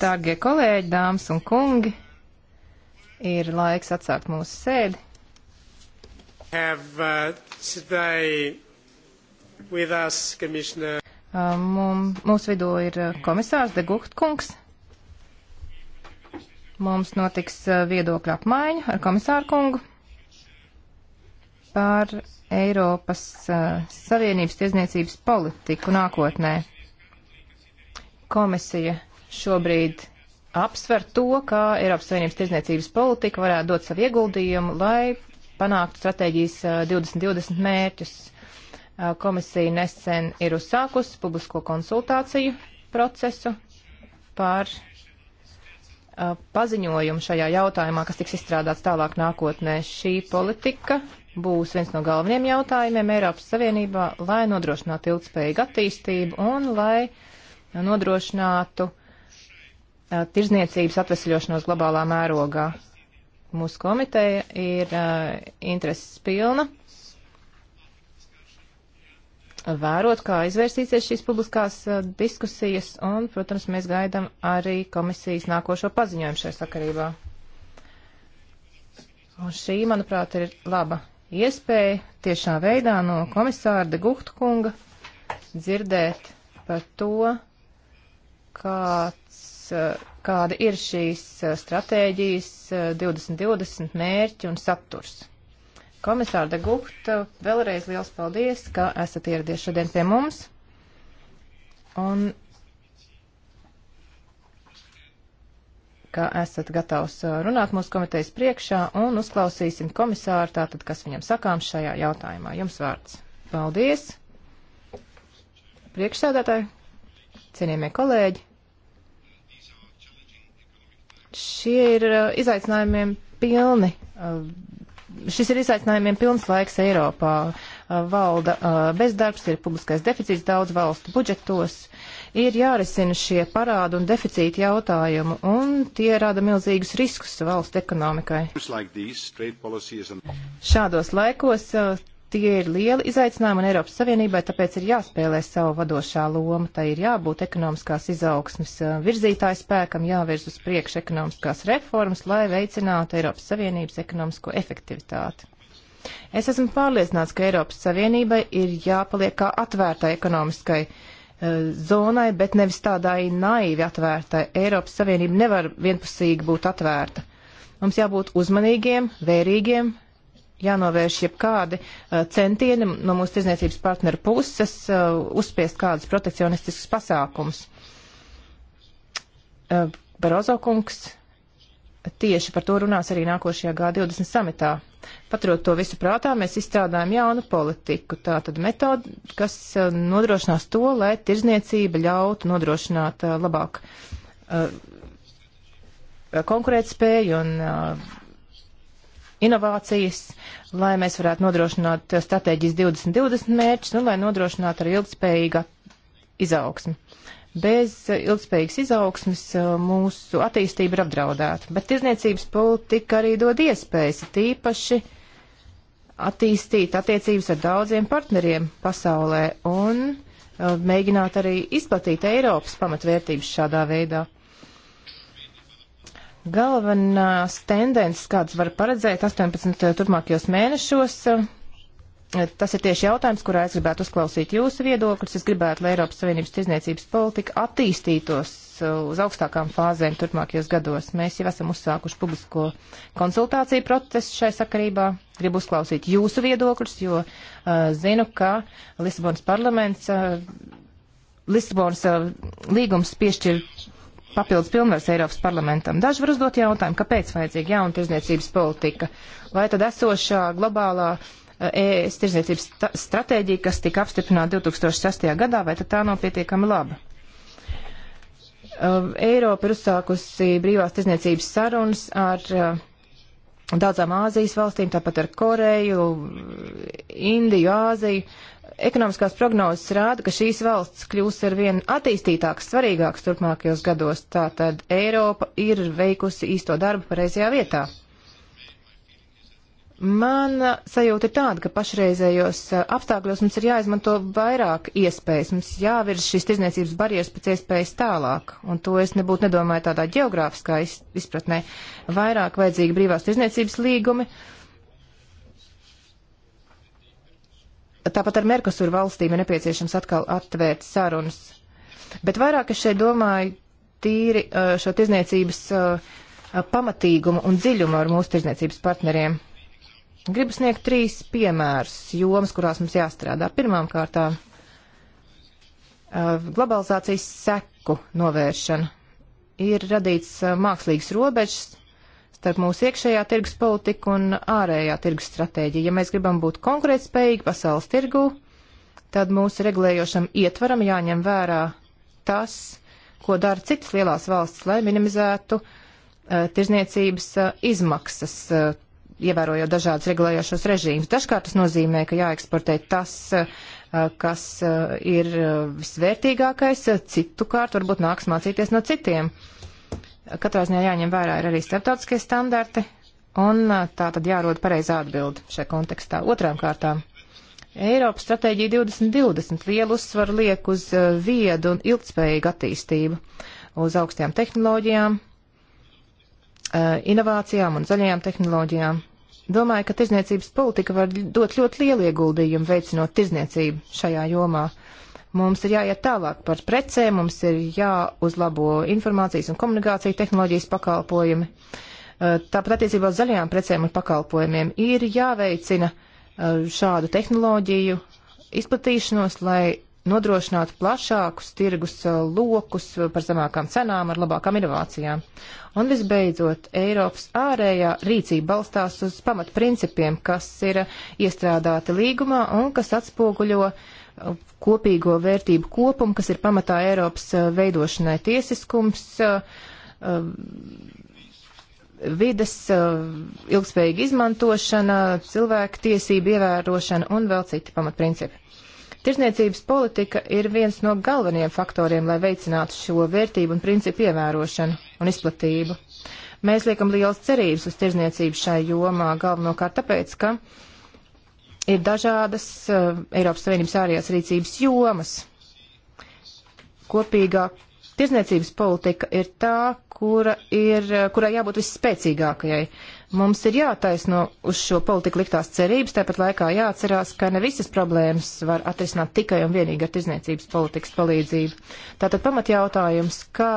Dārgie kolēģi, dāmas un kungi, ir laiks atsākt mūsu sēdi. Have, uh, us, uh, Mum, mūsu vidū ir uh, komisārs De Guhtkungs. Mums notiks uh, viedokļa apmaiņa ar komisāru kungu par Eiropas uh, Savienības tiesniecības politiku nākotnē. Komisija šobrīd apsver to, kā Eiropas Savienības tiesniecības politika varētu dot savu ieguldījumu, lai panāktu stratēģijas uh, 2020 mērķus. Uh, komisija nesen ir uzsākusi publisko konsultāciju procesu par uh, paziņojumu šajā jautājumā, kas tiks izstrādāts tālāk nākotnē. Šī politika būs viens no galveniem jautājumiem Eiropas Savienībā, lai nodrošinātu ilgspējīgu attīstību un lai nodrošinātu uh, tirzniecības atvesļošanos globālā mērogā. Mūsu komiteja ir uh, intereses pilna vērot, kā izvērsīsies šīs publiskās uh, diskusijas, un, protams, mēs gaidām arī komisijas nākošo paziņojumu šajā sakarībā. Un šī, manuprāt, ir laba iespēja tiešā veidā no komisāra de Guhtkunga dzirdēt par to, kāds, kāda ir šīs stratēģijas 2020 eh, mērķi un saturs. Komisāra de Guhta, eh, vēlreiz liels paldies, ka esat ieradies šodien pie mums. Un ka esat gatavs uh, runāt mūsu komitejas priekšā un uzklausīsim komisāru, tātad, kas viņam sakāms šajā jautājumā. Jums vārds. Paldies. Priekšsēdētāji, cienījamie kolēģi. Šie ir uh, izaicinājumiem pilni. Uh, šis ir izaicinājumiem pilns laiks Eiropā. Valda bezdarbs, ir publiskais deficīts daudz valstu budžetos Ir jārisina šie parādu un deficīti jautājumi, un tie rada milzīgus riskus valsts ekonomikai. Šādos laikos uh, tie ir lieli izaicinājumi un Eiropas Savienībai tāpēc ir jāspēlē savu vadošā loma. Tā ir jābūt ekonomiskās izaugsmes uh, virzītāju spēkam, jāvirz uz priekšu ekonomiskās reformas, lai veicinātu Eiropas Savienības ekonomisko efektivitāti. Es esmu pārliecināts, ka Eiropas Savienībai ir jāpaliek kā atvērtai ekonomiskai uh, Eh, zonai, bet nevis tādai naivi atvērtai. Eiropas Savienība nevar vienpusīgi būt atvērta. Mums jābūt uzmanīgiem, vērīgiem, jānovērš jebkādi eh, centieni no mūsu tirzniecības partneru puses eh, uzspiest kādus protekcionistiskus pasākumus. Barozo kungs tieši par to runās arī nākošajā G20 samitā. Paturot to visu prātā, mēs izstrādājam jaunu politiku, tātad metodu, kas eh, nodrošinās to, lai tirzniecība ļautu nodrošināt eh, labāk uh, konkurētspēju un uh, inovācijas, lai mēs varētu nodrošināt stratēģijas 2020 mērķus un nu, lai nodrošinātu arī ilgspējīgu izaugsmu. Bez ilgspējīgas izaugsmes eh, mūsu attīstība ir apdraudēta, bet tirzniecības politika arī dod iespējas tīpaši attīstīt attiecības ar daudziem partneriem pasaulē un eh, mēģināt arī izplatīt Eiropas pamatvērtības šādā veidā. Galvenās tendences, kādas var paredzēt 18 eh, turpmākajos mēnešos, Tas ir tieši jautājums, kurā es gribētu uzklausīt jūsu viedokļus. Es gribētu, lai Eiropas Savienības tirzniecības politika attīstītos uh, uz augstākām fāzēm turpmākajos gados. Mēs jau esam uzsākuši publisko konsultāciju procesu šai sakarībā. Gribu uzklausīt jūsu viedokļus, jo uh, zinu, ka Lisabonas parlaments, uh, Lisabonas uh, līgums piešķir papildus pilnvars Eiropas parlamentam. Daži var uzdot jautājumu, kāpēc vajadzīga jauna tirzniecības politika? Vai tad esošā globālā uh, ES tirzniecības stratēģija, kas tika apstiprināta 2006. gadā, vai tad tā nav pietiekami laba? Um, Eiropa ir uzsākusi brīvās tirzniecības sarunas ar uh, daudzām Āzijas valstīm, tāpat ar Koreju, Indiju, Āziju. Ekonomiskās prognozes rāda, ka šīs valsts kļūs ar vien attīstītākas, svarīgākas turpmākajos gados. Tātad Eiropa ir veikusi īsto darbu pareizajā vietā. Mana sajūta ir tāda, ka pašreizējos eh, apstākļos mums ir jāizmanto vairāk iespējas, mums jāvirz šīs tirzniecības barjeras pēc iespējas tālāk, un to es nebūtu nedomāju tādā geogrāfiskā izpratnē. Vairāk vajadzīgi brīvās tirzniecības līgumi. Tāpat ar Merkosur valstīm ir nepieciešams atkal atvērt sarunas. Bet vairāk es šeit domāju tīri eh, šo tirzniecības eh, pamatīgumu un dziļumu ar mūsu tirzniecības partneriem. Gribu sniegt trīs piemērus jomas, kurās mums jāstrādā. Pirmām kārtām globalizācijas seku novēršana. Ir radīts mākslīgs robežs starp mūsu iekšējā tirgus politiku un ārējā tirgus stratēģiju. Ja mēs gribam būt konkurētspējīgi pasaules tirgū, tad mūsu regulējošam ietvaram jāņem vērā tas, ko dara citas lielās valstis, lai minimizētu uh, tirzniecības uh, izmaksas uh, ievērojot dažādus regulējošos režīmus. Dažkārt tas nozīmē, ka jāeksportē tas, eh, kas eh, ir eh, visvērtīgākais, citu kārt varbūt nāks mācīties no citiem. Katrā ziņā jāņem vērā ir arī starptautiskie standarti, un tā tad jārod pareizā atbildi šajā kontekstā. Otrām kārtām. Eiropas stratēģija 2020 lielu uzsvaru liek uz viedu un ilgspējīgu attīstību, uz augstajām tehnoloģijām, Eh, inovācijām un zaļajām tehnoloģijām. Domāju, ka tirzniecības politika var dot ļoti lielu ieguldījumu veicinot tirzniecību šajā jomā. Mums ir jāiet tālāk par precēm, mums ir jāuzlabo informācijas un komunikāciju tehnoloģijas pakalpojumi. Eh, tāpat attiecībā uz zaļajām precēm un pakalpojumiem ir jāveicina eh, šādu tehnoloģiju izplatīšanos, lai nodrošināt plašākus tirgus eh, lokus eh, par zemākām cenām ar labākām inovācijām. Un visbeidzot, Eiropas ārējā rīcība balstās uz pamatprincipiem, kas ir iestrādāti līgumā un kas atspoguļo eh, kopīgo vērtību kopumu, kas ir pamatā Eiropas veidošanai tiesiskums, vides ilgspējīga izmantošana, cilvēku tiesību ievērošana un vēl citi pamatprincipi. Tirzniecības politika ir viens no galvenajiem faktoriem, lai veicinātu šo vērtību un principu ievērošanu un izplatību. Mēs liekam liels cerības uz tirzniecību šai jomā galvenokārt tāpēc, ka ir dažādas uh, Eiropas Savienības ārējās rīcības jomas. Kopīgā tirzniecības politika ir tā, kura ir, eh, kurai jābūt visspēcīgākajai. Uh, Mums ir jātaisno uz šo politiku liktās cerības, tāpat laikā jāatcerās, ka ne visas problēmas var atrisināt tikai un vienīgi ar tirzniecības politikas palīdzību. Tātad pamatjautājums, kā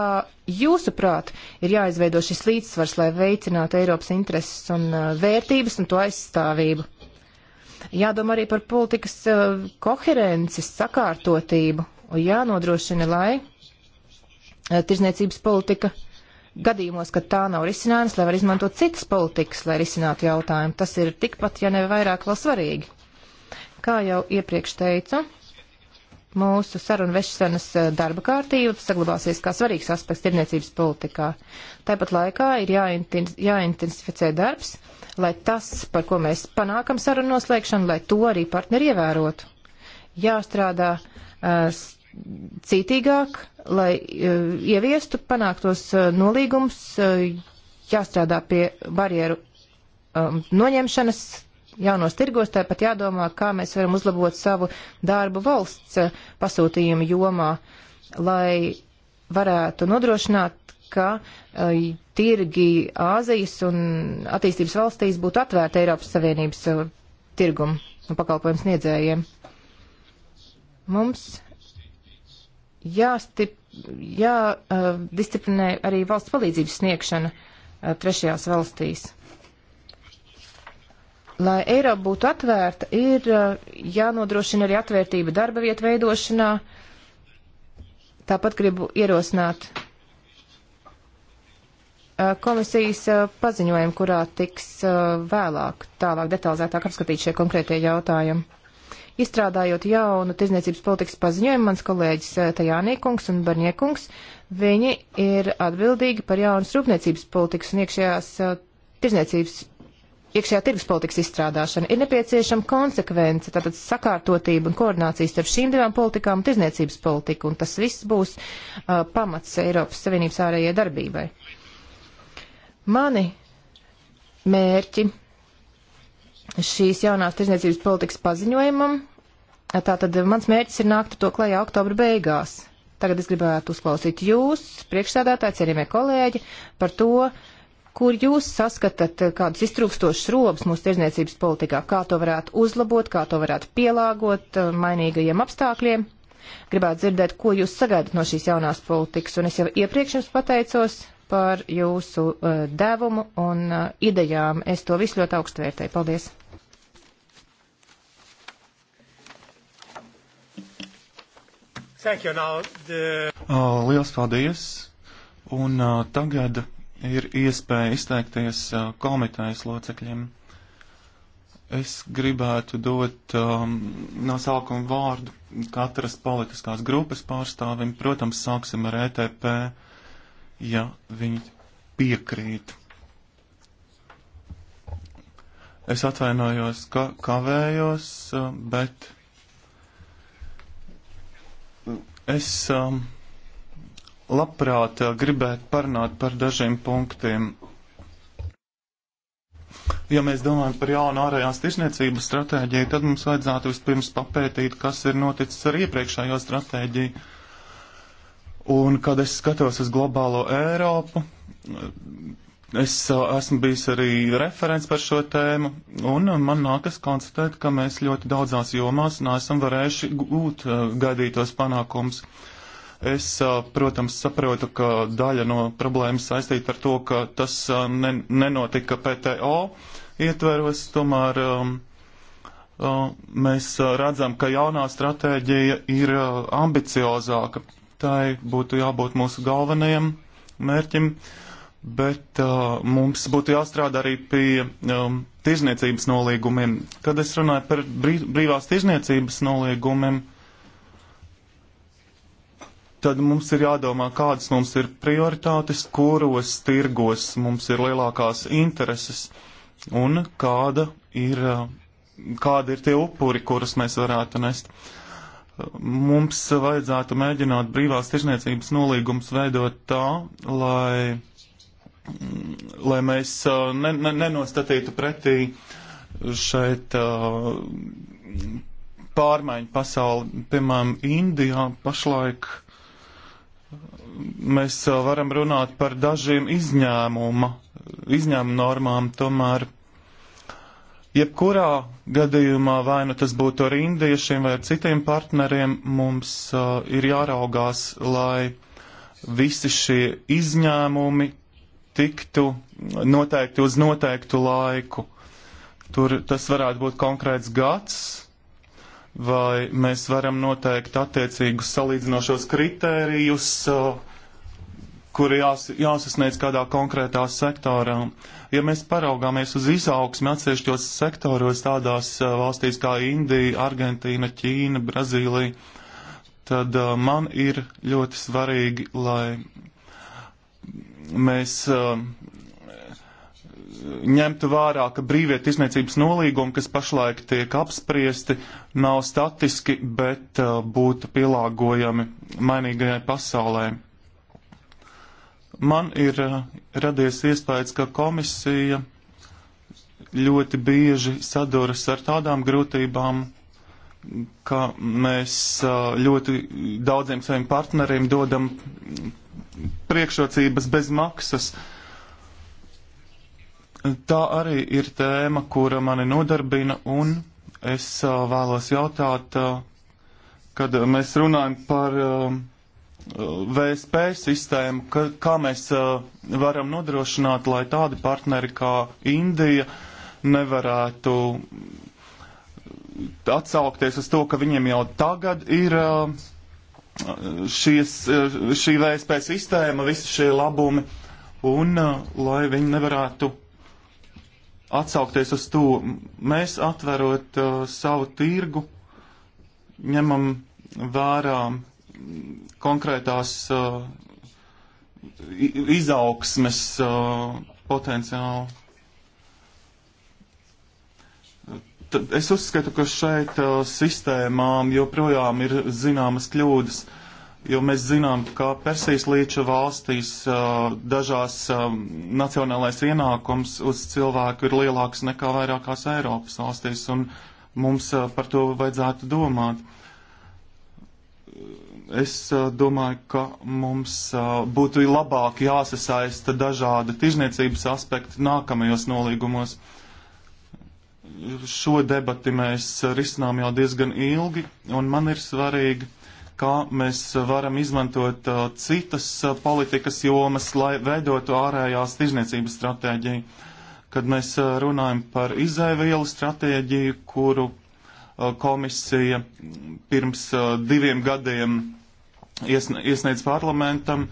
jūsuprāt ir jāizveido šis līdzsvars, lai veicinātu Eiropas intereses un uh, vērtības un to aizstāvību? Jādomā arī par politikas uh, koherenci, sakārtotību un jānodrošina, lai uh, tirzniecības politika uh, gadījumos, kad tā nav risinājums, lai var izmantot citas politikas, lai risinātu jautājumu. Tas ir tikpat, ja ne vairāk vēl svarīgi. Kā jau iepriekš teicu, mūsu sarunu vešanas eh, darba kārtība saglabāsies kā svarīgs aspekts tirniecības politikā. Tāpat laikā ir jāintensificē darbs, lai tas, par ko mēs panākam sarunu noslēgšanu, lai to arī partneri ievērotu. Jāstrādā uh, cītīgāk, lai eh, ieviestu panāktos eh, nolīgums, eh, jāstrādā pie barjeru um, noņemšanas jaunos tirgos, tāpat jādomā, kā mēs varam uzlabot savu darbu valsts pasūtījumu jomā, lai varētu nodrošināt, ka uh, tirgi Āzijas un attīstības valstīs būtu atvērti Eiropas Savienības uh, tirgumu un pakalpojumu sniedzējiem. Mums jāstip, jādisciplinē uh, arī valsts palīdzības sniegšana uh, trešajās valstīs. Lai Eiropa būtu atvērta, ir uh, jānodrošina arī atvērtība darba vietu veidošanā. Tāpat gribu ierosināt uh, komisijas uh, paziņojumu, kurā tiks uh, vēlāk, tālāk detalizētāk apskatīt šie konkrētie jautājumi. Izstrādājot jaunu tirzniecības politikas paziņojumu, mans kolēģis eh, Tajānīkungs un Barniekungs, viņi ir atbildīgi par jaunas rūpniecības politikas un iekšējās eh, tirzniecības. Iekšējā tirgus politikas izstrādāšana ir nepieciešama konsekvence, tātad sakārtotība un koordinācija starp šīm divām politikām un tirzniecības politiku, un tas viss būs uh, pamats Eiropas Savienības ārējai darbībai. Mani mērķi šīs jaunās tirzniecības politikas paziņojumam. Tātad mans mērķis ir nākt to klajā oktobra beigās. Tagad es gribētu uzklausīt jūs, priekšsēdētāji, cienījamie kolēģi, par to, kur jūs saskatāt kādus iztrūkstošus robus mūsu tirzniecības politikā, kā to varētu uzlabot, kā to varētu pielāgot eh, mainīgajiem apstākļiem. Gribētu dzirdēt, ko jūs sagaidat no šīs jaunās politikas, un es jau iepriekš jums pateicos par jūsu uh, devumu un uh, idejām. Es to visu ļoti augstu vērtēju. Paldies! You, the... uh, liels paldies! Un uh, tagad ir iespēja izteikties uh, komitejas locekļiem. Es gribētu dot um, nosaukuma vārdu katras politiskās grupas pārstāvim. Protams, sāksim ar ETP. Uh, ja viņi piekrīt. Es atvainojos, ka kavējos, eh, bet es eh, labprāt eh, gribētu parunāt par dažiem punktiem. Ja mēs domājam par jaunu ārējās tirsniecības stratēģiju, tad mums vajadzētu vispirms papētīt, kas ir noticis ar iepriekšējo stratēģiju Un, kad es skatos uz globālo Eiropu, es uh, esmu bijis arī referents par šo tēmu, un uh, man nākas konstatēt, ka mēs ļoti daudzās jomās neesam varējuši gūt uh, gaidītos panākums. Es, protams, saprotu, ka daļa no problēmas saistīta ar to, ka tas ne, nenotika PTO ietveros, tomēr um, mēs redzam, ka jaunā stratēģija ir ambiciozāka tai būtu jābūt mūsu galvenajam mērķim, bet uh, mums būtu jāstrādā arī pie um, tirzniecības nolīgumiem. Kad es runāju par brī, brīvās tirzniecības nolīgumiem, tad mums ir jādomā, kādas mums ir prioritātes, kuros tirgos mums ir lielākās intereses un kāda ir, uh, kāda ir tie upuri, kurus mēs varētu nest. Uh, mums vajadzētu mēģināt brīvās tirzniecības nolīgums veidot tā, lai, lai mēs ne, ne, nenostatītu pretī šeit pārmaiņu pasauli. Piemēram, Indijā pašlaik mēs varam runāt par dažiem izņēmuma, izņēmuma normām, tomēr Jebkurā gadījumā, vai nu tas būtu ar indiešiem vai ar citiem partneriem, mums uh, ir jāraugās, lai visi šie izņēmumi tiktu noteikti uz noteiktu laiku. Tur tas varētu būt konkrēts gads, vai mēs varam noteikt attiecīgus salīdzinošos kritērijus, uh, kuri jās, jāsasniedz kādā konkrētā sektorā. Ja mēs paraugāmies uz izaugsmi atsevišķos sektoros tādās eh, valstīs kā Indija, Argentīna, Ķīna, Brazīlija, tad uh, man ir ļoti svarīgi, lai mēs uh, ņemtu vērā, ka brīviet izniecības nolīgumi, kas pašlaik tiek apspriesti, nav statiski, bet uh, būtu pielāgojami mainīgajai pasaulē. Man ir eh, radies iespējas, ka komisija ļoti bieži saduras ar tādām grūtībām, ka mēs eh, ļoti daudziem saviem partneriem dodam priekšrocības bez maksas. Tā arī ir tēma, kura mani nodarbina, un es eh, vēlos jautāt, kad mēs runājam par Eh, VSP sistēmu, ka, kā mēs uh, varam nodrošināt, lai tādi partneri kā Indija nevarētu atsaukties uz to, ka viņiem jau tagad ir uh, šies, šī VSP sistēma, visi šie labumi, un uh, lai viņi nevarētu atsaukties uz to. Mēs atverot savu tirgu, ņemam vērām konkrētās uh, izaugsmes uh, potenciālu. Tad es uzskatu, ka šeit uh, sistēmām joprojām ir zināmas kļūdas, jo mēs zinām, ka Persijas līča valstīs uh, dažās um, nacionālais ienākums uz cilvēku ir lielāks nekā vairākās Eiropas valstīs, un mums uh, par to vajadzētu domāt. Uh, Es eh, domāju, ka mums eh, būtu labāk jāsasaista dažādi tirzniecības aspekti nākamajos nolīgumos. Šo debati mēs eh, risinām jau diezgan ilgi, un man ir svarīgi, kā mēs varam izmantot citas politikas jomas, lai veidotu ārējās tirzniecības stratēģiju. Kad mēs runājam par izēvielu stratēģiju, kuru komisija pirms diviem gadiem iesniedz parlamentam,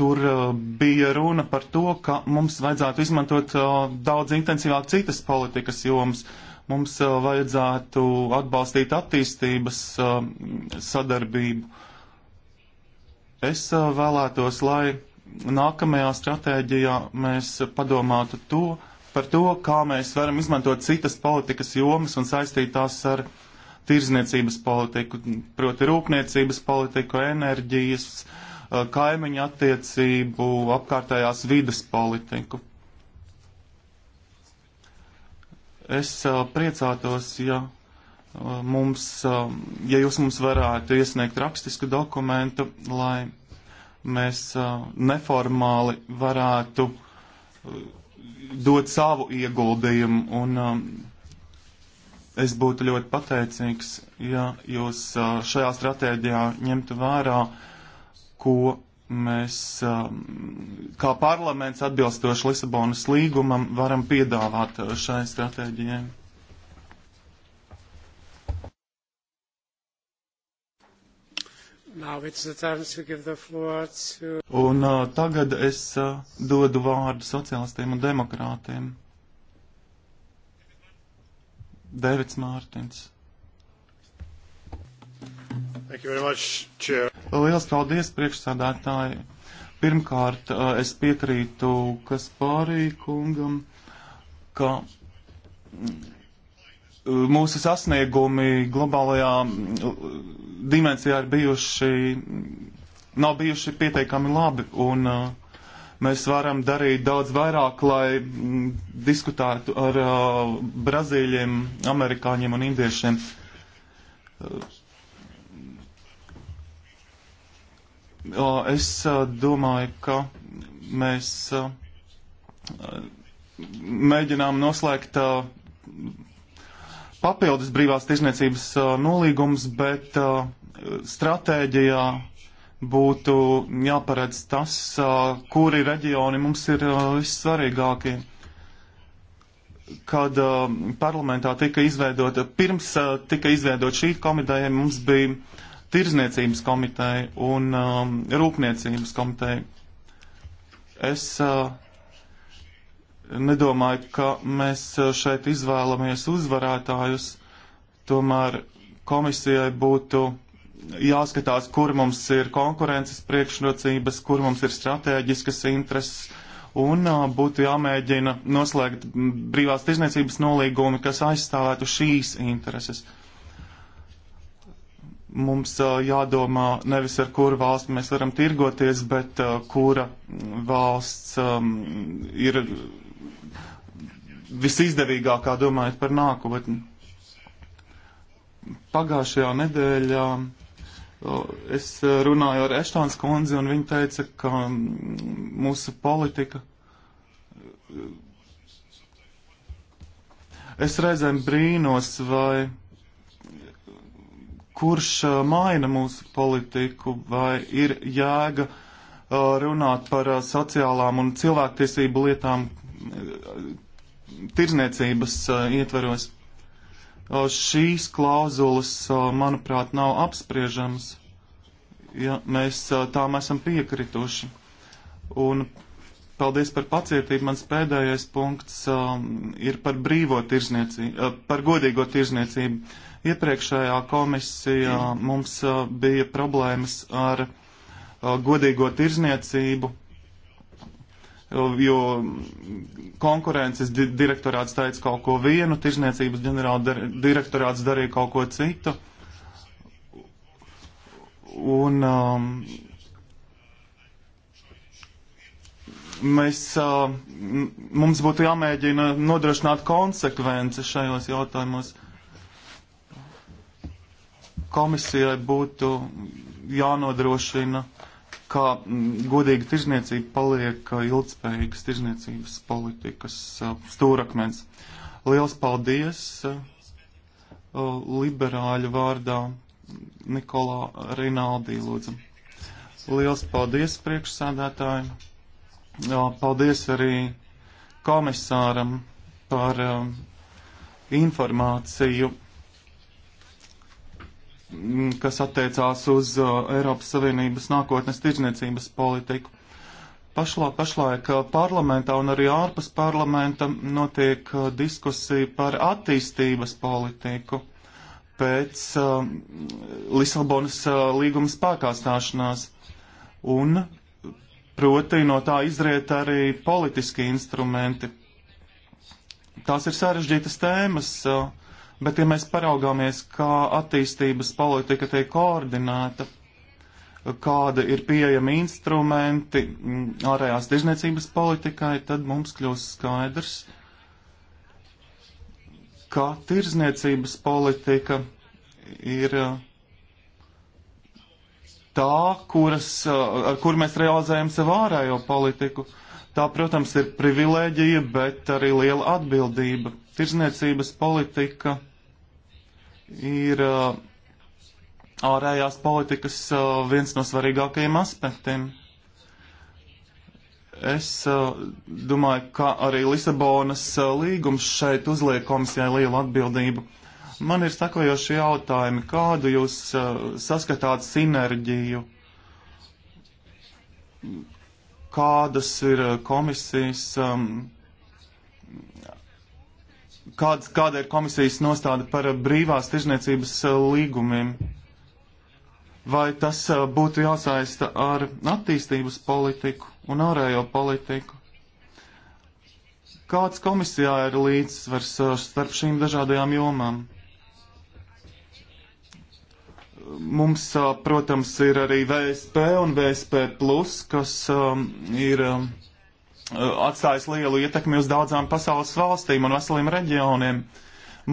tur uh, bija runa par to, ka mums vajadzētu izmantot uh, daudz intensīvāk citas politikas jomas. Mums uh, vajadzētu atbalstīt attīstības sadarbību. Es vēlētos, lai nākamajā stratēģijā mēs padomātu to, par to, kā mēs varam izmantot citas politikas jomas un saistīt tās ar uh, tirzniecības politiku, proti rūpniecības politiku, enerģijas, kaimiņu attiecību, apkārtējās vidas politiku. Es priecātos, ja mums, ja jūs mums varētu iesniegt rakstisku dokumentu, lai mēs neformāli varētu dot savu ieguldījumu un Es būtu ļoti pateicīgs, ja jūs šajā stratēģijā ņemtu vērā, ko mēs kā parlaments atbilstoši Lisabonas līgumam varam piedāvāt šai stratēģijai. Un uh, tagad es uh, dodu vārdu sociālistiem un demokrātiem. Dēvids Mārtiņš. Lielas paldies, priekšsādātāji. Pirmkārt, uh, es piekrītu Kaspārī kungam, ka mm, mūsu sasniegumi globālajā mm, dimensijā ir bijuši, mm, nav bijuši pietiekami labi, un uh, Mēs varam darīt daudz vairāk, lai m, mm, diskutētu ar uh, brazīļiem, amerikāņiem un indiešiem. Uh, uh, es uh, domāju, ka mēs uh, mēģinām noslēgt uh, papildus brīvās tirzniecības uh, nolīgums, bet uh, stratēģijā būtu jāparedz tas, kuri reģioni mums ir vissvarīgākie. Kad parlamentā tika izveidota, pirms tika izveidota šī komiteja, mums bija tirzniecības komiteja un rūpniecības komiteja. Es nedomāju, ka mēs šeit izvēlamies uzvarētājus, tomēr komisijai būtu jāskatās, kur mums ir konkurences priekšrocības, kur mums ir strateģiskas intereses, un būtu jāmēģina noslēgt brīvās tirzniecības nolīgumi, kas aizstāvētu šīs intereses. Mums jādomā nevis ar kuru valstu mēs varam tirgoties, bet kura valsts ir visizdevīgākā domājot par nākotni. Pagājušajā nedēļā uh, Es e, runāju ar Eštāns kundzi, un viņa teica, ka mūsu politika. E, es reizēm brīnos, vai kurš e, maina mūsu politiku, vai ir jēga runāt par sociālām un cilvēktiesību lietām tirzniecības ietveros šīs klauzulas, manuprāt, nav apspriežamas, ja mēs tām esam piekrituši. Un paldies par pacietību. Mans pēdējais punkts um, ir par brīvo tirzniecību, par godīgo tirzniecību. Iepriekšējā komisijā mums uh, bija problēmas ar uh, godīgo tirzniecību jo konkurences di direktorāts teica kaut ko vienu, tirzniecības ģenerāla dar direktorāts darīja kaut ko citu. Un um, mēs, uh, mums būtu jāmēģina nodrošināt konsekvenci šajos jautājumos. Komisijai būtu jānodrošina uh, kā mm, godīga tirzniecība paliek ilgspējīgas tirzniecības politikas stūrakmens. Liels paldies liberāļu vārdā Nikolā Rinaldī, lūdzu. Liels paldies priekšsādātāji. Paldies arī komisāram par informāciju Mm, kas attiecās uz uh, Eiropas Savienības nākotnes tirdzniecības politiku. Pašlā, pašlaik uh, parlamentā un arī ārpus parlamenta notiek uh, diskusija par attīstības politiku pēc uh, Lisabonas uh, līguma spēkā stāšanās. Un, proti, no tā izriet arī politiski instrumenti. Tās ir sarežģītas tēmas. Uh, Bet, ja mēs paraugāmies, kā attīstības politika tiek koordinēta, kāda ir pieejama instrumenti ārējās tirzniecības politikai, tad mums kļūst skaidrs, ka tirzniecības politika ir uh, tā, kuras, uh, ar kur mēs realizējam savu ārējo politiku. Tā, protams, ir privilēģija, bet arī liela atbildība. Tirzniecības politika ir ārējās politikas viens no svarīgākajiem aspektiem. Es domāju, ka arī Lisabonas līgums šeit uzliek komisijai lielu atbildību. Man ir sakojoši jautājumi, kādu jūs saskatāt sinerģiju? Kādas ir komisijas um, kāds, kāda ir komisijas nostāda par eh, brīvās tirzniecības eh, līgumiem? Vai tas eh, būtu jāsaista ar attīstības politiku un ārējo politiku? Kāds komisijā ir līdzsvars starp šīm dažādajām jomām? Mums, protams, ir arī VSP un VSP, plus, kas ir Uh, atstājis lielu ietekmi uz daudzām pasaules valstīm un veseliem reģioniem.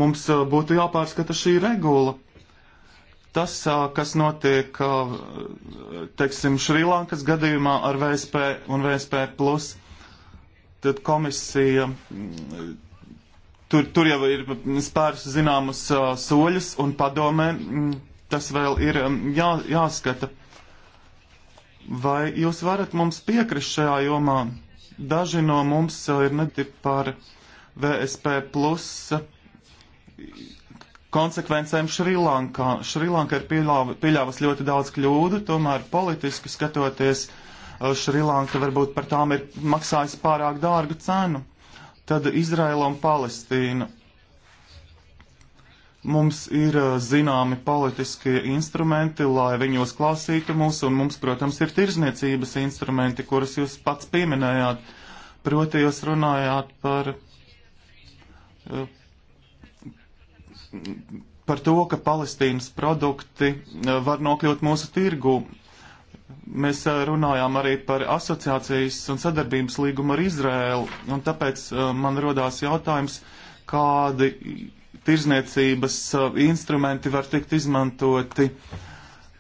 Mums uh, būtu jāpārskata šī regula. Tas, uh, kas notiek, teiksim, Šrilankas gadījumā ar VSP un VSP, plus, tad komisija mm, tur, tur jau ir spērs zināmas soļus un padomē, mm, tas vēl ir um, jā, jāskata. Vai jūs varat mums piekrist šajā jomā? Daži no mums ir neti par VSP plus konsekvencēm Šrilankā. Šrilanka ir pieļāva, pieļāvas ļoti daudz kļūdu, tomēr politiski skatoties, eh, Šrilanka varbūt par tām ir maksājis pārāk dārgu cenu. Tad Izraela un Palestīna Mums ir zināmi politiskie instrumenti, lai viņos klausītu mūs, un mums, protams, ir tirzniecības instrumenti, kurus jūs pats pieminējāt. Proti, jūs runājāt par, par to, ka Palestīnas produkti var nokļūt mūsu tirgu. Mēs runājām arī par asociācijas un sadarbības līgumu ar Izrēlu, un tāpēc man rodās jautājums, kādi tirzniecības uh, instrumenti var tikt izmantoti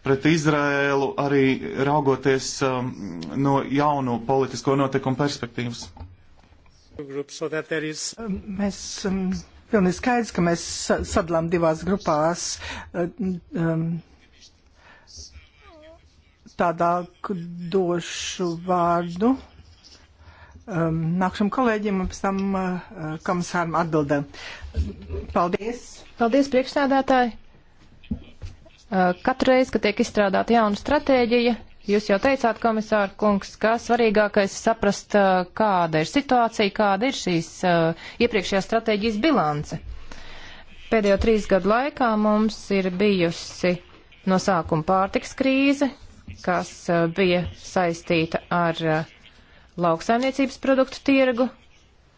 pret Izrēlu arī raugoties um, no jaunu politisko notikumu perspektīvas. Um, mēs um, pilnīgi skaidrs, ka mēs sadalām divās grupās. Uh, um, tādā došu vārdu um, nākšam kolēģim un pēc tam uh, komisāram atbildēm. Paldies! Paldies, priekšsēdētāji! Uh, katru reizi, kad tiek izstrādāta jauna stratēģija, Jūs jau teicāt, komisāra kungs, ka svarīgākais ir saprast, uh, kāda ir situācija, kāda ir šīs uh, iepriekšējās stratēģijas bilance. Pēdējo trīs gadu laikā mums ir bijusi no sākuma pārtiks krīze, kas uh, bija saistīta ar uh, lauksaimniecības produktu tirgu.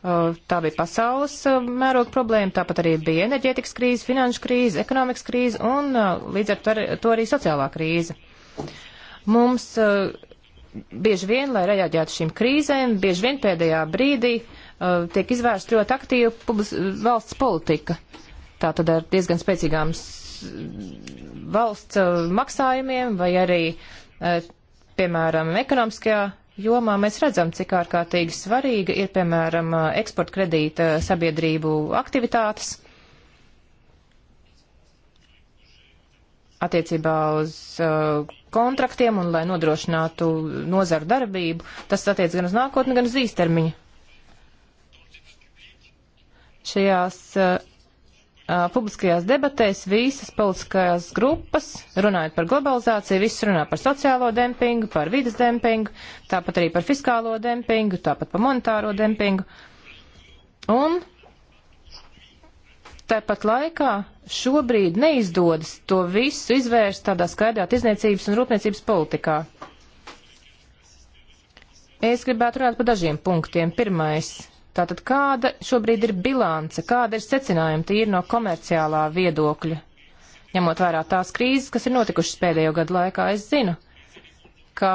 Tā bija pasaules mēroga problēma, tāpat arī bija enerģētikas krīze, finanšu krīze, ekonomikas krīze un līdz ar to arī sociālā krīze. Mums bieži vien, lai reaģētu šīm krīzēm, bieži vien pēdējā brīdī tiek izvērsta ļoti aktīva valsts politika. Tā tad ar diezgan spēcīgām valsts maksājumiem vai arī, piemēram, ekonomiskajā jomā mēs redzam, cik ārkārtīgi svarīga ir, piemēram, eksporta kredīta sabiedrību aktivitātes attiecībā uz uh, kontraktiem un lai nodrošinātu nozaru darbību. Tas attiec gan uz nākotni, gan uz īstermiņu. Šajās uh, uh, publiskajās debatēs visas politiskajās grupas, runājot par globalizāciju, viss runā par sociālo dempingu, par vidas dempingu, tāpat arī par fiskālo dempingu, tāpat par monetāro dempingu. Un tāpat laikā šobrīd neizdodas to visu izvērst tādā skaidrā tirzniecības un rūpniecības politikā. Es gribētu runāt par dažiem punktiem. Pirmais Tātad kāda šobrīd ir bilance, kāda ir secinājuma tīri no komerciālā viedokļa, ņemot vērā tās krīzes, kas ir notikušas pēdējo gadu laikā, es zinu, ka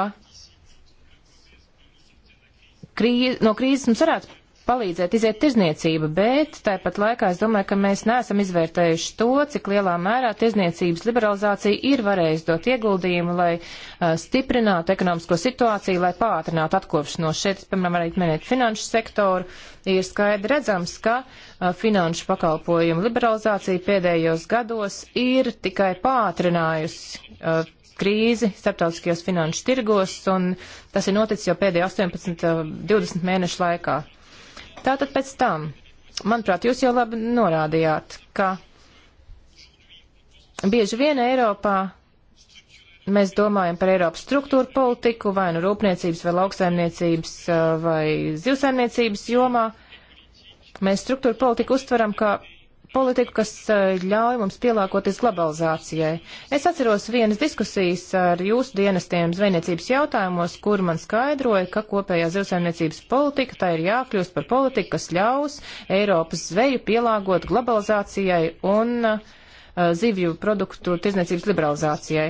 krīze, no krīzes mums varētu palīdzēt iziet tirzniecība, bet tāpat laikā es domāju, ka mēs neesam izvērtējuši to, cik lielā mērā tirzniecības liberalizācija ir varējusi dot ieguldījumu, lai uh, stiprinātu ekonomisko situāciju, lai pātrinātu atkopšanos. Šeit, piemēram, varētu minēt finanšu sektoru, ir skaidri redzams, ka uh, finanšu pakalpojumu liberalizācija pēdējos gados ir tikai pātrinājusi uh, krīzi starptautiskajos finanšu tirgos, un tas ir noticis jau pēdējo 18-20 mēnešu laikā. Tātad pēc tam, manuprāt, jūs jau labi norādījāt, ka bieži vien Eiropā mēs domājam par Eiropas struktūru politiku, vai nu rūpniecības, vai lauksaimniecības, vai zivsaimniecības jomā. Mēs struktūru politiku uztveram kā politiku, kas eh, ļauj mums pielāgoties globalizācijai. Es atceros vienas diskusijas ar jūsu dienestiem zvejniecības jautājumos, kur man skaidroja, ka kopējā zivsaimniecības politika tā ir jākļūst par politiku, kas ļaus Eiropas zveju pielāgot globalizācijai un uh, zivju produktu tirdzniecības liberalizācijai.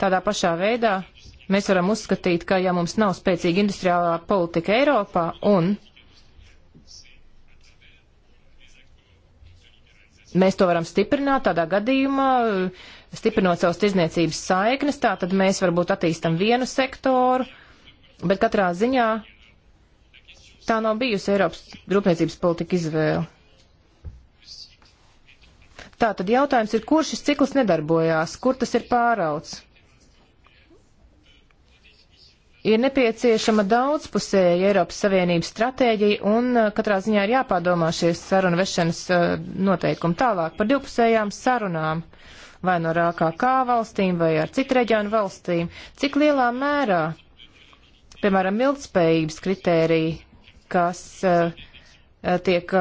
Tādā pašā veidā mēs varam uzskatīt, ka ja mums nav spēcīga industriālā politika Eiropā un Mēs to varam stiprināt tādā gadījumā, stiprinot savas tirzniecības saiknes, tā tad mēs varbūt attīstam vienu sektoru, bet katrā ziņā tā nav bijusi Eiropas rūpniecības politika izvēle. Tā tad jautājums ir, kur šis cikls nedarbojās, kur tas ir pārauts? Ir nepieciešama daudzpusēja Eiropas Savienības stratēģija un eh, katrā ziņā ir jāpārdomā šie sarunu vešanas eh, noteikumi tālāk par divpusējām sarunām vai no RKK valstīm vai ar citu reģionu valstīm. Cik lielā mērā, piemēram, ilgspējības kritērija, kas uh, tiek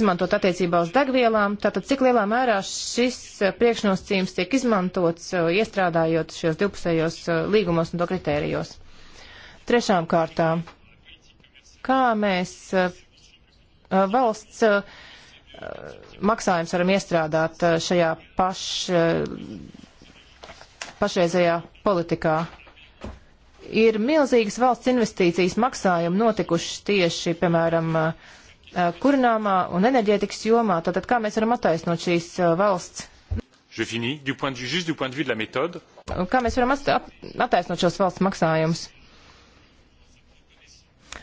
izmantot attiecībā uz degvielām. Tātad, cik lielā mērā šis priekšnosacījums tiek izmantots, iestrādājot šos divpusējos līgumos un to kritērijos? Trešām kārtām, kā mēs eh, eh, valsts eh, maksājums varam iestrādāt šajā paš, pašreizējā politikā. Ir milzīgas valsts investīcijas maksājumi notikuši tieši, piemēram, kurināmā un enerģētikas jomā. Tātad kā mēs varam attaisnot šīs valsts? Je finis, du point de vue, juste du point de vue de la méthode. Kā mēs varam attaisnot šos valsts maksājumus?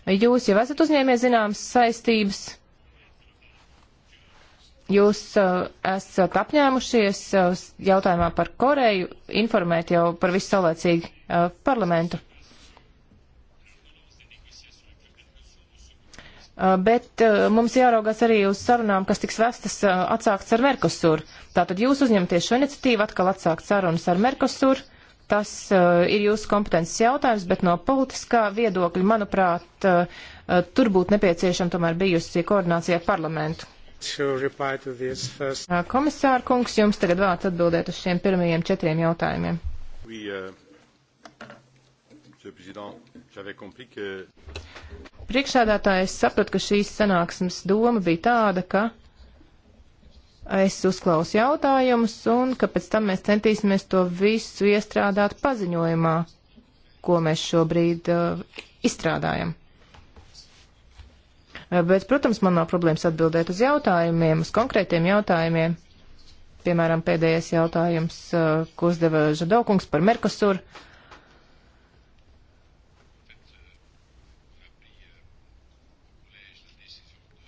Jūs jau esat uzņēmies zināmas saistības. Jūs uh, esat apņēmušies uh, jautājumā par Koreju informēt jau par visu saulēcīgi uh, parlamentu. Uh, bet uh, mums jāraugās arī uz sarunām, kas tiks vestas uh, atsākts ar Merkosur. Tātad jūs uzņemties šo iniciatīvu atkal atsākt sarunas ar Merkosur. Tas uh, ir jūsu kompetences jautājums, bet no politiskā viedokļa, manuprāt, uh, uh, tur būtu nepieciešama tomēr bijusi koordinācija ar parlamentu. Uh, komisāra kungs, jums tagad vārds atbildēt uz šiem pirmajiem četriem jautājumiem. Oui, uh, Priekšsēdētājs saprata, ka šīs sanāksmes doma bija tāda, ka es uzklausu jautājumus un ka pēc tam mēs centīsimies to visu iestrādāt paziņojumā, ko mēs šobrīd uh, izstrādājam. Uh, bet, protams, man nav problēmas atbildēt uz jautājumiem, uz konkrētiem jautājumiem. Piemēram, pēdējais jautājums, uh, ko uzdeva Žadokungs par Merkosuru.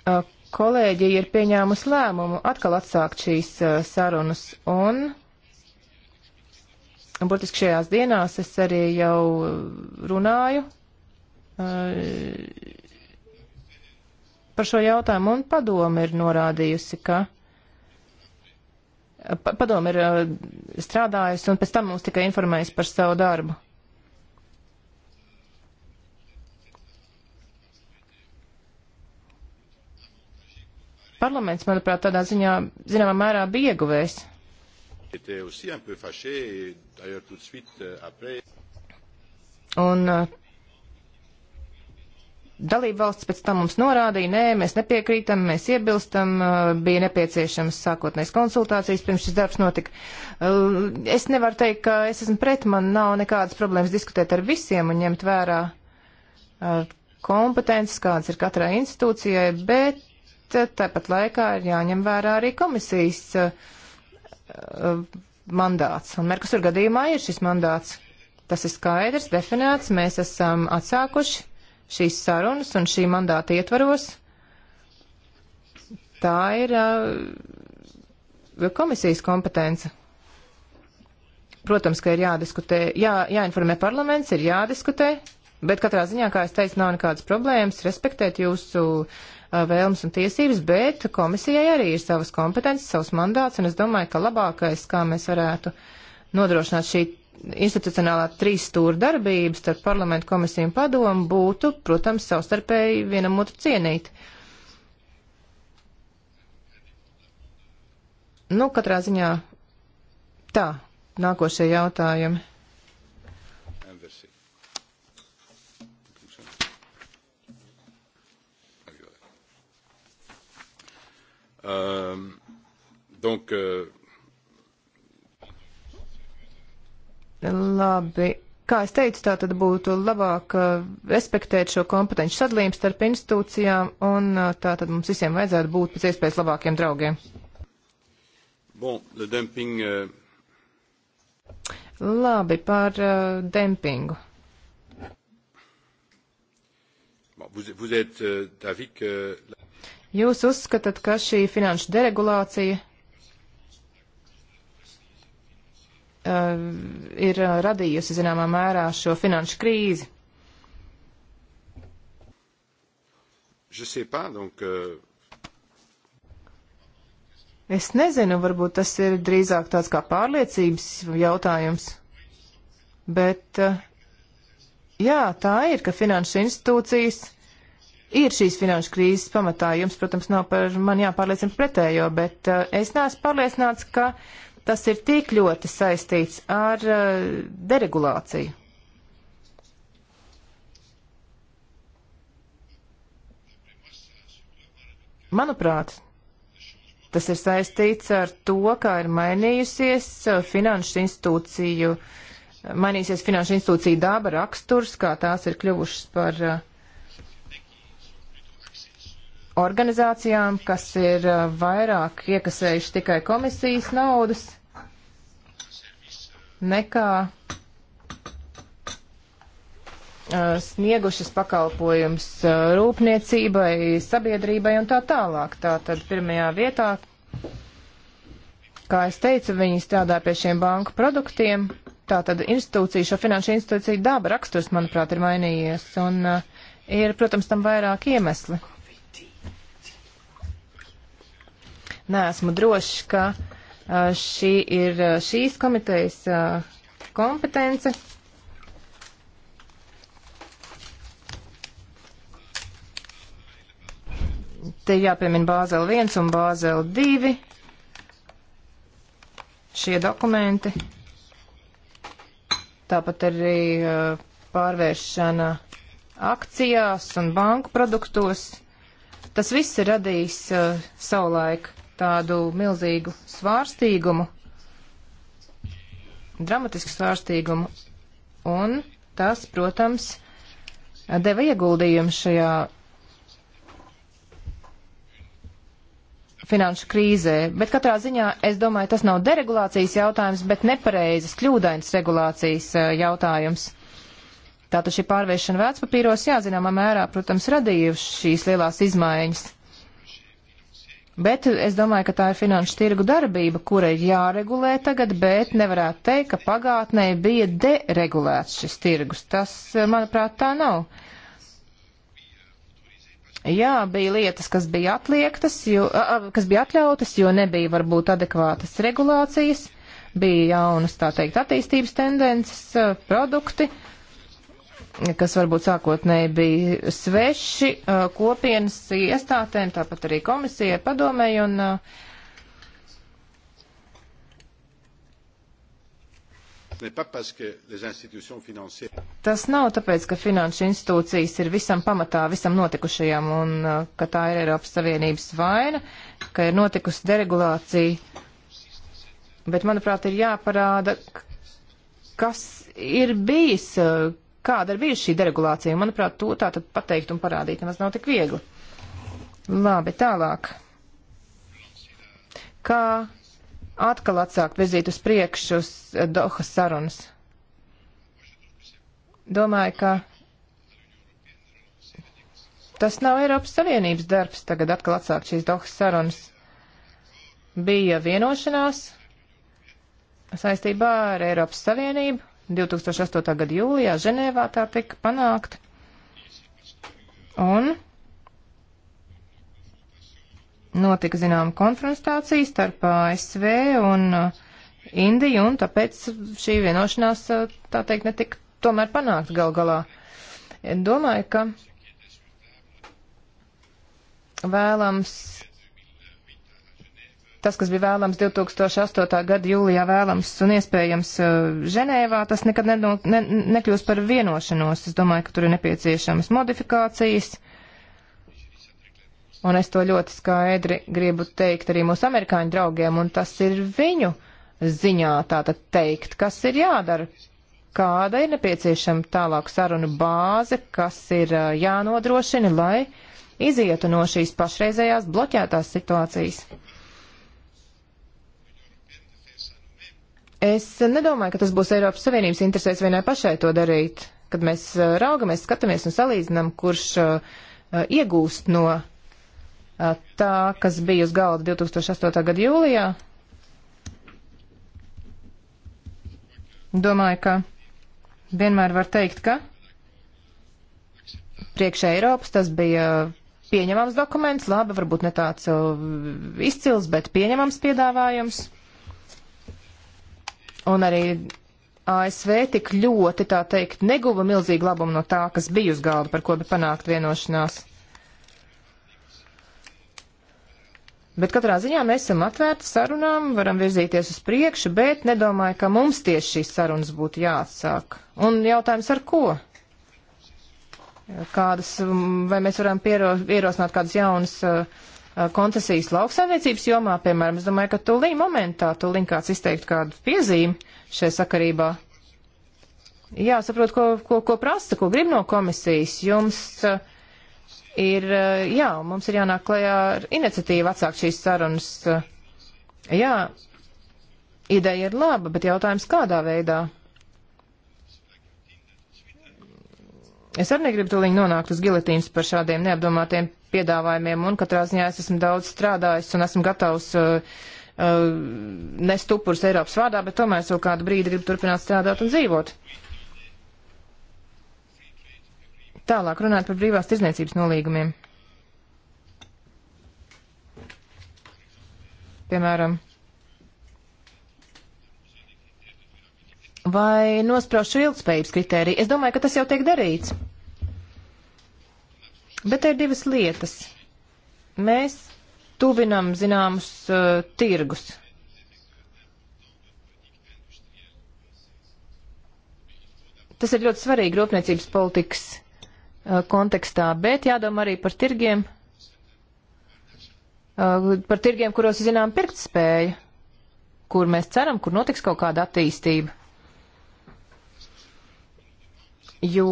Uh, kolēģija ir pieņēmusi lēmumu atkal atsākt šīs uh, sarunas un burtiski šajās dienās es arī jau runāju uh, par šo jautājumu un padoma ir norādījusi, ka pa, padoma ir uh, strādājusi un pēc tam mums tikai informējusi par savu darbu. Parlaments, manuprāt, tādā ziņā zināmā mērā bija ieguvējis. Un euh, euh, dalība valsts pēc tam mums norādīja, nē, mēs nepiekrītam, mēs iebilstam, uh, bija nepieciešams sākotnēs konsultācijas, pirms šis darbs notika. Uh, es nevaru teikt, ka es esmu pret, man nav nekādas problēmas diskutēt ar visiem un ņemt vērā uh, kompetences, kādas ir katrai institūcijai, bet Eh, tāpat laikā ir jāņem vērā arī komisijas eh, mandāts. Un Merkusur gadījumā ir šis mandāts. Tas ir skaidrs, definēts, mēs esam atsākuši šīs sarunas un šī mandāta ietvaros. Tā ir uh, komisijas kompetence. Protams, ka ir jādiskutē, jā, jāinformē parlaments, ir jādiskutē, bet katrā ziņā, kā es teicu, nav nekādas problēmas respektēt jūsu uh, Uh, vēlmes un tiesības, bet komisijai arī ir savas kompetences, savs mandāts, un es domāju, ka labākais, kā mēs varētu nodrošināt šī institucionālā trīsstūra darbības starp parlamentu komisiju un padomu, būtu, protams, savstarpēji vienam otru cienīt. Nu, katrā ziņā tā, nākošie jautājumi. Euh, donc, euh... Labi. Kā es teicu, tā tad būtu labāk uh, respektēt šo kompetenci sadalījumu starp institūcijām, un uh, tā tad mums visiem vajadzētu būt pēc iespējas labākiem draugiem. Bon, le dumping, uh... Labi, par uh, dempingu. Bon, vous, vous êtes, uh, David, uh... Jūs uzskatāt, ka šī finanšu deregulācija uh, ir uh, radījusi zināmā mērā šo finanšu krīzi. Pas, donc, uh... Es nezinu, varbūt tas ir drīzāk tāds kā pārliecības jautājums, bet uh, jā, tā ir, ka finanšu institūcijas ir šīs finanšu krīzes pamatā. Jums, protams, nav par mani jāpārliecina pretējo, bet uh, es neesmu pārliecināts, ka tas ir tik ļoti saistīts ar uh, deregulāciju. Manuprāt, tas ir saistīts ar to, kā ir mainījusies uh, finanšu institūciju, mainīsies finanšu institūciju daba raksturs, kā tās ir kļuvušas par uh, organizācijām, kas ir uh, vairāk iekasējuši tikai komisijas naudas nekā uh, sniegušas pakalpojums uh, rūpniecībai, sabiedrībai un tā tālāk. Tā tad pirmajā vietā, kā es teicu, viņi strādā pie šiem banku produktiem. Tā tad institūcija, šo finanšu institūciju daba raksturs, manuprāt, ir mainījies. Un uh, ir, protams, tam vairāk iemesli. neesmu drošs, ka šī ir šīs komitejas kompetence. Te jāpiemina Bāzela 1 un Bāzela 2. Šie dokumenti. Tāpat arī pārvēršana akcijās un banku produktos. Tas viss ir radījis uh, savulaik tādu milzīgu svārstīgumu, dramatisku svārstīgumu, un tas, protams, deva ieguldījumu šajā finanšu krīzē, bet katrā ziņā es domāju, tas nav deregulācijas jautājums, bet nepareizas, kļūdainas regulācijas eh, jautājums. Tātad šī pārvēršana vērtspapīros, jā, zināmā mērā, protams, radījuši šīs lielās izmaiņas. Bet es domāju, ka tā ir finanšu tirgu darbība, kura ir jāregulē tagad, bet nevarētu teikt, ka pagātnē bija deregulēts šis tirgus. Tas, eh, manuprāt, tā nav. Jā, bija lietas, kas bija atliektas, jo, kas bija atļautas, jo nebija varbūt adekvātas regulācijas, bija jaunas, tā teikt, attīstības tendences, eh, produkti, uh, kas varbūt sākotnēji bija sveši kopienas iestātēm, tāpat arī komisijai, padomēji un Tas nav tāpēc, ka finanšu institūcijas ir visam pamatā, visam notikušajam un ka tā ir Eiropas Savienības vaina, ka ir notikusi deregulācija. Bet, manuprāt, ir jāparāda, kas ir bijis, kāda ir bijusi šī deregulācija. Manuprāt, to tā tad pateikt un parādīt nemaz nav tik viegli. Labi, tālāk. Kā atkal atsākt virzīt uz priekšu uz eh, Dohas sarunas? Domāju, ka tas nav Eiropas Savienības darbs tagad atkal atsākt šīs Dohas sarunas. Bija vienošanās saistībā ar Eiropas Savienību 2008. gada jūlijā Ženēvā tā tika panākt. Un notika, zinām, konfrontācija starp ASV un uh, Indiju, un tāpēc šī vienošanās, uh, tā teikt, netika tomēr panākt gal galā. Domāju, ka vēlams tas, kas bija vēlams 2008. gada jūlijā vēlams un iespējams uh, Ženēvā, tas nekad ne, ne, nekļūs par vienošanos. Es domāju, ka tur ir nepieciešamas modifikācijas. Un es to ļoti skaidri gribu teikt arī mūsu amerikāņu draugiem, un tas ir viņu ziņā tātad teikt, kas ir jādara, kāda ir nepieciešama tālāk sarunu bāze, kas ir uh, jānodrošina, lai izietu no šīs pašreizējās bloķētās situācijas. Es nedomāju, ka tas būs Eiropas Savienības interesēs vienai pašai to darīt, kad mēs eh, raugamies, skatāmies un salīdzinām, kurš uh, iegūst no uh, tā, kas bija uz galda 2008. gada jūlijā. Domāju, ka vienmēr var teikt, ka priekš Eiropas tas bija pieņemams dokuments, labi, varbūt ne tāds uh, izcils, bet pieņemams piedāvājums un arī ASV tik ļoti, tā teikt, neguva milzīgu labumu no tā, kas bija uz galda, par ko bija panākt vienošanās. Bet katrā ziņā mēs esam atvērti sarunām, varam virzīties uz priekšu, bet nedomāju, ka mums tieši šīs sarunas būtu jāatsāk. Un jautājums ar ko? Kādas, vai mēs varam piero, ierosināt kādas jaunas uh, Uh, koncesijas lauksaimniecības jomā, piemēram, es domāju, ka tūlī momentā, tūlī kāds izteikt kādu piezīmi šajā sakarībā. Jā, saprot, ko, ko, ko prasta, ko grib no komisijas. Jums uh, ir, uh, jā, mums ir jānāk klajā ar iniciatīvu atsākt šīs sarunas. Jā, ideja ir laba, bet jautājums kādā veidā? Es arī negribu tūlīt nonākt uz giletīnas par šādiem neapdomātiem piedāvājumiem, un katrā ziņā es esmu daudz strādājis un esmu gatavs uh, uh, nest upurus Eiropas vārdā, bet tomēr es vēl kādu brīdi gribu turpināt strādāt un dzīvot. Tālāk runāt par brīvās tirzniecības nolīgumiem. Piemēram, vai nospraušu ilgspējības kritēriju? Es domāju, ka tas jau tiek darīts. Bet te ir divas lietas. Mēs tuvinam zināmus uh, tirgus. Tas ir ļoti svarīgi rūpniecības politikas uh, kontekstā, bet jādomā arī par tirgiem, uh, par tirgiem, kuros zinām pirkt spēju, kur mēs ceram, kur notiks kaut kāda attīstība. Jo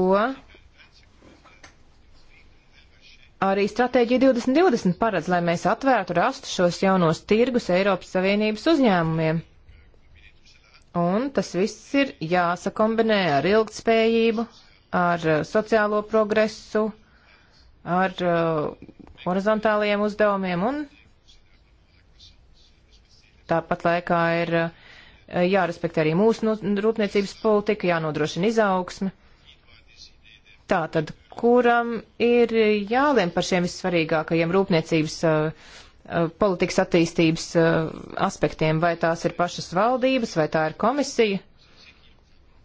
Arī stratēģija 2020 paredz, lai mēs atvērtu rastu šos jaunos tirgus Eiropas Savienības uzņēmumiem. Un tas viss ir jāsakombinē ar ilgtspējību, ar uh, sociālo progresu, ar uh, horizontāliem uzdevumiem un tāpat laikā ir uh, jārespektē arī mūsu nu, rūpniecības politika, jānodrošina izaugsme. Tātad, kuram ir jālem par šiem vissvarīgākajiem rūpniecības uh, politikas attīstības uh, aspektiem, vai tās ir pašas valdības, vai tā ir komisija.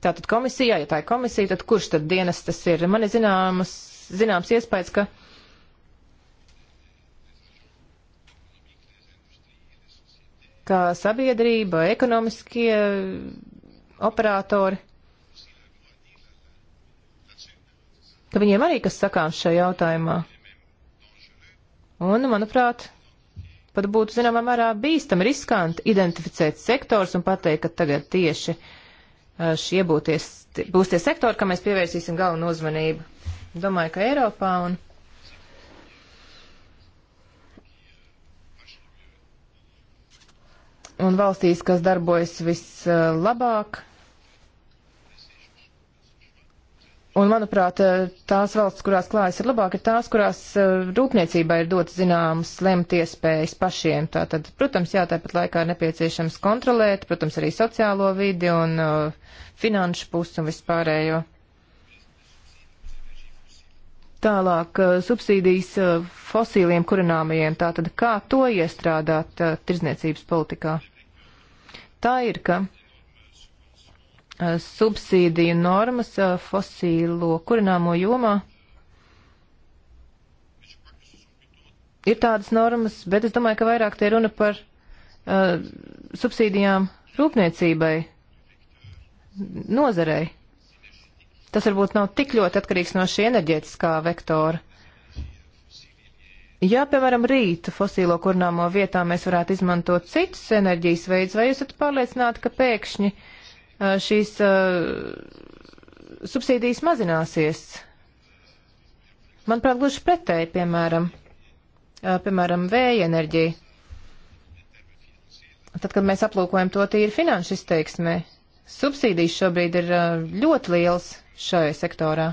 Tātad komisijā, ja tā ir komisija, tad kurš tad dienas tas ir? Man ir zināmas, zināms iespējas, ka ka sabiedrība, ekonomiskie operatori ka viņiem arī kas sakāms šajā jautājumā. Un, manuprāt, pat būtu zināmā mērā bīstami riskanti identificēt sektors un pateikt, ka tagad tieši šie būties, būs tie sektori, kam mēs pievērsīsim galvenu uzmanību. Domāju, ka Eiropā un. Un valstīs, kas darbojas vislabāk, Un, manuprāt, eh, tās valsts, kurās klājas ir labāk, ir tās, kurās eh, rūpniecībai ir dots zināmas lemt iespējas pašiem. Tātad, protams, jā, tāpat laikā ir nepieciešams kontrolēt, protams, arī sociālo vidi un uh, finanšu pusi un vispārējo. Tālāk subsīdijas fosīliem kurināmajiem, tātad kā to iestrādāt uh, tirzniecības politikā? Tā ir, ka Eh, subsīdiju normas eh, fosīlo kurināmo jomā. Ir tādas normas, bet es domāju, ka vairāk te runa par uh, subsīdijām rūpniecībai, nozarei. Tas varbūt nav tik ļoti atkarīgs no šī enerģētiskā vektora. Ja, piemēram, rīt fosīlo kurnāmo vietā mēs varētu izmantot citus enerģijas veidus, vai jūs esat pārliecināti, ka pēkšņi uh, Uh, šīs uh, subsīdijas mazināsies. Manuprāt, gluži pretēji, piemēram, uh, piemēram, vēja enerģija. Tad, kad mēs aplūkojam to tīri finanšu izteiksmē, subsīdijas šobrīd ir ļoti liels šajā sektorā.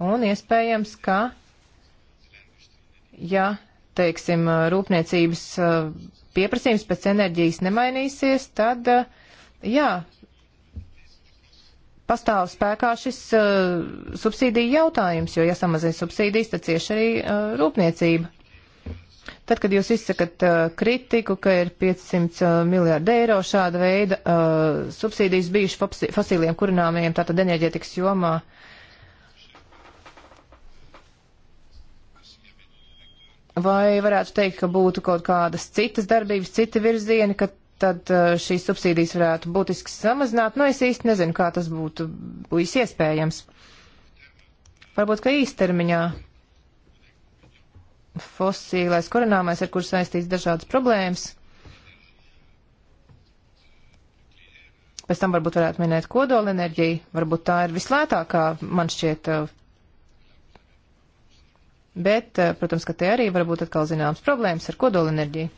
Un iespējams, ka, ja, teiksim, rūpniecības pieprasījums pēc enerģijas nemainīsies, tad, jā, pastāv spēkā šis uh, eh, subsīdija jautājums, jo, ja samazina subsīdijas, tad cieši arī uh, rūpniecība. Tad, kad jūs izsakat uh, kritiku, ka ir 500 uh, miljārdi eiro šāda veida uh, subsīdijas bijuši fosiliem kurināmajiem, tātad enerģētikas jomā, vai varētu teikt, ka būtu kaut kādas citas darbības, citi virzieni, ka tad eh, šīs subsīdijas varētu būtiski samazināt. Nu, es īsti nezinu, kā tas būtu bijis iespējams. Varbūt, ka īstermiņā fosīlais kurināmais, ar kur saistīts dažādas problēmas. Pēc tam varbūt varētu minēt kodolenerģiju, varbūt tā ir vislētākā, man šķiet. Eh, bet, eh, protams, ka te arī varbūt atkal zināmas problēmas ar kodolenerģiju.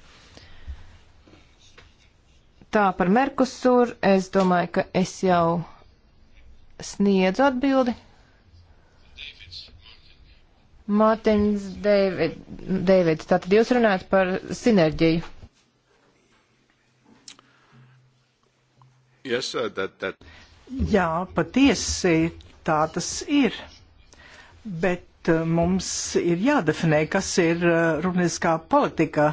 Tā par Merkusur, es domāju, ka es jau sniedzu atbildi. Mārtiņš, Deivids, tātad jūs runājat par sinerģiju. Yes, uh, that, that. Jā, patiesi tā tas ir. Bet uh, mums ir jādefinē, kas ir uh, runiskā politika,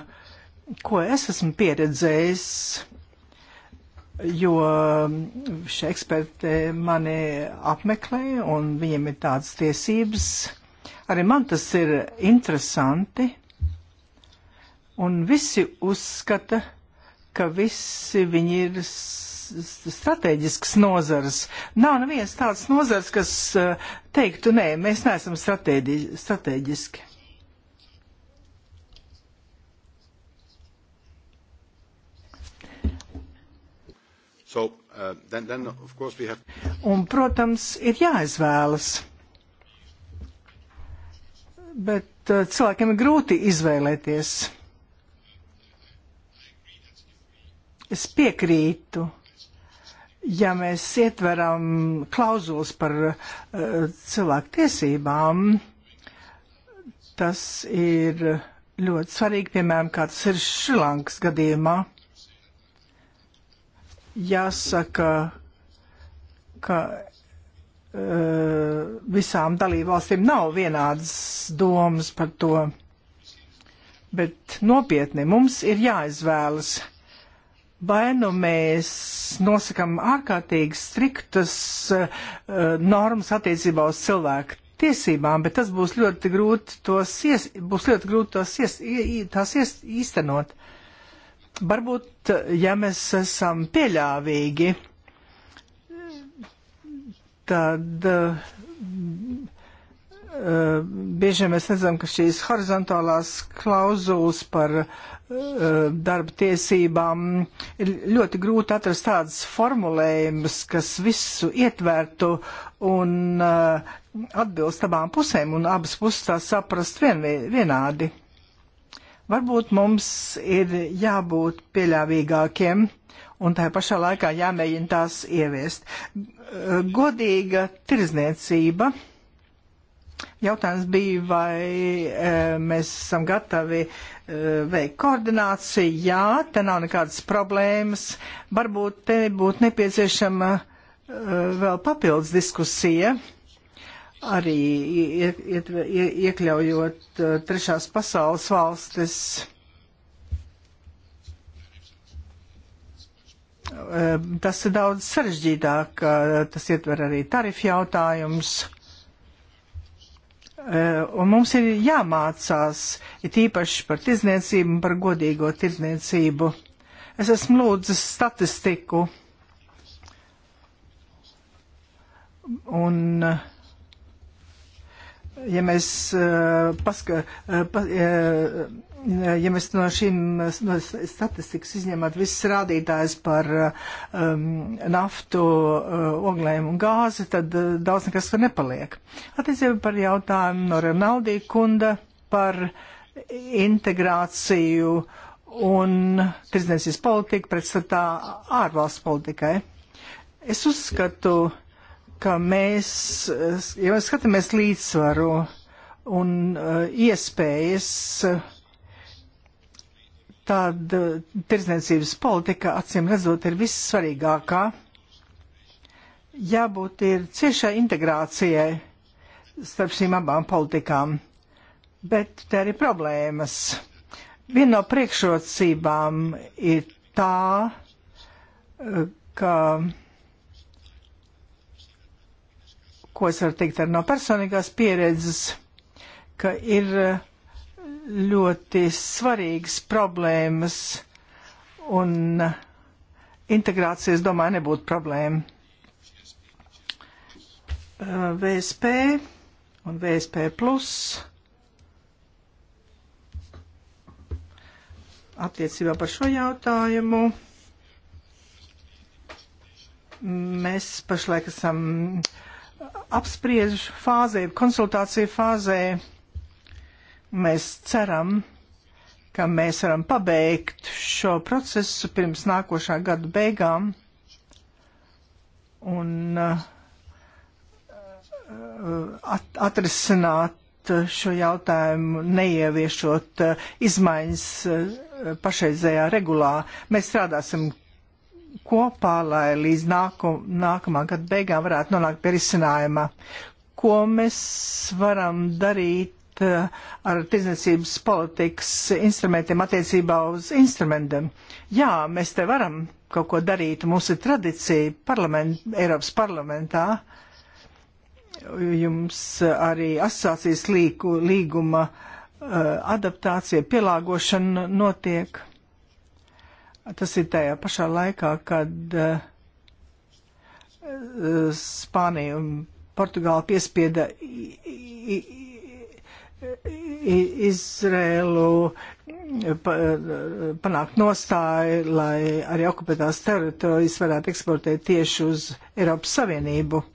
ko es esmu pieredzējis jo um, šie eksperti mani apmeklē un viņiem ir tādas tiesības. Arī man tas ir interesanti. Un visi uzskata, ka visi viņi ir strateģisks nozars. Nav neviens tāds nozars, kas uh, teiktu, nē, mēs neesam strateģiski. So, uh, then, then of course we have... Un, protams, ir jāizvēlas. Bet uh, cilvēkiem ir grūti izvēlēties. Es piekrītu, ja mēs ietveram klauzulas par uh, cilvēku tiesībām, tas ir ļoti svarīgi, piemēram, kā tas ir Šrilankas gadījumā jāsaka, ka e, visām dalībvalstīm nav vienādas domas par to. Bet nopietni mums ir jāizvēlas. Vai nu mēs nosakam ārkārtīgi striktas uh, normas attiecībā uz cilvēku tiesībām, bet tas būs ļoti grūti tos, ies, būs ļoti grūti tos ies, tās ies, īstenot. Varbūt, ja mēs esam pieļāvīgi, tad uh, bieži mēs redzam, ka šīs horizontālās klauzulas par uh, darba tiesībām ir ļoti grūti atrast tādas formulējumus, kas visu ietvērtu un uh, atbilst abām pusēm, un abas puses tās saprast vien, vienādi. Varbūt mums ir jābūt pieļāvīgākiem un tā pašā laikā jāmēģina tās ieviest. Godīga tirzniecība. Jautājums bija, vai eh, mēs esam gatavi eh, veikt koordināciju. Jā, te nav nekādas problēmas. Varbūt te būtu nepieciešama eh, vēl papildus diskusija. Uh, arī ietver, iekļaujot uh, trešās pasaules valstis. Um, tas ir daudz sarežģītāk, uh, tas ietver arī tarifu jautājums. Uh, un mums ir jāmācās, ir tīpaši par tirdzniecību un par godīgo tirdzniecību. Es esmu lūdzis statistiku. Un uh, ja mēs, eh, paska, eh, pa, eh, ja mēs no šīm no statistikas izņemot visas rādītājas par um, naftu, oglēm un gāzi, tad daudz nekas tur nepaliek. Attiecībā par jautājumu no Ronaldī kunda par integrāciju un tirdzniecības politiku pretstatā ārvalsts politikai. Es uzskatu, uh, ka mēs, ja mēs skatāmies līdzsvaru un eh, iespējas, tad eh, tirdzniecības politika, acīm redzot, ir vissvarīgākā. Jābūt ir ciešai integrācijai starp šīm abām politikām, bet te arī problēmas. Viena no priekšrocībām ir tā, eh, ka ko es varu teikt ar no personīgās pieredzes, ka ir eh, ļoti svarīgas problēmas un eh, integrācijas, domāju, nebūtu problēma. Eh, VSP un VSP plus attiecībā par šo jautājumu. Mēs pašlaik esam uh, apspriežu fāzē, konsultāciju fāzē. Mēs ceram, ka mēs varam pabeigt šo procesu pirms nākošā gada beigām. Un uh, at atrisināt šo jautājumu, neieviešot uh, izmaiņas uh, pašreizējā regulā. Mēs strādāsim kopā, lai līdz nākum, nākamā gada beigām varētu nonākt pie risinājuma. Ko mēs varam darīt? Eh, ar tirdzniecības politikas instrumentiem attiecībā uz instrumentiem. Jā, mēs te varam kaut ko darīt. Mums ir tradīcija parlament, Eiropas parlamentā. Jums arī asociācijas līgu, līguma eh, adaptācija, pielāgošana notiek. Tas ir tajā pašā laikā, kad uh, Spānija un Portugāla piespieda Izrēlu eh, pa, eh, panākt nostāju, lai arī okupētās teritorijas varētu eksportēt tieši uz Eiropas Savienību.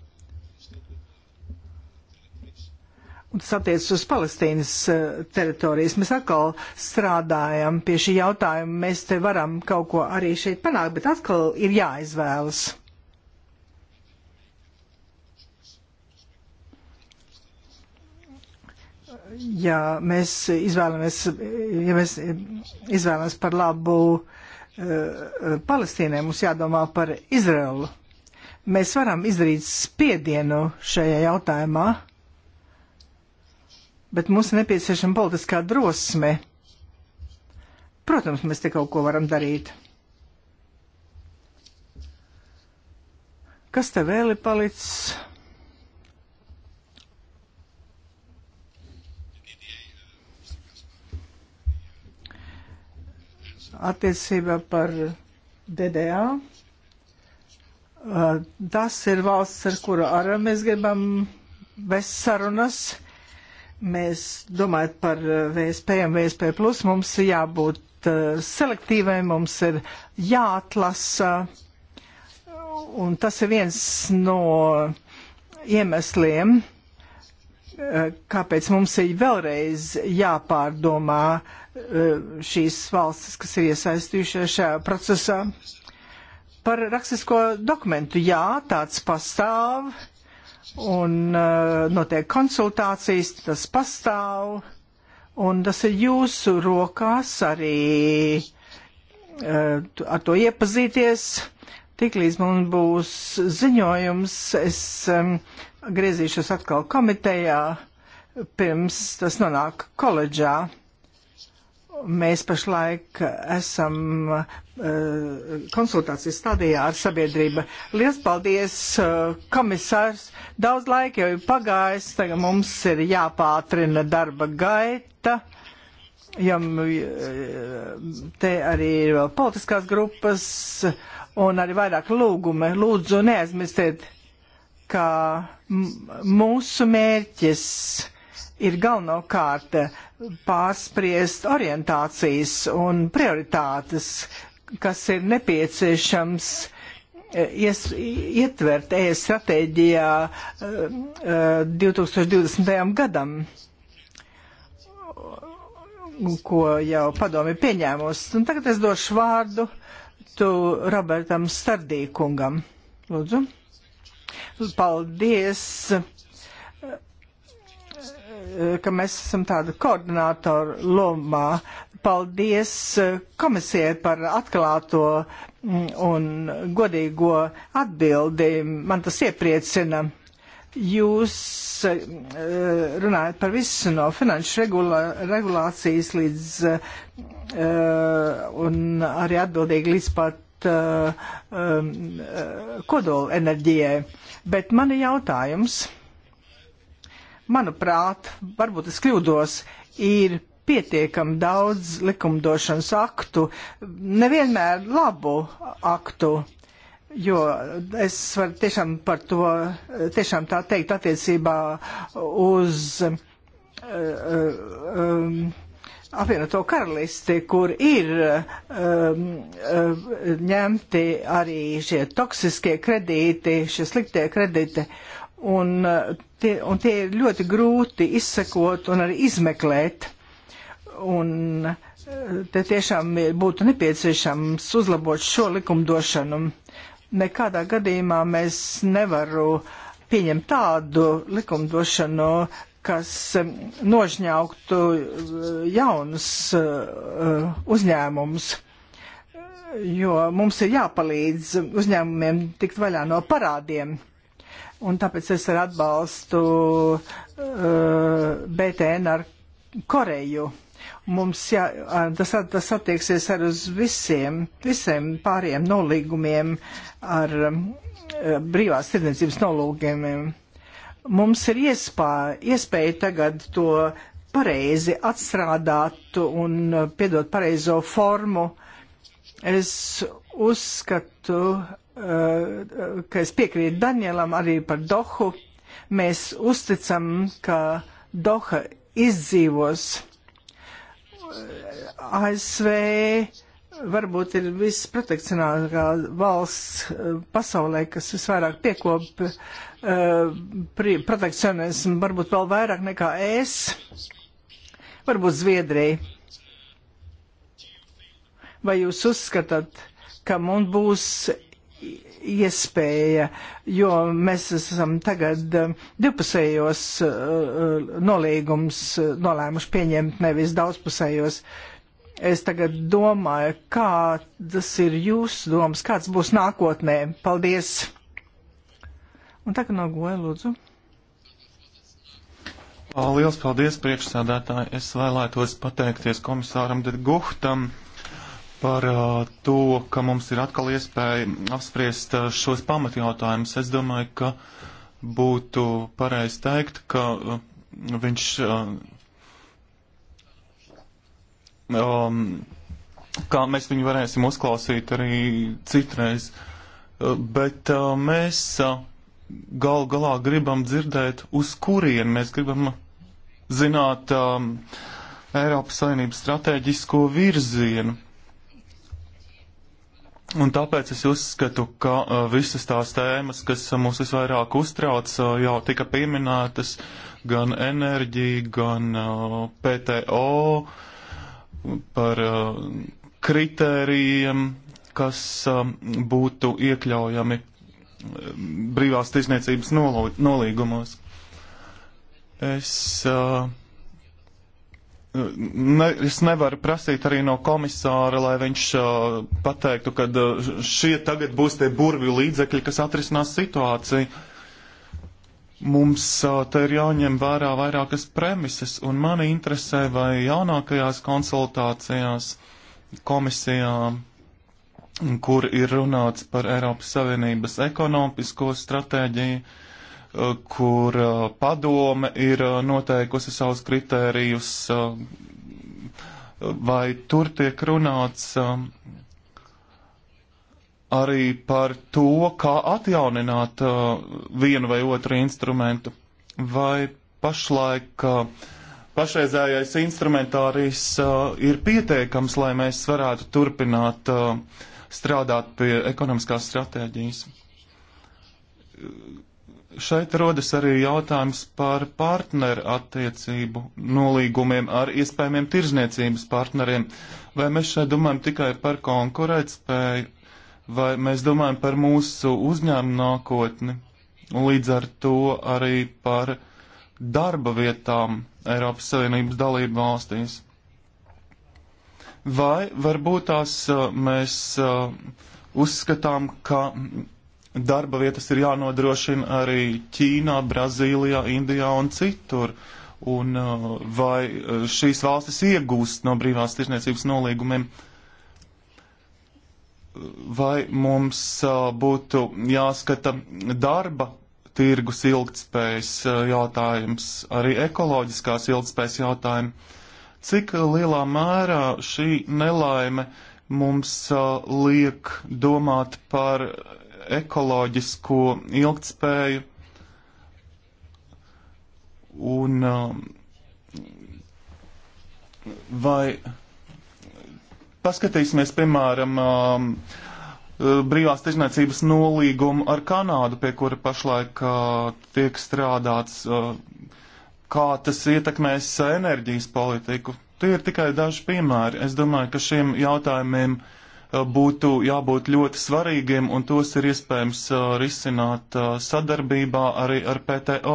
un tas attiecas uz Palestīnas uh, teritorijas. Mēs atkal strādājam pie šī jautājuma, mēs te varam kaut ko arī šeit panākt, bet atkal ir jāizvēlas. Ja mēs izvēlamies, ja mēs izvēlamies par labu uh, Palestīnai, mums jādomā par Izraelu. Mēs varam izdarīt spiedienu šajā jautājumā bet mums ir nepieciešama politiskā drosme. Protams, mēs te kaut ko varam darīt. Kas te vēl ir palicis? Attiecībā par DDA. Uh, tas ir valsts, ar kuru arī mēs gribam vest sarunas mēs domājot par eh, VSP un VSP plus, mums jābūt uh, selektīvai, mums ir jāatlasa, un tas ir viens no iemesliem, uh, kāpēc mums ir vēlreiz jāpārdomā uh, šīs valstis, kas ir iesaistījušās šajā procesā. Par rakstisko dokumentu, jā, tāds pastāv un uh, notiek konsultācijas, tas pastāv, un tas ir jūsu rokās arī uh, ar to iepazīties. Tiklīdz man būs ziņojums, es um, griezīšos atkal komitejā, pirms tas nonāk koledžā. Mēs pašlaik esam uh, konsultācijas stadijā ar sabiedrību. Lielas paldies, uh, komisārs! Daudz laika jau ir pagājis, tagad mums ir jāpātrina darba gaita. Jam, uh, eh, te arī ir vēl politiskās grupas un arī vairāk lūgumi. Lūdzu, neaizmirstiet, ka mūsu mērķis ir galvenokārt pārspriest orientācijas un prioritātes, kas ir nepieciešams eh, ies, ietvert ES stratēģijā 2020. Eh, eh, gadam ko jau padomi pieņēmusi. Un tagad es došu vārdu tu Robertam Stardīkungam. Lūdzu. Paldies, Eh, ka mēs esam tāda koordinātora lomā. Paldies eh, komisijai par atklāto mm, un godīgo atbildi. Man tas iepriecina. Jūs eh, runājat par visu no finanšu regula, regulācijas līdz un arī atbildīgi līdz pat kodola enerģijai. Bet man ir jautājums manuprāt, varbūt es kļūdos, ir pietiekami daudz likumdošanas aktu, nevienmēr labu aktu, jo es varu tiešām par to, tiešām tā teikt attiecībā uz uh, um, apvienoto karalisti, kur ir um, um, ņemti arī šie toksiskie kredīti, šie sliktie kredīti. Uh, un, eh, tie, un tie ir ļoti grūti izsekot un arī izmeklēt. Un eh, te tiešām būtu nepieciešams uzlabot šo likumdošanu. Nekādā gadījumā mēs nevaru pieņemt tādu likumdošanu, kas eh, nožņauktu jaunus uzņēmumus, jo mums ir jāpalīdz uzņēmumiem tikt vaļā no parādiem Un tāpēc es ar atbalstu uh, eh, BTN ar Koreju. Mums jā, eh, tas, tas attieksies ar uz visiem, visiem pāriem nolīgumiem ar uh, brīvās tirdzniecības nolūgumiem. Mums ir iespā, iespēja tagad to pareizi atstrādāt un piedot pareizo formu. Es uzskatu, Eh, ka es piekrītu Danielam arī par Dohu. Mēs uzticam, ka Doha izdzīvos. Eh, ASV varbūt ir viss protekcionārākā valsts eh, pasaulē, kas visvairāk piekop uh, protekcionismu, varbūt vēl vairāk nekā es, varbūt Zviedrija. Vai jūs uzskatāt, ka mums būs iespēja, jo mēs esam tagad um, divpusējos uh, uh, nolīgums uh, nolēmuši pieņemt, nevis daudzpusējos. Es tagad domāju, kādas ir jūsu domas, kāds būs nākotnē. Paldies! Un tagad no goja lūdzu. Liels paldies priekšsādātāji. Es vēlētos pateikties komisāram Dedguhtam par to, ka mums ir atkal iespēja apspriest šos pamatjautājumus. Es domāju, ka būtu pareizi teikt, ka viņš um, kā mēs viņu varēsim uzklausīt arī citreiz. Bet uh, mēs uh, gal galā gribam dzirdēt, uz kurien mēs gribam zināt um, Eiropas Savienības stratēģisko virzienu. Un tāpēc es uzskatu, ka uh, visas tās tēmas, kas uh, mūs visvairāk uztrauc, uh, jau tika pieminētas gan enerģija, gan uh, PTO par uh, kritērijiem, kas uh, būtu iekļaujami brīvās tirsniecības nolīgumos. Es uh, Ne, es nevaru prasīt arī no komisāra, lai viņš uh, pateiktu, ka uh, šie tagad būs tie burvju līdzekļi, kas atrisinās situāciju. Mums uh, te ir jāņem vērā vairākas premises, un mani interesē, vai jaunākajās konsultācijās komisijā, kur ir runāts par Eiropas Savienības ekonomisko stratēģiju, uh, Eh, kur eh, padome ir eh, noteikusi savus kritērijus, vai tur tiek runāts arī par to, kā atjaunināt vienu vai otru instrumentu, vai pašlaik pašreizējais instrumentārijs ir pietiekams, lai mēs varētu turpināt strādāt pie ekonomiskās stratēģijas Šeit rodas arī jautājums par partneru attiecību nolīgumiem ar iespējamiem tirzniecības partneriem. Vai mēs šeit domājam tikai par konkurētspēju, vai mēs domājam par mūsu uzņēmumu nākotni un līdz ar to arī par darba vietām Eiropas Savienības dalību valstīs? Vai varbūt tās eh, mēs eh, uzskatām, ka Darba vietas ir jānodrošina arī Ķīnā, Brazīlijā, Indijā un citur. Un uh, vai uh, šīs valstis iegūst no brīvās tirsniecības nolīgumiem? Vai mums uh, būtu jāskata darba tirgus ilgtspējas jautājums, arī ekoloģiskās ilgtspējas jautājumi? Cik lielā mērā šī nelaime mums liek domāt par ekoloģisko ilgtspēju. Un um, vai paskatīsimies, piemēram, um, brīvās tirzniecības nolīgumu ar Kanādu, pie kura pašlaik uh, tiek strādāts, uh, kā tas ietekmēs enerģijas politiku. Tie ir tikai daži piemēri. Es domāju, ka šiem jautājumiem uh, būtu jābūt ļoti svarīgiem, un tos ir iespējams risināt sadarbībā arī ar PTO.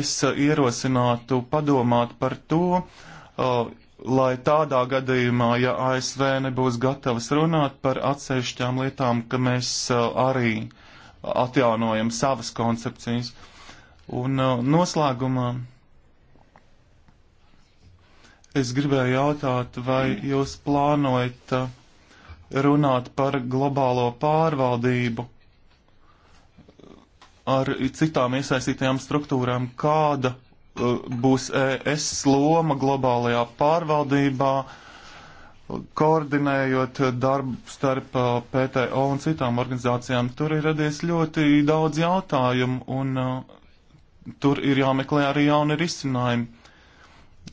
Es ierosinātu padomāt par to, lai tādā gadījumā, ja ASV nebūs gatavas runāt par atsevišķām lietām, ka mēs arī atjaunojam savas koncepcijas. Un noslēgumā Es gribēju jautāt, vai jūs plānojat uh, runāt par globālo pārvaldību ar citām iesaistītajām struktūrām, kāda uh, būs ES loma globālajā pārvaldībā, koordinējot darbu starp uh, PTO un citām organizācijām. Tur ir radies ļoti daudz jautājumu, un uh, tur ir jāmeklē arī jauni risinājumi.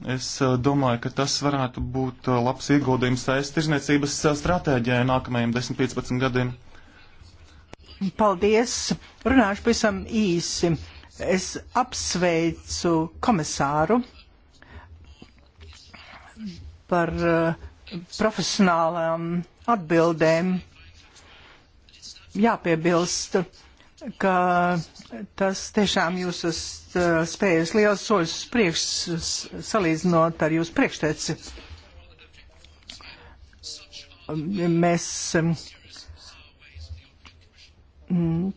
Es eh, domāju, ka tas varētu būt eh, labs ieguldījums saistības tirzniecības eh, stratēģijai nākamajiem 10-15 gadiem. Paldies! Runāšu pavisam īsi. Es apsveicu komisāru par profesionālām atbildēm. Jāpiebilst, ka Tas tiešām jūs esat eh, spējis liels soļus priekš salīdzinot ar jūsu priekšteci. Mēs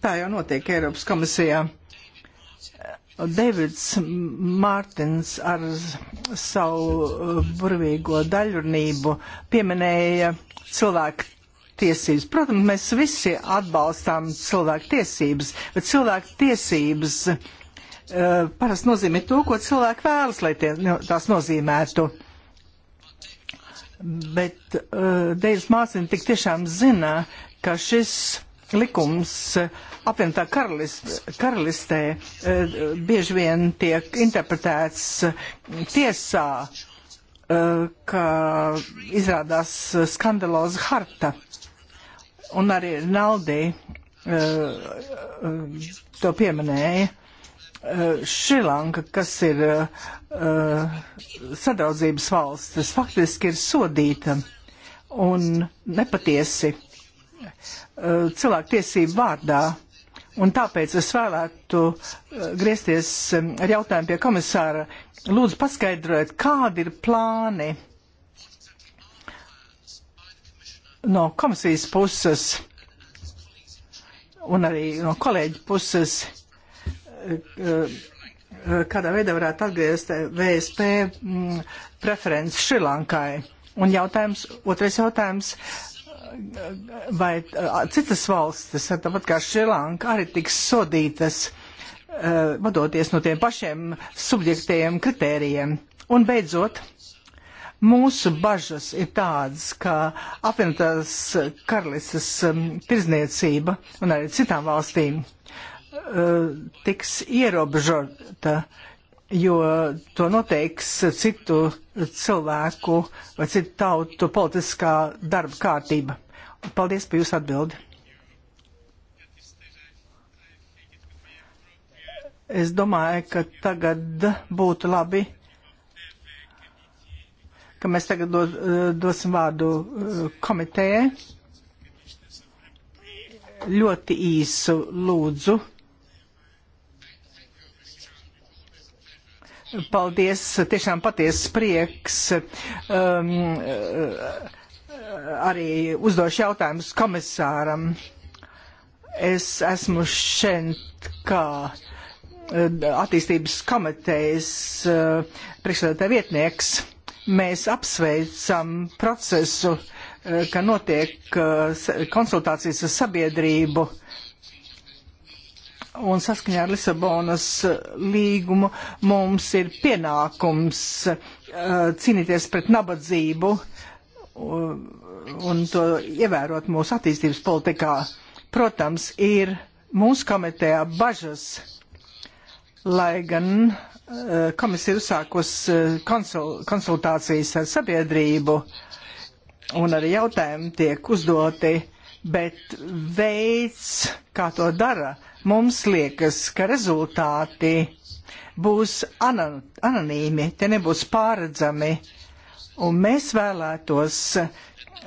tā jau notiek Eiropas komisijā. Davids Mārtins ar savu burvīgo daļrunību pieminēja cilvēku tiesības. Protams, mēs visi atbalstām cilvēku tiesības, bet cilvēku tiesības uh, parasti nozīmē to, ko cilvēki vēlas, lai tie, no, tās nozīmētu. Bet uh, eh, Deivs Mārsina tik tiešām zina, ka šis likums eh, apvienotā karalist, karalistē uh, bieži vien tiek interpretēts tiesā, uh, ka izrādās skandaloza harta un arī Naldī uh, eh, eh, to pieminēja. Uh, Šrilanka, kas ir uh, sadraudzības valsts, faktiski ir sodīta un nepatiesi uh, cilvēktiesību vārdā. Un tāpēc es vēlētu griezties ar jautājumu pie komisāra. Lūdzu, paskaidrojiet, kādi ir plāni no komisijas puses un arī no kolēģa puses, eh, eh, kādā veidā varētu atgriezt VSP mm, preferences Šrilankai. Un jautājums, otrais jautājums, eh, vai citas valstis, tāpat kā Šrilanka, arī tiks sodītas vadoties no tiem pašiem subjektējiem kritērijiem. Un beidzot, Mūsu bažas ir tādas, ka apvienotās karalistas um, tirzniecība un arī citām valstīm uh, tiks ierobežota, jo to noteiks citu cilvēku vai citu tautu politiskā darba kārtība. Paldies par jūsu atbildi. Es domāju, ka tagad būtu labi ka mēs tagad do, eh, dosim vārdu eh, komitejai. Ļoti īsu lūdzu. Paldies, tiešām patiesas prieks. Um, eh, arī uzdošu jautājumus komisāram. Es esmu šeit kā attīstības komitejas priekšsēdētāja vietnieks mēs apsveicam procesu, eh, ka notiek eh, konsultācijas ar sabiedrību. Un saskaņā ar Lisabonas eh, līgumu mums ir pienākums cīnīties pret nabadzību un to ievērot mūsu attīstības politikā. Protams, ir mūsu komitejā bažas, lai gan Eh, komisija uzsākus eh, konsul, konsultācijas ar sabiedrību un arī jautājumi tiek uzdoti, bet veids, kā to dara, mums liekas, ka rezultāti būs anon anonīmi, te nebūs pāredzami. Un mēs vēlētos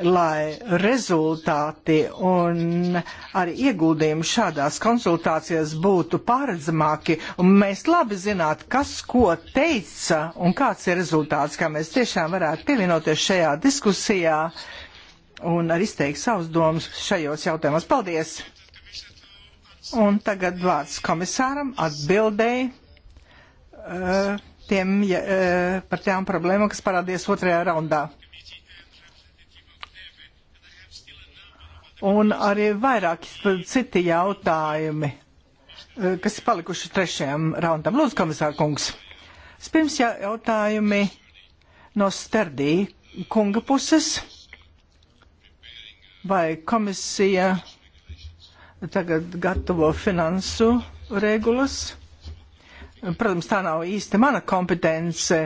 lai rezultāti un arī ieguldījumi šādās konsultācijās būtu paredzamāki. Un mēs labi zinātu, kas ko teica un kāds ir rezultāts, kā mēs tiešām varētu pievienoties šajā diskusijā un arī izteikt savus domas šajos jautājumos. Paldies! Un tagad vārds komisāram atbildēja uh, eh, tiem, uh, par tām problēmām, kas parādījās otrajā raundā. Un arī vairāki citi jautājumi, eh, kas ir palikuši trešajam raundam. Lūdzu, komisār kungs. Pirms jautājumi no Sterdī kunga puses. Vai komisija tagad gatavo finansu regulas? Protams, tā nav īsti mana kompetence.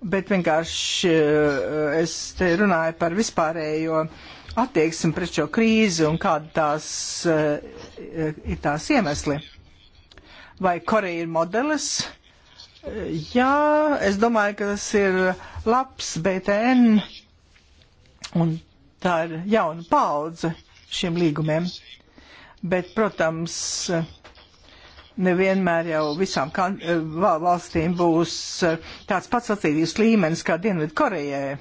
Bet vienkārši eh, es te runāju par vispārējo uh, attieksmi pret šo krīzi un kāda tās eh, ir tās iemesli. Vai Koreja ir modelis? Jā, es domāju, ka tas ir labs BTN un tā ir jauna paudze šiem līgumiem. Bet, protams, nevienmēr jau visām eh, valstīm būs eh, tāds pats attīstības līmenis kā Dienvidu Korejai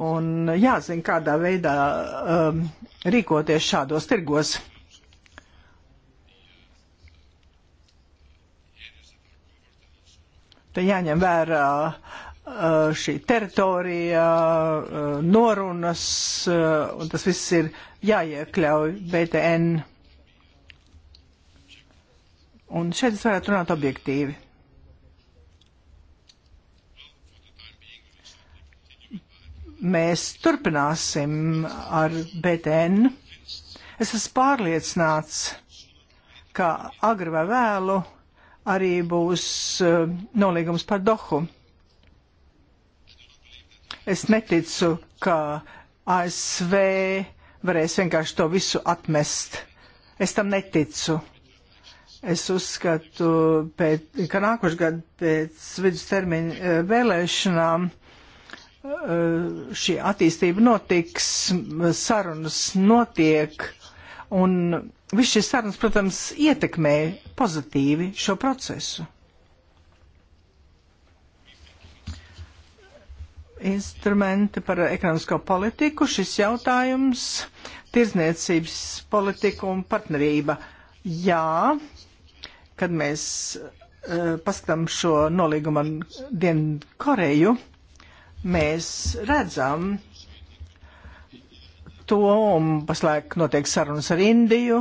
un jāzina, kādā veidā um, rīkoties šādos tirgos. Te jāņem vērā uh, šī teritorija, uh, norunas, uh, un tas viss ir jāiekļauj BTN. Un šeit es varētu runāt objektīvi. mēs turpināsim ar BTN. Es esmu pārliecināts, ka agri vai vēlu arī būs uh, nolīgums par Dohu. Es neticu, ka ASV varēs vienkārši to visu atmest. Es tam neticu. Es uzskatu, pēc, ka nākošgad pēc vidustermiņa eh, vēlēšanām šī attīstība notiks, sarunas notiek, un viss šis sarunas, protams, ietekmē pozitīvi šo procesu. Instrumenti par ekonomisko politiku, šis jautājums, tirzniecības politika un partnerība. Jā, kad mēs uh, paskatām šo nolīgumu ar Dienkoreju, uh, mēs redzam to, un paslēk notiek sarunas ar Indiju,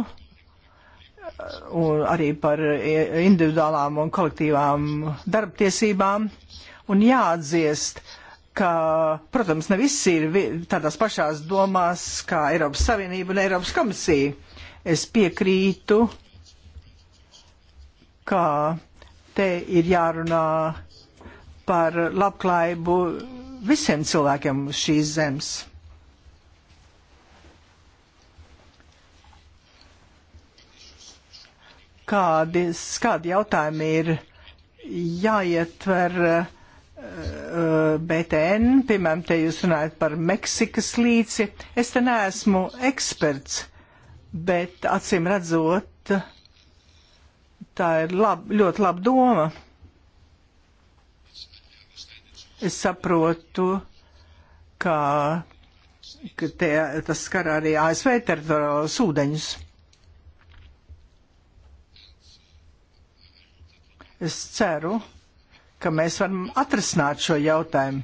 un arī par individuālām un kolektīvām darbtiesībām. Un jāatdziest, ka, protams, ne visi ir tādās pašās domās kā Eiropas Savienība un Eiropas komisija. Es piekrītu, ka te ir jārunā par labklājību visiem cilvēkiem uz šīs zemes. Kādi, kādi jautājumi ir jāietver uh, eh, BTN, piemēram, te jūs runājat par Meksikas līci. Es te neesmu eksperts, bet acīm redzot, tā ir lab, ļoti laba doma. Es saprotu, ka, ka tie, tas skar arī ASV teritoriālos ūdeņus. Es ceru, ka mēs varam atrasināt šo jautājumu.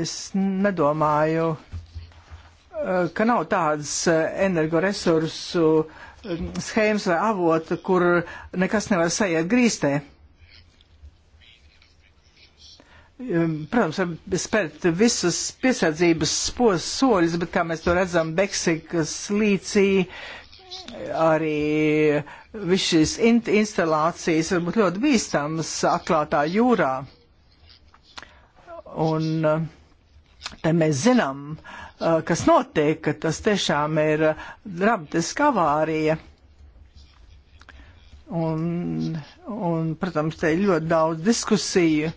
Es nedomāju, eh, ka nav tādas eh, energoresursu eh, schēmas vai avota, kur nekas nevar sajiet grīstē. Protams, var spērt visus piesardzības spos, soļus, bet kā mēs to redzam, Beksikas līcī arī viss šīs in instalācijas var būt ļoti bīstamas atklātā jūrā. Un te mēs zinām, kas notiek, ka tas tiešām ir dramatiska avārija. Un, un, protams, te ir ļoti daudz diskusiju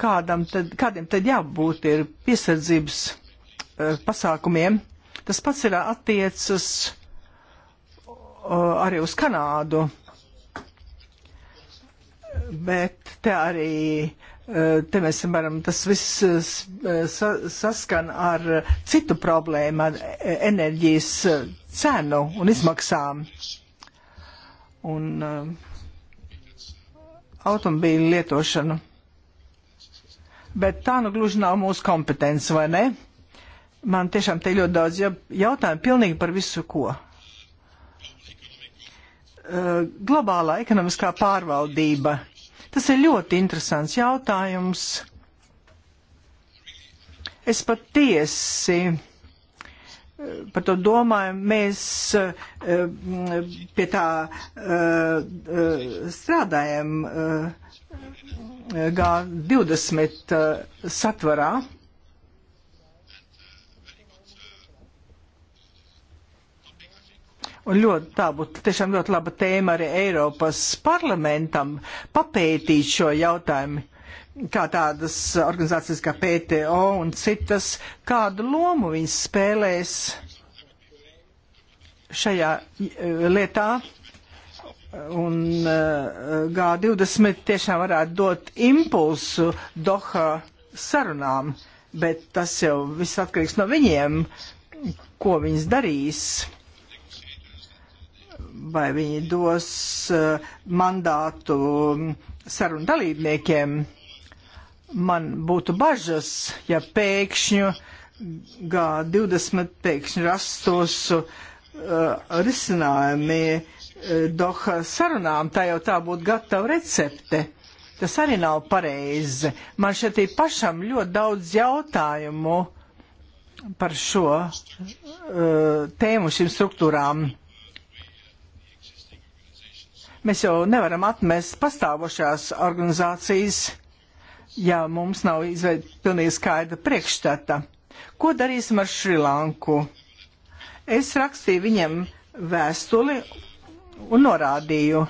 kādam tad, kādiem tad jābūt ir piesardzības uh, pasākumiem. Tas pats ir attiecas uh, arī uz Kanādu, bet te arī uh, Te mēs varam, tas viss sa, saskan ar citu problēmu, ar enerģijas cenu un izmaksām. Un uh, automobīļu lietošanu bet tā nu gluži nav mūsu kompetence, vai ne? Man tiešām te ļoti daudz jautājumu pilnīgi par visu ko. Uh, globālā ekonomiskā pārvaldība. Tas ir ļoti interesants jautājums. Es patiesi uh, par to domāju, mēs uh, uh, pie tā strādājam G20 uh, satvarā. Un ļoti tā būtu tiešām ļoti laba tēma arī Eiropas parlamentam papētīt šo jautājumu, kā tādas organizācijas kā PTO un citas, kādu lomu viņas spēlēs šajā e, lietā Un eh, G20 tiešām varētu dot impulsu Doha sarunām, bet tas jau viss atkarīgs no viņiem, ko viņas darīs. Vai viņi dos eh, mandātu sarunu dalībniekiem. Man būtu bažas, ja pēkšņu G20 pēkšņi rastos uh, risinājumi Doha sarunām, tā jau tā būtu gatava recepte. Tas arī nav pareizi. Man šeit ir pašam ļoti daudz jautājumu par šo uh, tēmu šīm struktūrām. Mēs jau nevaram atmest pastāvošās organizācijas, ja mums nav izveid pilnīgi skaida priekšstata. Ko darīsim ar Šrilanku? Es rakstīju viņiem vēstuli un norādīju,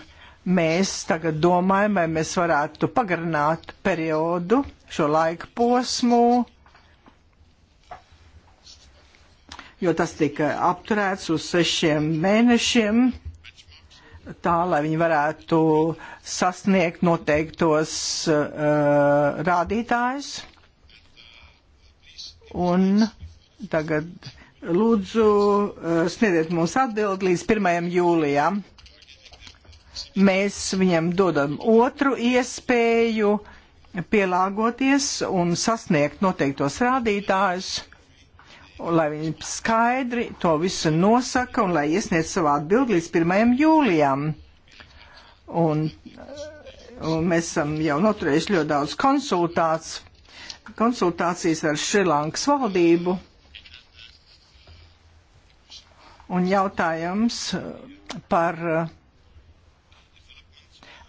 mēs tagad domājam, vai mēs varētu pagarināt periodu, šo laika posmu, jo tas tika apturēts uz sešiem mēnešiem tā, lai viņi varētu sasniegt noteiktos uh, rādītājus. Un tagad lūdzu uh, sniedziet mums atbildi līdz 1. jūlijam. Mēs viņam dodam otru iespēju pielāgoties un sasniegt noteiktos rādītājus, lai viņi skaidri to visu nosaka un lai iesniedz savu atbildi līdz 1. jūlijam. Un, un mēs esam jau noturējuši ļoti daudz konsultāciju konsultācijas ar Šrilankas valdību. Un jautājums par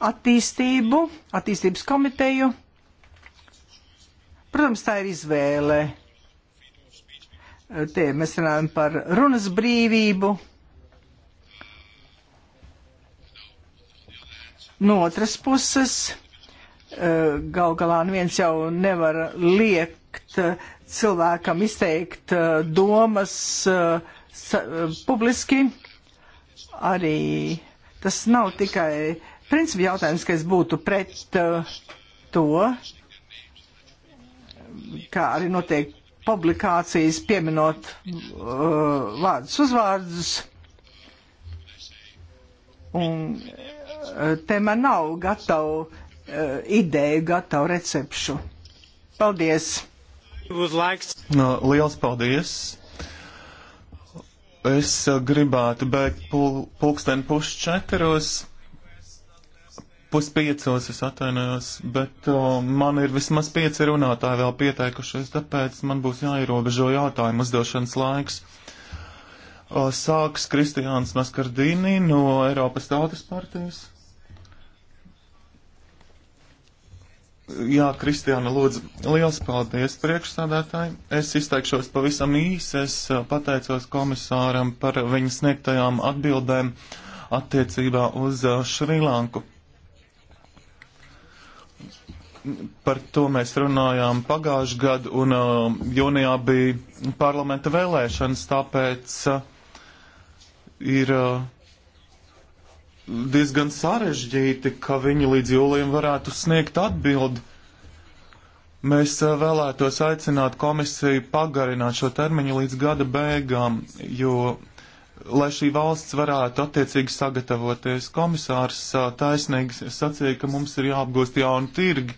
attīstību, attīstības komiteju. Protams, tā ir izvēle. Te mēs runājam par runas brīvību. No otras puses, eh, gal galā neviens jau nevar liekt eh, cilvēkam izteikt eh, domas publiski. Arī tas nav tikai uh, principu jautājums, ka es būtu pret uh, to, kā arī notiek publikācijas pieminot uh, vārdus uzvārdus. Un uh, te man nav gatavu uh, ideju, gatavu recepšu. Paldies! Like... No, liels paldies! Es uh, gribētu beigt pul pulksten puš četros puspiecos es atvainojos, bet uh, man ir vismaz pieci runātāji vēl pieteikušies, tāpēc man būs jāierobežo jautājumu uzdošanas laiks. Uh, sāks Kristiāns Maskardīni no Eiropas Tautas partijas. Jā, Kristiāna, lūdzu, liels paldies priekšsādātāji. Es izteikšos pavisam īsi. Es pateicos komisāram par viņas sniegtajām atbildēm attiecībā uz Šrilanku par to mēs runājām pagājušajā gadu, un uh, jūnijā bija parlamenta vēlēšanas, tāpēc uh, ir uh, diezgan sarežģīti, ka viņi līdz jūlijam varētu sniegt atbildi. Mēs uh, vēlētos aicināt komisiju pagarināt šo termiņu līdz gada beigām, jo lai šī valsts varētu attiecīgi sagatavoties. Komisārs taisnīgi sacīja, ka mums ir jāapgūst jauni tirgi.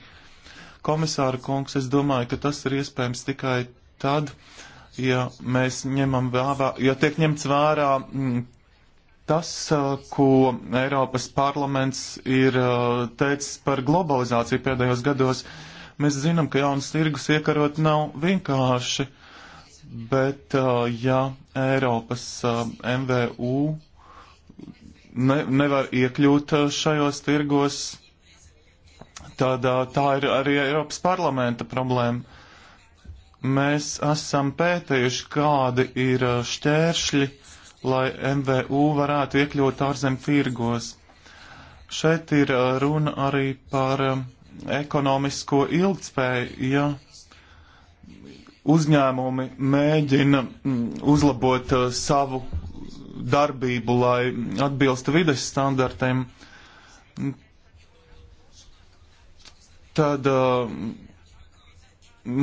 Komisāra kungs, es domāju, ka tas ir iespējams tikai tad, ja mēs ņemam vērā, ja tiek ņemts vērā m, mm, tas, ko Eiropas parlaments ir teicis par globalizāciju pēdējos gados. Mēs zinām, ka jaunas tirgus iekarot nav vienkārši. Uh, bet uh, ja Eiropas uh, MVU ne, nevar iekļūt uh, šajos tirgos, tad tā ir arī Eiropas parlamenta problēma. Mēs esam pētījuši, kādi ir šķēršļi, lai MVU varētu iekļūt ārzem tirgos. Šeit ir runa arī par um, ekonomisko ilgspēju, ja uzņēmumi mēģina mm, uzlabot eh, savu darbību, lai atbilstu vides standartiem, tad eh,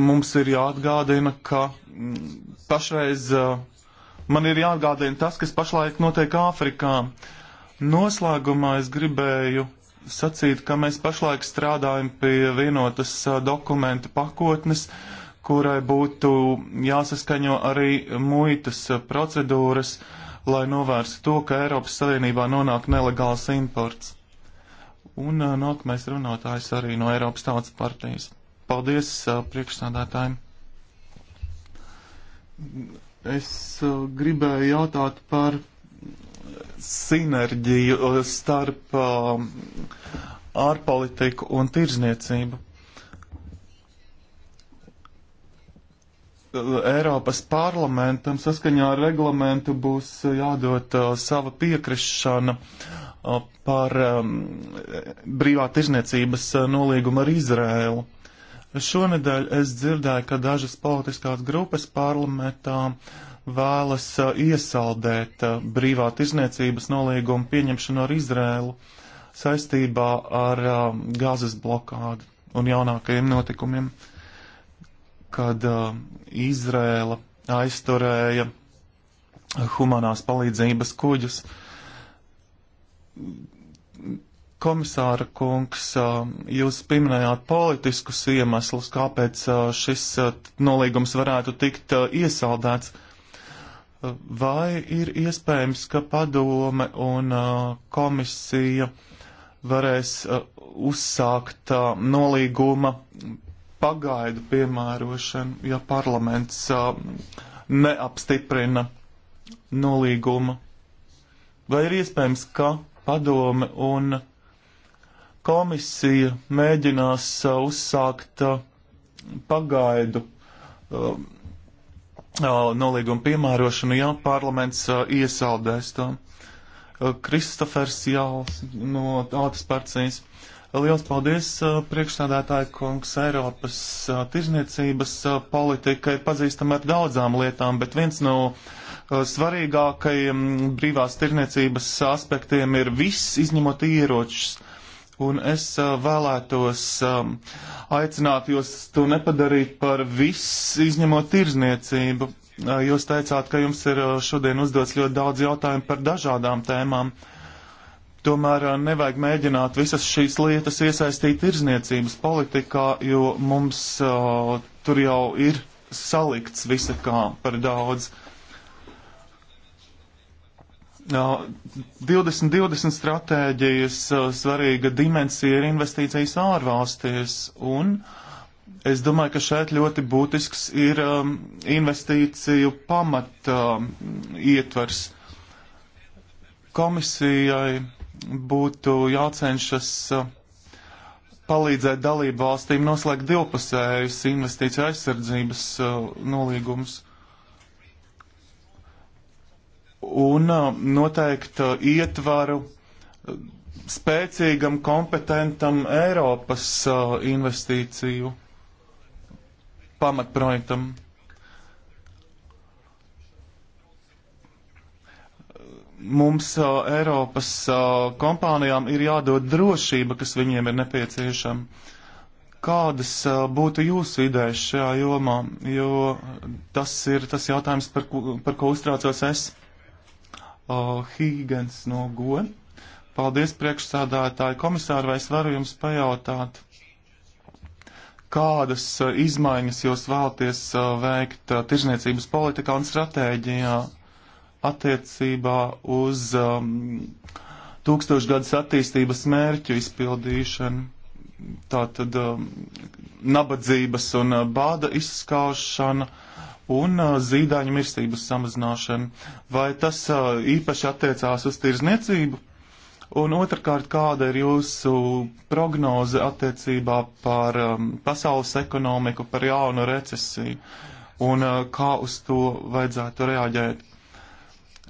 mums ir jāatgādina, ka mm, pašreiz eh, man ir jāatgādina tas, kas pašlaik notiek Āfrikā. Noslēgumā es gribēju sacīt, ka mēs pašlaik strādājam pie vienotas dokumenta pakotnes, uh, kurai būtu jāsaskaņo arī muitas procedūras, lai novērstu to, ka Eiropas Savienībā nonāk nelegāls imports. Un uh, nākamais runātājs arī no Eiropas Tautas partijas. Paldies uh, priekšsādātājiem. Es uh, gribēju jautāt par sinerģiju starp ārpolitiku un tirzniecību Eiropas parlamentam saskaņā ar reglamentu būs eh, jādod uh, sava piekrišana uh, par um, brīvā tirzniecības uh, nolīgumu ar Izrēlu. Šonedēļ es dzirdēju, ka dažas politiskās grupas parlamentā vēlas iesaldēt brīvā tirzniecības nolīgumu pieņemšanu ar Izrēlu saistībā ar gāzes blokādu un jaunākajiem notikumiem. Uh, kad uh, Izrēla aizturēja humanās palīdzības kuģus. Komisāra kungs, uh, jūs pieminējāt politiskus iemeslus, kāpēc uh, šis uh, nolīgums varētu tikt uh, iesaldēts. Uh, vai ir iespējams, ka padome un komisija varēs uzsākt nolīguma pagaidu piemērošanu, ja parlaments uh, neapstiprina nolīguma. Vai ir iespējams, ka padome un komisija mēģinās uh, uzsākt uh, pagaidu uh, nolīguma piemērošanu, ja parlaments iesaldēs to? Kristofers Jāls no Tautas partijas. Liels paldies, uh, priekšsādātāja kungs, Eiropas uh, tirzniecības uh, politika ir pazīstama ar daudzām lietām, bet viens no svarīgākajiem brīvās tirzniecības aspektiem ir viss izņemot ieročus. Un es vēlētos um, aicināt jūs to nepadarīt par viss izņemot tirzniecību. Jūs teicāt, ka jums ir šodien uzdots ļoti daudz jautājumu par dažādām tēmām. Uh, Tomēr eh, nevajag mēģināt visas šīs lietas iesaistīt tirzniecības politikā, jo mums uh, tur jau ir salikts visa kā par daudz. Uh, eh, 2020 stratēģijas uh, svarīga dimensija ir investīcijas ārvalstīs, un es domāju, ka šeit ļoti būtisks ir um, investīciju pamat um, ietvers komisijai būtu jācenšas uh, palīdzēt dalību valstīm noslēgt divpusējus investīciju aizsardzības uh, nolīgumus. Un uh, noteikti ietvaru spēcīgam, kompetentam Eiropas investīciju pamatprojektam. mums uh, Eiropas uh, kompānijām ir jādod drošība, kas viņiem ir nepieciešama. Kādas uh, būtu jūsu idejas šajā jomā? Jo tas ir tas jautājums, par ko, par ko uztraucos es. Uh, Hīgens no Goja. Paldies, priekšsādātāji komisāri, vai es varu jums pajautāt, kādas uh, izmaiņas jūs vēlaties uh, veikt tirzniecības politikā un stratēģijā? Uh, attiecībā uz um, tūkstošgadus attīstības mērķu izpildīšanu. Tātad um, nabadzības un uh, bāda izskaušana un uh, zīdaiņu mirstības samazināšana. Vai tas uh, īpaši attiecās uz tirzniecību? Un otrkārt, kāda ir jūsu prognoze attiecībā par um, pasaules ekonomiku, par jaunu recesiju un uh, kā uz to vajadzētu reaģēt?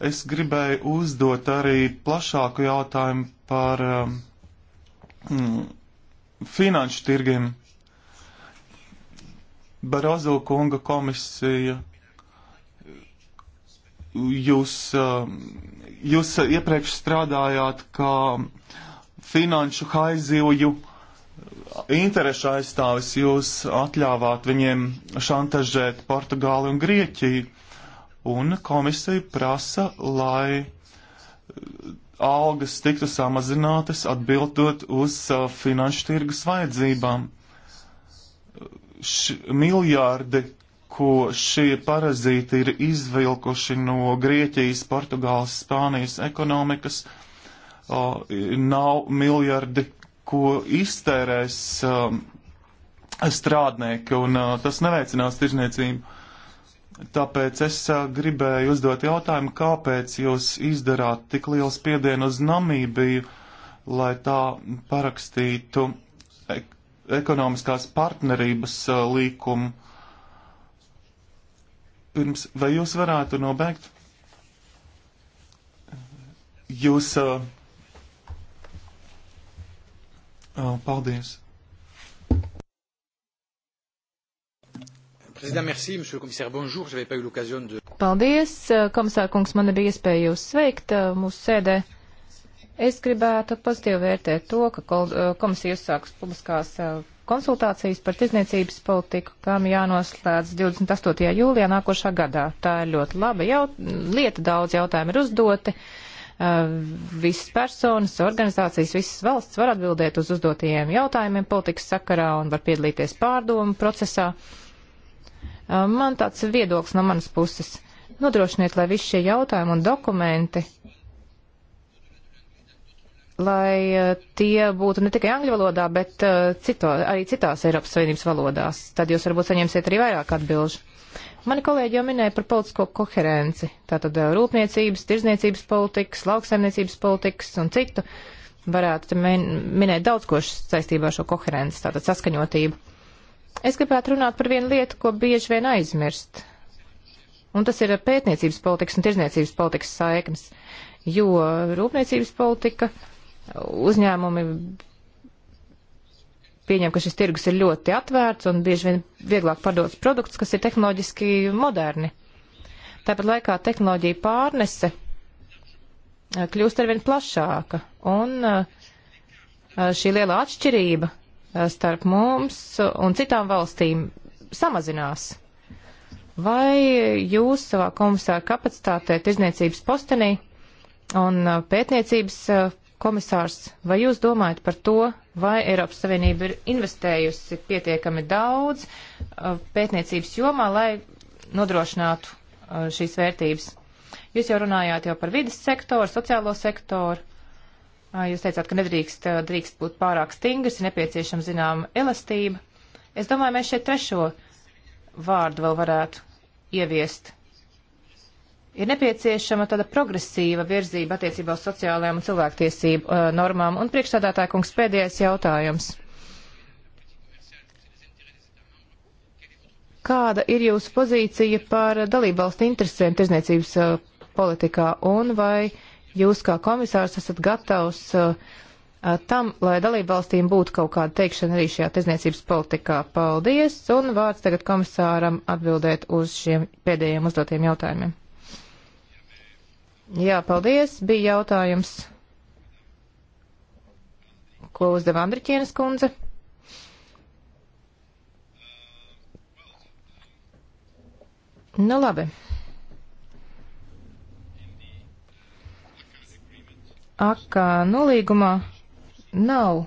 Es gribēju uzdot arī plašāku jautājumu par um, mm, finanšu tirgiem. Barozo kunga komisija. Jūs, um, jūs iepriekš strādājāt kā finanšu haizīju interešu aizstāvis. Jūs atļāvāt viņiem šantažēt Portugāli un Grieķiju un komisija prasa, lai uh, algas tiktu samazinātas atbildot uz uh, finanšu tirgus vajadzībām. Uh, š, miljārdi, ko šie parazīti ir izvilkuši no Grieķijas, Portugāles, Spānijas ekonomikas, uh, nav miljardi, ko iztērēs uh, strādnieki, un uh, tas neveicinās tirzniecību. Tāpēc es gribēju uzdot jautājumu, kāpēc jūs izdarāt tik lielu spiedienu uz Namībiju, lai tā parakstītu ekonomiskās partnerības līkumu. Pirms, vai jūs varētu nobeigt? Jūs. Uh, uh, paldies. Paldies, eh, komisārkungs, man nebija iespēja jūs sveikt eh, mūsu sēdē. Es gribētu pozitīvi vērtēt to, ka eh, komisija uzsāks publiskās konsultācijas par tirzniecības politiku, kam jānoslēdz 28. jūlijā nākošā gadā. Tā ir ļoti laba jau, lieta, daudz jautājumu ir uzdoti. Visas personas, organizācijas, visas valsts var atbildēt uz uzdotajiem jautājumiem politikas sakarā un var piedalīties pārdomu procesā. Uh, Man tāds viedoklis no manas puses. Nodrošiniet, lai visi šie jautājumi un dokumenti, lai tie būtu ne tikai angļu valodā, bet cito, arī citās Eiropas Savienības valodās. Tad jūs varbūt saņemsiet arī vairāk atbilžu. Mani kolēģi jau minēja par politisko koherenci, tātad rūpniecības, tirzniecības politikas, lauksaimniecības politikas un citu. Varētu min minēt daudz ko saistībā ar šo koherenci, tātad saskaņotību. Es gribētu runāt par vienu lietu, ko bieži vien aizmirst. Un tas ir pētniecības politikas un tirzniecības politikas saiknes. Jo rūpniecības politika uzņēmumi pieņem, ka šis tirgus ir ļoti atvērts un bieži vien vieglāk pārdodas produkts, kas ir tehnoloģiski moderni. Tāpat laikā tehnoloģija pārnese eh, kļūst arvien plašāka, un eh, šī liela atšķirība Eh, starp mums un citām valstīm samazinās. Vai jūs savā komisāra kapacitātē tirzniecības postenī un eh, pētniecības eh, komisārs, vai jūs domājat par to, vai Eiropas Savienība ir investējusi pietiekami daudz pētniecības jomā, lai nodrošinātu šīs vērtības? Jūs jau runājāt jau par vidas sektoru, sociālo sektoru. Jūs teicāt, ka nedrīkst drīkst būt pārāk stingrs, ir nepieciešama zināma elastība. Es domāju, mēs šeit trešo vārdu vēl varētu ieviest. Ir nepieciešama tāda progresīva virzība attiecībā uz sociālajām un cilvēktiesību uh, normām. Un priekšstādātāja kungs pēdējais jautājums. Kāda ir jūsu pozīcija par dalībvalstu interesēm tirzniecības uh, politikā un vai uh, jūs kā komisārs esat gatavs uh, uh, tam, lai dalību valstīm būtu kaut kāda teikšana arī šajā tirzniecības politikā. Paldies, un vārds tagad komisāram atbildēt uz šiem pēdējiem uzdotiem jautājumiem. Jā, paldies, bija jautājums ko uzdeva Andriķienes kundze. Nu labi, akā nolīgumā nav.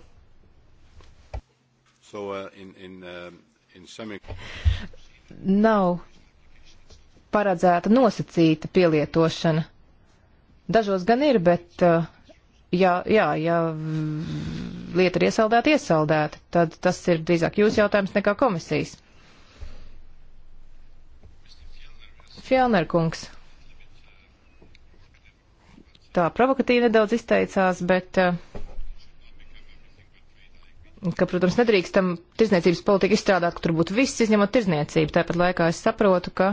So, uh, in, in, uh, in semi... Nav paredzēta nosacīta pielietošana. Dažos gan ir, bet uh, jā, jā, ja lieta ir iesaldēta, iesaldēta, tad tas ir drīzāk jūsu jautājums nekā komisijas. Fjellner kungs tā provokatīvi nedaudz izteicās, bet eh, ka, protams, nedrīkstam tirzniecības politiku izstrādāt, ka tur būtu viss izņemot tirzniecību. Tāpat laikā es saprotu, ka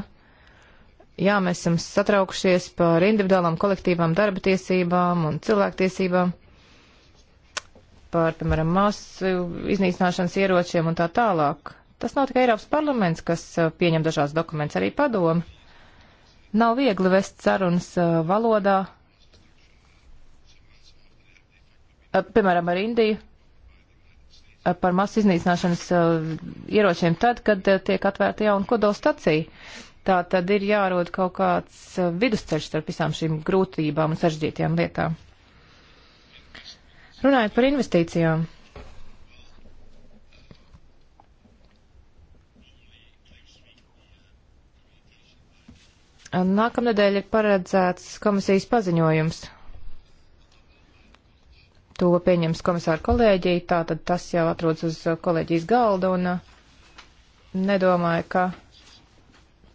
jā, mēs esam satraukušies par individuālām kolektīvām darba tiesībām un cilvēktiesībām, par, piemēram, masu iznīcināšanas ieročiem un tā tālāk. Tas nav tikai Eiropas parlaments, kas eh, pieņem dažās dokumentus, arī padomu. Nav viegli vest sarunas eh, valodā, Eh, piemēram, ar Indiju eh, par masu iznīcināšanas eh, ieročiem tad, kad tiek atvērta jauna kodolstacija. Tā tad ir jārod kaut kāds vidusceļš starp visām šīm grūtībām un sarežģītajām lietām. Runājot par investīcijām. Nākamnedēļ ir paredzēts komisijas paziņojums To pieņems komisāra kolēģija, tātad tas jau atrodas uz kolēģijas galda un uh, nedomāju, ka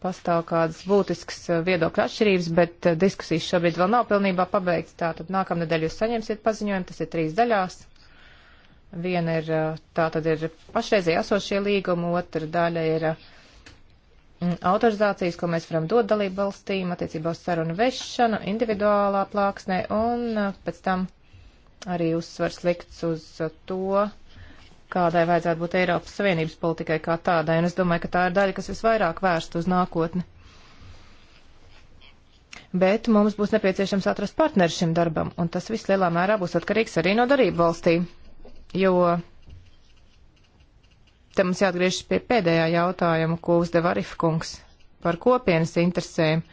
pastāv kādas būtiskas uh, viedokļa atšķirības, bet uh, diskusijas šobrīd vēl nav pilnībā pabeigts. Tātad nākamnedēļ jūs saņemsiet paziņojumu, tas ir trīs daļās. Viena ir, tā tad ir pašreizēja esošie līgumi, otra daļa ir mm, autorizācijas, ko mēs varam dot dalību valstīm attiecībā uz sarunu vešanu individuālā plāksnē un pēc tam arī uzsvars likts uz to, kādai vajadzētu būt Eiropas Savienības politikai kā tādai, un es domāju, ka tā ir daļa, kas visvairāk vērsta uz nākotni. Bet mums būs nepieciešams atrast partneri šim darbam, un tas viss lielā mērā būs atkarīgs arī no darību valstī, jo te mums jāatgriežas pie pēdējā jautājuma, ko uzdeva Arifkungs par kopienas interesēm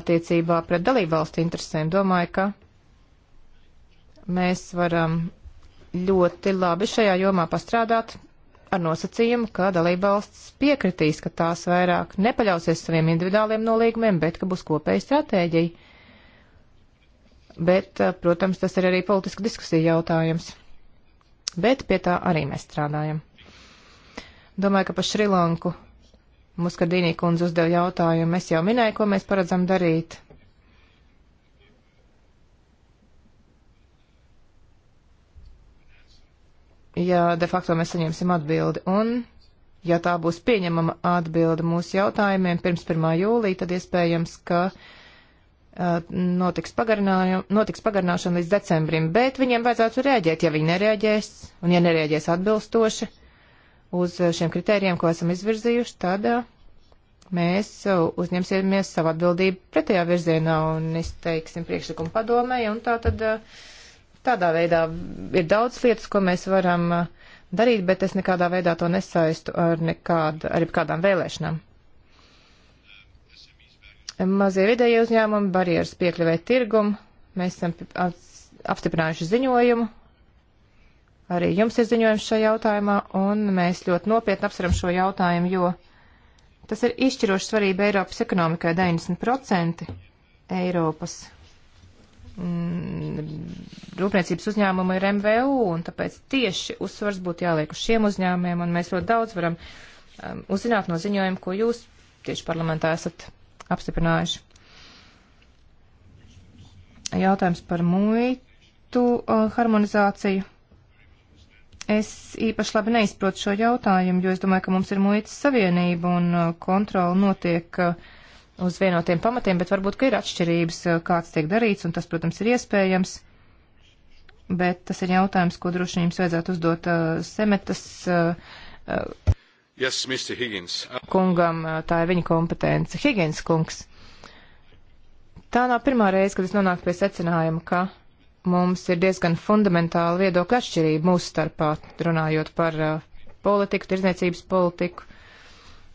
attiecībā pret dalību valstu interesēm. Domāju, ka Mēs varam ļoti labi šajā jomā pastrādāt ar nosacījumu, ka dalībvalsts piekritīs, ka tās vairāk nepaļausies saviem individuāliem nolīgumiem, bet ka būs kopēja stratēģija. Bet, eh, protams, tas ir arī politiska diskusija jautājums. Bet pie tā arī mēs strādājam. Domāju, ka pa Šrilanku Muskardīnī kundze uzdeva jautājumu. Es jau minēju, ko mēs paredzam darīt. ja de facto mēs saņemsim atbildi. Un, ja tā būs pieņemama atbilde mūsu jautājumiem pirms 1. jūlī, tad iespējams, ka uh, notiks, notiks pagarināšana līdz decembrim, bet viņiem vajadzētu rēģēt, ja viņi nereaģēs, un ja nereaģēs atbilstoši uz šiem kritērijiem, ko esam izvirzījuši, tad uh, mēs uh, uzņemsimies savu atbildību pretējā virzienā un izteiksim priekšlikumu padomē, un tā tad uh, Tādā veidā ir daudz lietas, ko mēs varam uh, darīt, bet es nekādā veidā to nesaistu ar, nekādu, ar kādām vēlēšanām. Mazie vidēji uzņēmumi, barjeras piekļuvē tirgumu, mēs esam apstiprinājuši ziņojumu, arī jums ir ziņojums šajā jautājumā, un mēs ļoti nopietni apsveram šo jautājumu, jo tas ir izšķiroši svarība Eiropas ekonomikai 90% Eiropas Mm, rūpniecības uzņēmumu ir MVU, un tāpēc tieši uzsvars būtu jāliek uz šiem uzņēmumiem, un mēs ļoti daudz varam um, uzzināt no ziņojuma, ko jūs tieši parlamentā esat apstiprinājuši. Jautājums par muitu uh, harmonizāciju. Es īpaši labi neizprotu šo jautājumu, jo es domāju, ka mums ir muitas savienība un uh, kontrola notiek uh, uz vienotiem pamatiem, bet varbūt, ka ir atšķirības, eh, kāds tiek darīts, un tas, protams, ir iespējams. Bet tas ir jautājums, ko droši vien jums vajadzētu uzdot uh, Semetas uh, yes, Mr. Higgins. kungam, tā ir viņa kompetence. Higgins kungs. Tā nav pirmā reize, kad es nonāku pie secinājuma, ka mums ir diezgan fundamentāla viedokļa atšķirība mūsu starpā, runājot par uh, politiku, tirzniecības politiku. Uh,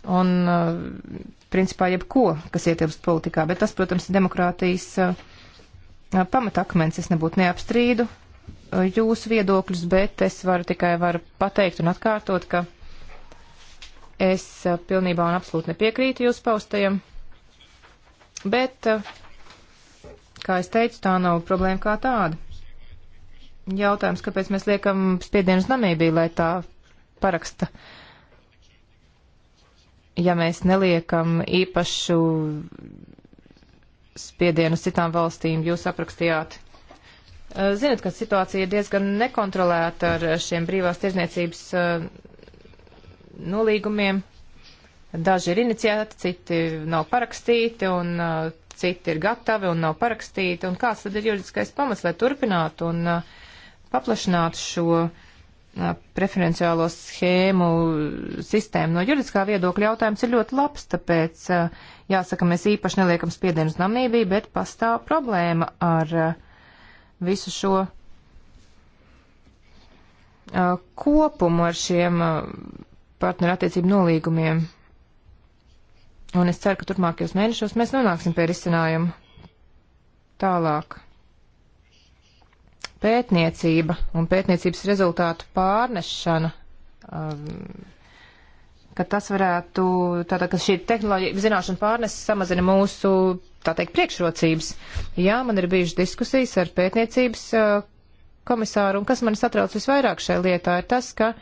un, eh, principā, jebko, kas ietilpst politikā, bet tas, protams, ir demokrātijas eh, pamatakmens, es nebūtu neapstrīdu eh, jūsu viedokļus, bet es varu tikai varu pateikt un atkārtot, ka es pilnībā un absolūti nepiekrītu jūsu paustajam, bet, kā es teicu, tā nav problēma kā tāda. Jautājums, kāpēc mēs liekam spiedienu uz Namībiju, lai tā paraksta uh, ja mēs neliekam īpašu spiedienu uz citām valstīm, jūs aprakstījāt. Eh, Ziniet, ka situācija ir diezgan nekontrolēta ar šiem brīvās tirzniecības eh, nolīgumiem. Daži ir iniciēti, citi nav parakstīti, un eh, citi ir gatavi un nav parakstīti. Un kāds tad ir juridiskais pamats, lai turpinātu un paplašinātu šo uh, preferenciālo schēmu sistēmu. No juridiskā viedokļa jautājums ir ļoti labs, tāpēc jāsaka, mēs īpaši neliekam spiedienu uz Namībiju, bet pastāv problēma ar visu šo kopumu ar šiem partnerattiecību nolīgumiem. Un es ceru, ka turpmākajos mēnešos mēs nonāksim pie risinājumu tālāk pētniecība un pētniecības rezultātu pārnešana, um, ka tas varētu, tātad, ka šī tehnoloģija zināšana pārnes samazina mūsu, tā teikt, priekšrocības. Jā, man ir bijušas diskusijas ar pētniecības uh, komisāru, un kas man satrauc visvairāk šajā lietā, ir tas, ka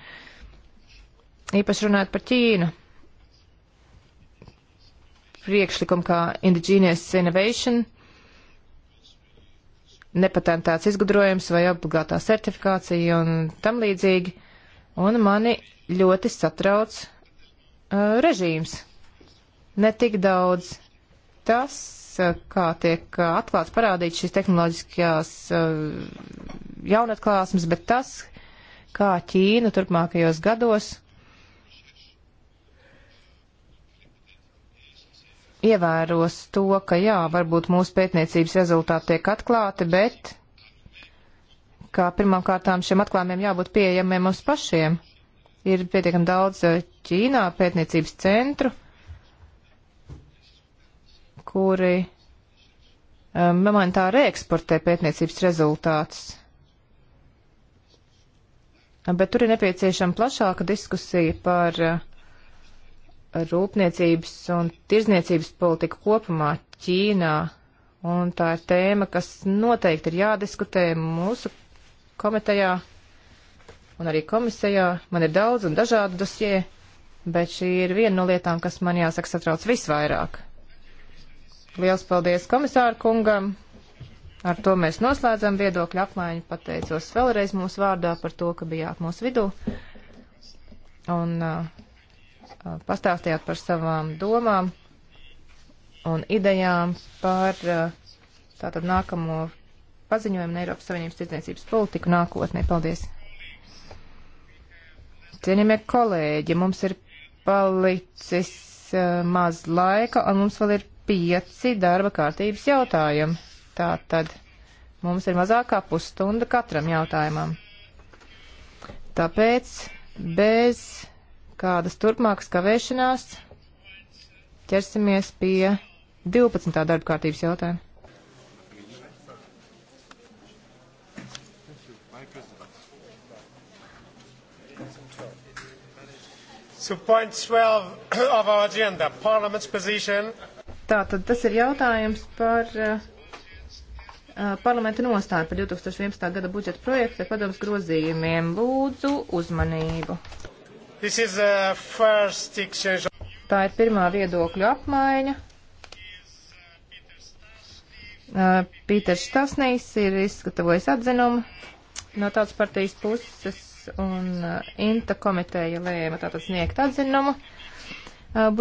īpaši runājot par Ķīnu priekšlikumu kā Indigenous Innovation nepatentēts izgudrojums vai obligātā certifikācija un tam līdzīgi. Un mani ļoti satrauc uh, režīms. Ne tik daudz tas, uh, kā tiek uh, atklāts parādīt šīs tehnoloģiskās uh, jaunatklāsmes, bet tas, kā Ķīna turpmākajos gados ievēros to, ka jā, varbūt mūsu pētniecības rezultāti tiek atklāti, bet kā pirmkārtām šiem atklājumiem jābūt pieejamiem mums pašiem. Ir pietiekami daudz eh, Ķīnā pētniecības centru, kuri eh, um, momentāri eksportē pētniecības rezultātus. Bet tur ir nepieciešama plašāka diskusija par uh, rūpniecības un tirzniecības politika kopumā Ķīnā. Un tā ir tēma, kas noteikti ir jādiskutē mūsu komitejā un arī komisijā. Man ir daudz un dažādu dosie, bet šī ir viena no lietām, kas man jāsaka satrauc visvairāk. Liels paldies komisāru kungam! Ar to mēs noslēdzam viedokļu apmaiņu. Pateicos vēlreiz mūsu vārdā par to, ka bijāt mūsu vidū. Un uh, pastāstījāt par savām domām un idejām par tātad nākamo paziņojumu Eiropas Savienības tirdzniecības politiku nākotnē. Paldies! Cienījamie kolēģi, mums ir palicis maz laika un mums vēl ir pieci darba kārtības jautājumi. Tātad mums ir mazākā pusstunda katram jautājumam. Tāpēc bez kādas turpmākas kavēšanās, ķersimies pie 12. darba kārtības jautājuma. So point 12 of our agenda, Parliament's position. Tātad tas ir jautājums par uh, uh parlamenta nostāju par 2011. gada budžeta projektu ar padomus grozījumiem. Lūdzu uzmanību. Tā ir pirmā viedokļu apmaiņa. Pīters Štasnīs ir izgatavojis atzinumu no tautas partijas puses un Inta komiteja lēma tātad sniegt atzinumu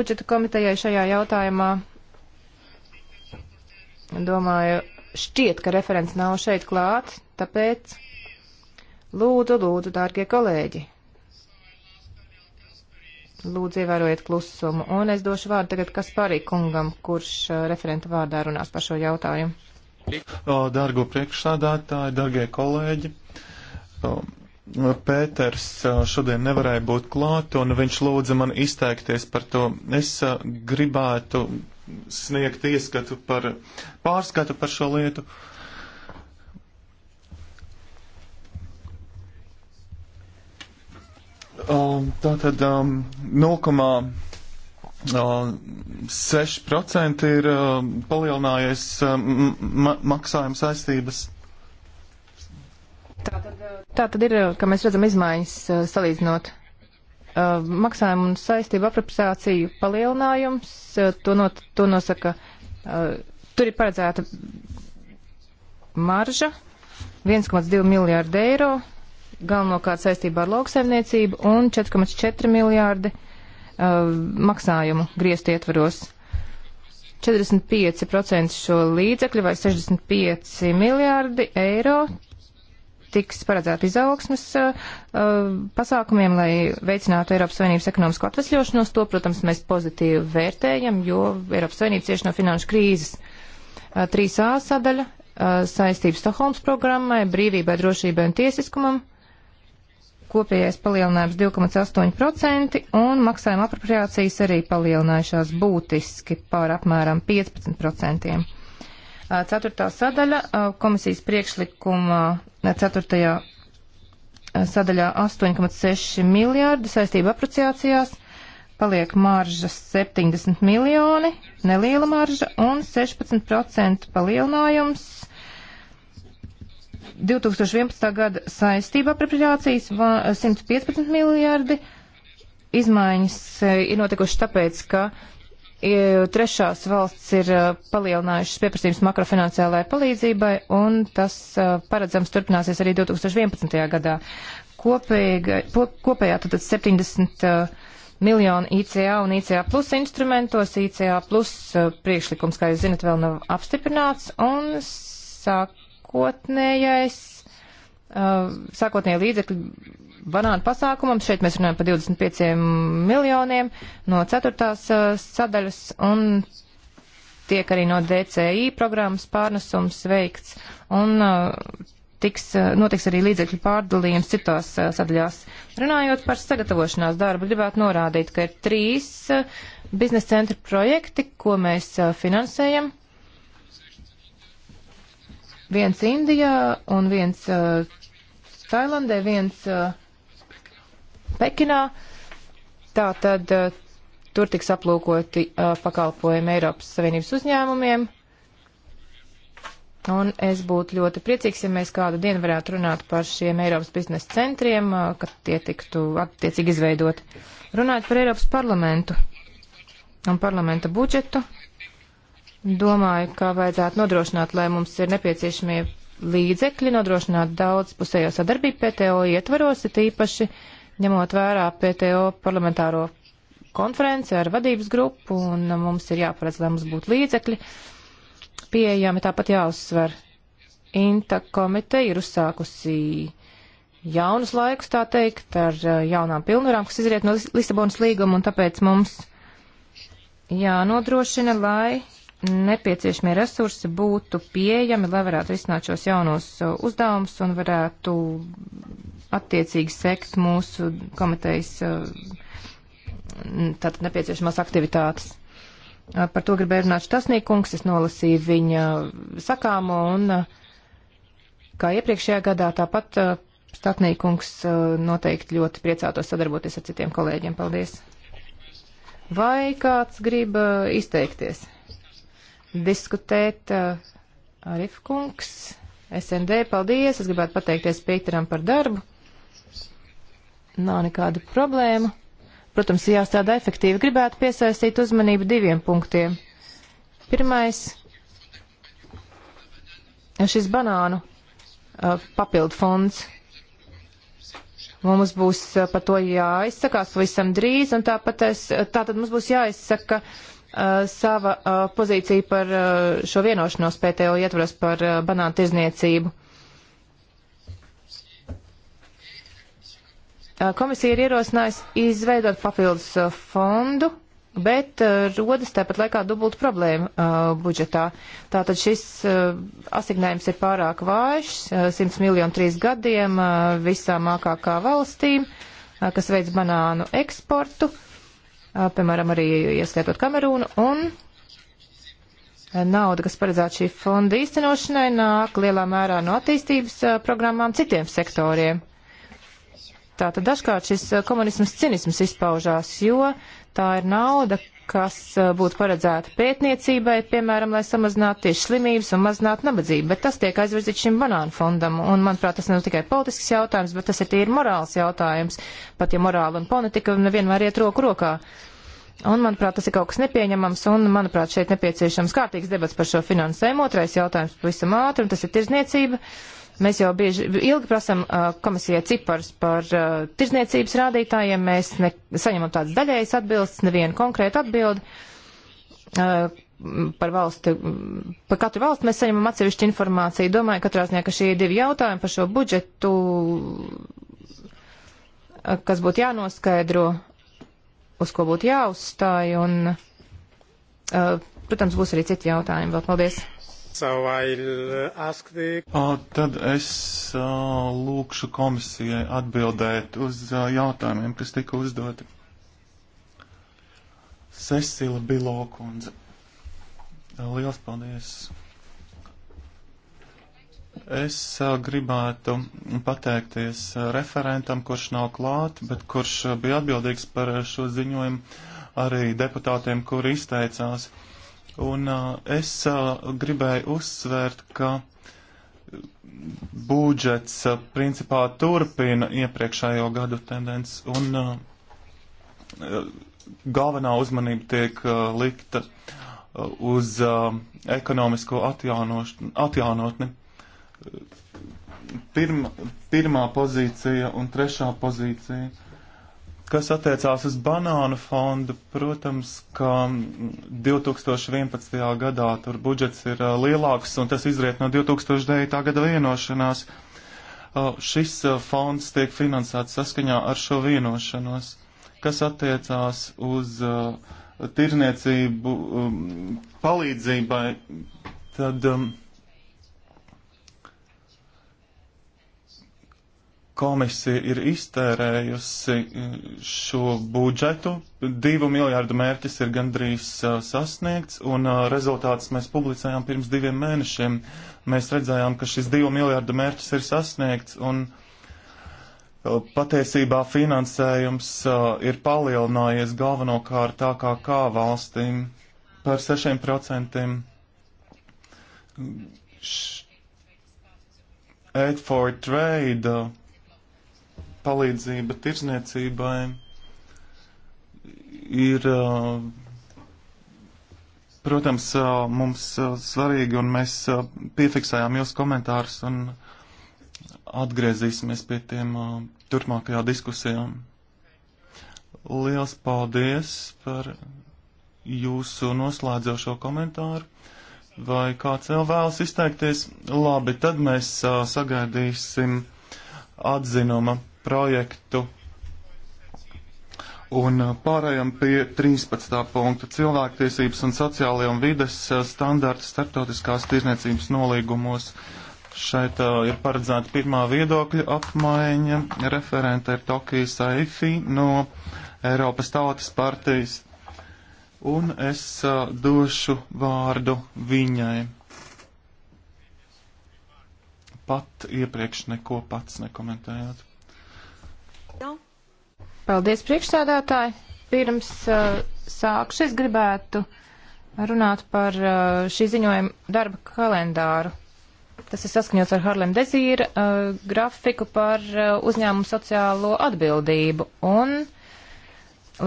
budžeta komitejai šajā jautājumā. Domāju, šķiet, ka referents nav šeit klāt, tāpēc lūdzu, lūdzu, dārgie kolēģi, Lūdzu, ievērojiet klusumu. Un es došu vārdu tagad Kasparī kungam, kurš uh, referenta vārdā runās par šo jautājumu. Dargo priekšsādātāji, dargie kolēģi, Pēters šodien nevarēja būt klāt, un viņš lūdza man izteikties par to. Es gribētu sniegt ieskatu par pārskatu par šo lietu. Uh, Um, tātad um, 0,6% um, ir um, palielinājies um, ma maksājuma saistības. Tā tad, uh, tā tad ir, ka mēs redzam izmaiņas uh, salīdzinot uh, maksājumu un saistību apropriāciju palielinājums. Uh, to, not, to nosaka, uh, tur ir paredzēta marža 1,2 miljārda eiro galvenokārt saistībā ar lauksaimniecību un 4,4 miljārdi uh, maksājumu griestu ietvaros. 45% šo līdzekļu vai 65 miljārdi eiro tiks paredzēta izaugsmas uh, uh, pasākumiem, lai veicinātu Eiropas Savienības ekonomisko atvesļošanos. To, protams, mēs pozitīvi vērtējam, jo Eiropas Savienība cieši no finanšu krīzes. Uh, 3A sadaļa uh, saistība Stokholmas programmai, brīvībai, drošībai un tiesiskumam kopējais palielinājums 2,8% un maksājuma apropriācijas arī palielinājušās būtiski par apmēram 15%. Ceturtā sadaļa komisijas priekšlikuma ceturtajā sadaļā 8,6 miljārdi saistību apreciācijās, paliek marža 70 miljoni, neliela marža un 16% palielinājums 2011. gada saistība apropriācijas 115 miljārdi. Izmaiņas eh, ir notikušas tāpēc, ka eh, trešās valsts ir eh, palielinājušas pieprasījums makrofinanciālajai palīdzībai, un tas paredzams turpināsies arī 2011. gadā. Kopēga, kopējā tātad 70 miljonu ICA un ICA plus instrumentos. ICA plus priekšlikums, kā jūs zinat, vēl nav apstiprināts, un sāk sākotnējais, uh, sākotnējie līdzekļi banānu pasākumam. Šeit mēs runājam par 25 miljoniem no ceturtās uh, sadaļas un tiek arī no DCI programmas pārnesums veikts un uh, tiks, uh, notiks arī līdzekļu pārdalījums citās uh, sadaļās. Runājot par sagatavošanās darbu, gribētu norādīt, ka ir trīs uh, biznesa centra projekti, ko mēs uh, finansējam. Viens Indijā un viens uh, Tailandē, viens uh, Pekinā. Tā tad uh, tur tiks aplūkoti uh, pakalpojumi Eiropas Savienības uzņēmumiem. Un es būtu ļoti priecīgs, ja mēs kādu dienu varētu runāt par šiem Eiropas biznesa centriem, uh, kad tie tiktu attiecīgi izveidot. Runāt par Eiropas parlamentu un parlamenta budžetu. Uh, domāju, ka vajadzētu nodrošināt, lai mums ir nepieciešamie līdzekļi, nodrošināt daudzpusējo sadarbību PTO ietvaros, it īpaši ņemot vērā PTO parlamentāro konferenci ar vadības grupu, un mums ir jāparedz, lai mums būtu līdzekļi pieejami. Tāpat jāuzsver, INTA komiteja ir uzsākusi jaunus laikus, tā teikt, ar uh, jaunām pilnvarām, kas izriet no Lisabonas līguma, un tāpēc mums jānodrošina, lai nepieciešamie resursi būtu pieejami, lai varētu risināt šos jaunos uzdevumus un varētu attiecīgi sekt mūsu komitejas tātad nepieciešamās aktivitātes. Par to gribēju runāt Štasnīkungs, es nolasīju viņa sakāmo un kā iepriekšējā gadā tāpat Štatnīkungs noteikti ļoti priecātos sadarboties ar citiem kolēģiem. Paldies! Vai kāds grib izteikties? diskutēt. Uh, Arif kungs, SND, paldies. Es gribētu pateikties Pīteram par darbu. Nav nekāda problēma. Protams, jāstrādā efektīvi. Gribētu piesaistīt uzmanību diviem punktiem. Pirmais - šis banānu uh, papildu fonds. Mums būs uh, par to jāizsakās pavisam drīz, un tāpat es, uh, tātad mums būs jāizsaka uh, Uh, sava uh, pozīcija par uh, šo vienošanos PTO ietvaros par banānu tirzniecību. Komisija ir ierosinājusi izveidot papildus fondu, bet rodas tāpat laikā dubulta problēma budžetā. Tātad šis asignējums ir pārāk vājš, 100 miljonu trīs gadiem visām ākākā valstīm, kas veids banānu eksportu. Uh, piemēram, arī ieskaitot Kamerūnu, un nauda, kas paredzēta šī fonda īstenošanai, nāk lielā mērā no attīstības programmām citiem sektoriem. Tātad dažkārt šis komunisms cinisms izpaužās, jo tā ir nauda, kas eh, būtu paredzēta pētniecībai, piemēram, lai samazinātu tieši slimības un mazinātu nabadzību, bet tas tiek aizvirzīts šim banānu fondam, un, manuprāt, tas nav tikai politisks jautājums, bet tas ir tīri morāls jautājums, pat ja morāla un politika nevienmēr iet roku rokā. Un, manuprāt, tas ir kaut kas nepieņemams, un, manuprāt, šeit nepieciešams kārtīgs debats par šo finansējumu. Otrais jautājums pavisam ātri, un tas ir tirzniecība. Uh, Mēs jau bieži ilgi prasam uh, komisijai ciparus par uh, tirzniecības rādītājiem, mēs ne, saņemam tādas daļējas atbildes, nevienu konkrētu atbildi. Uh, par valsti, par katru valsti mēs saņemam atsevišķu informāciju. Domāju, katrā ziņā, ka šie divi jautājumi par šo budžetu, uh, kas būtu jānoskaidro, uz ko būtu jāuzstāj, un, uh, protams, būs arī citi jautājumi. Vēl paldies! So uh, the... o, tad es uh, lūkšu komisijai atbildēt uz uh, jautājumiem, kas tika uzdoti. Cecila Bilokundze. Liels paldies! Es uh, gribētu pateikties uh, referentam, kurš nav klāt, bet kurš uh, bija atbildīgs par šo ziņojumu, arī deputātiem, kuri izteicās. Uh, Un uh, es uh, gribēju uzsvērt, ka budžets uh, principā turpina iepriekšējo gadu tendenci un uh, galvenā uzmanība tiek uh, likta uh, uz uh, ekonomisko atjaunotni. Pirma, pirmā pozīcija un trešā pozīcija Kas attiecās uz banānu fondu, protams, ka 2011. gadā tur budžets ir uh, lielāks un tas izriet no 2009. gada vienošanās. Uh, šis uh, fonds tiek finansēts saskaņā ar šo vienošanos. Kas attiecās uz uh, tirniecību um, palīdzībai, tad. Um, komisija ir iztērējusi e, šo budžetu. Divu miljārdu mērķis ir gandrīz uh, sasniegts, un uh, rezultātus mēs publicējām pirms diviem mēnešiem. Mēs redzējām, ka šis divu miljārdu mērķis ir sasniegts, un uh, patiesībā finansējums ir palielinājies galvenokārt tā kā kā valstīm par 6%. Š Aid for Trade palīdzība tirzniecībai ir, protams, mums svarīgi, un mēs piefiksējām jūs komentārus un atgriezīsimies pie tiem turpmākajā diskusijām. Liels paldies par jūsu noslēdzošo komentāru. Vai kāds vēl vēlas izteikties? Labi, tad mēs sagaidīsim atzinuma projektu un uh, pārējām pie 13. punkta cilvēktiesības un sociālajie un vides uh, standarti starptautiskās tirzniecības nolīgumos. Šeit uh, ir paredzēta pirmā viedokļa apmaiņa. Referente ir Tokija Saifi no Eiropas Tautas partijas. Un es uh, došu vārdu viņai. Pat iepriekš neko pats nekomentējot. Paldies, priekšsādātāji. Pirms uh, sākšu es gribētu runāt par uh, šī ziņojuma darba kalendāru. Tas ir saskaņots ar Harlem Dezīra uh, grafiku par uh, uzņēmumu sociālo atbildību. Un,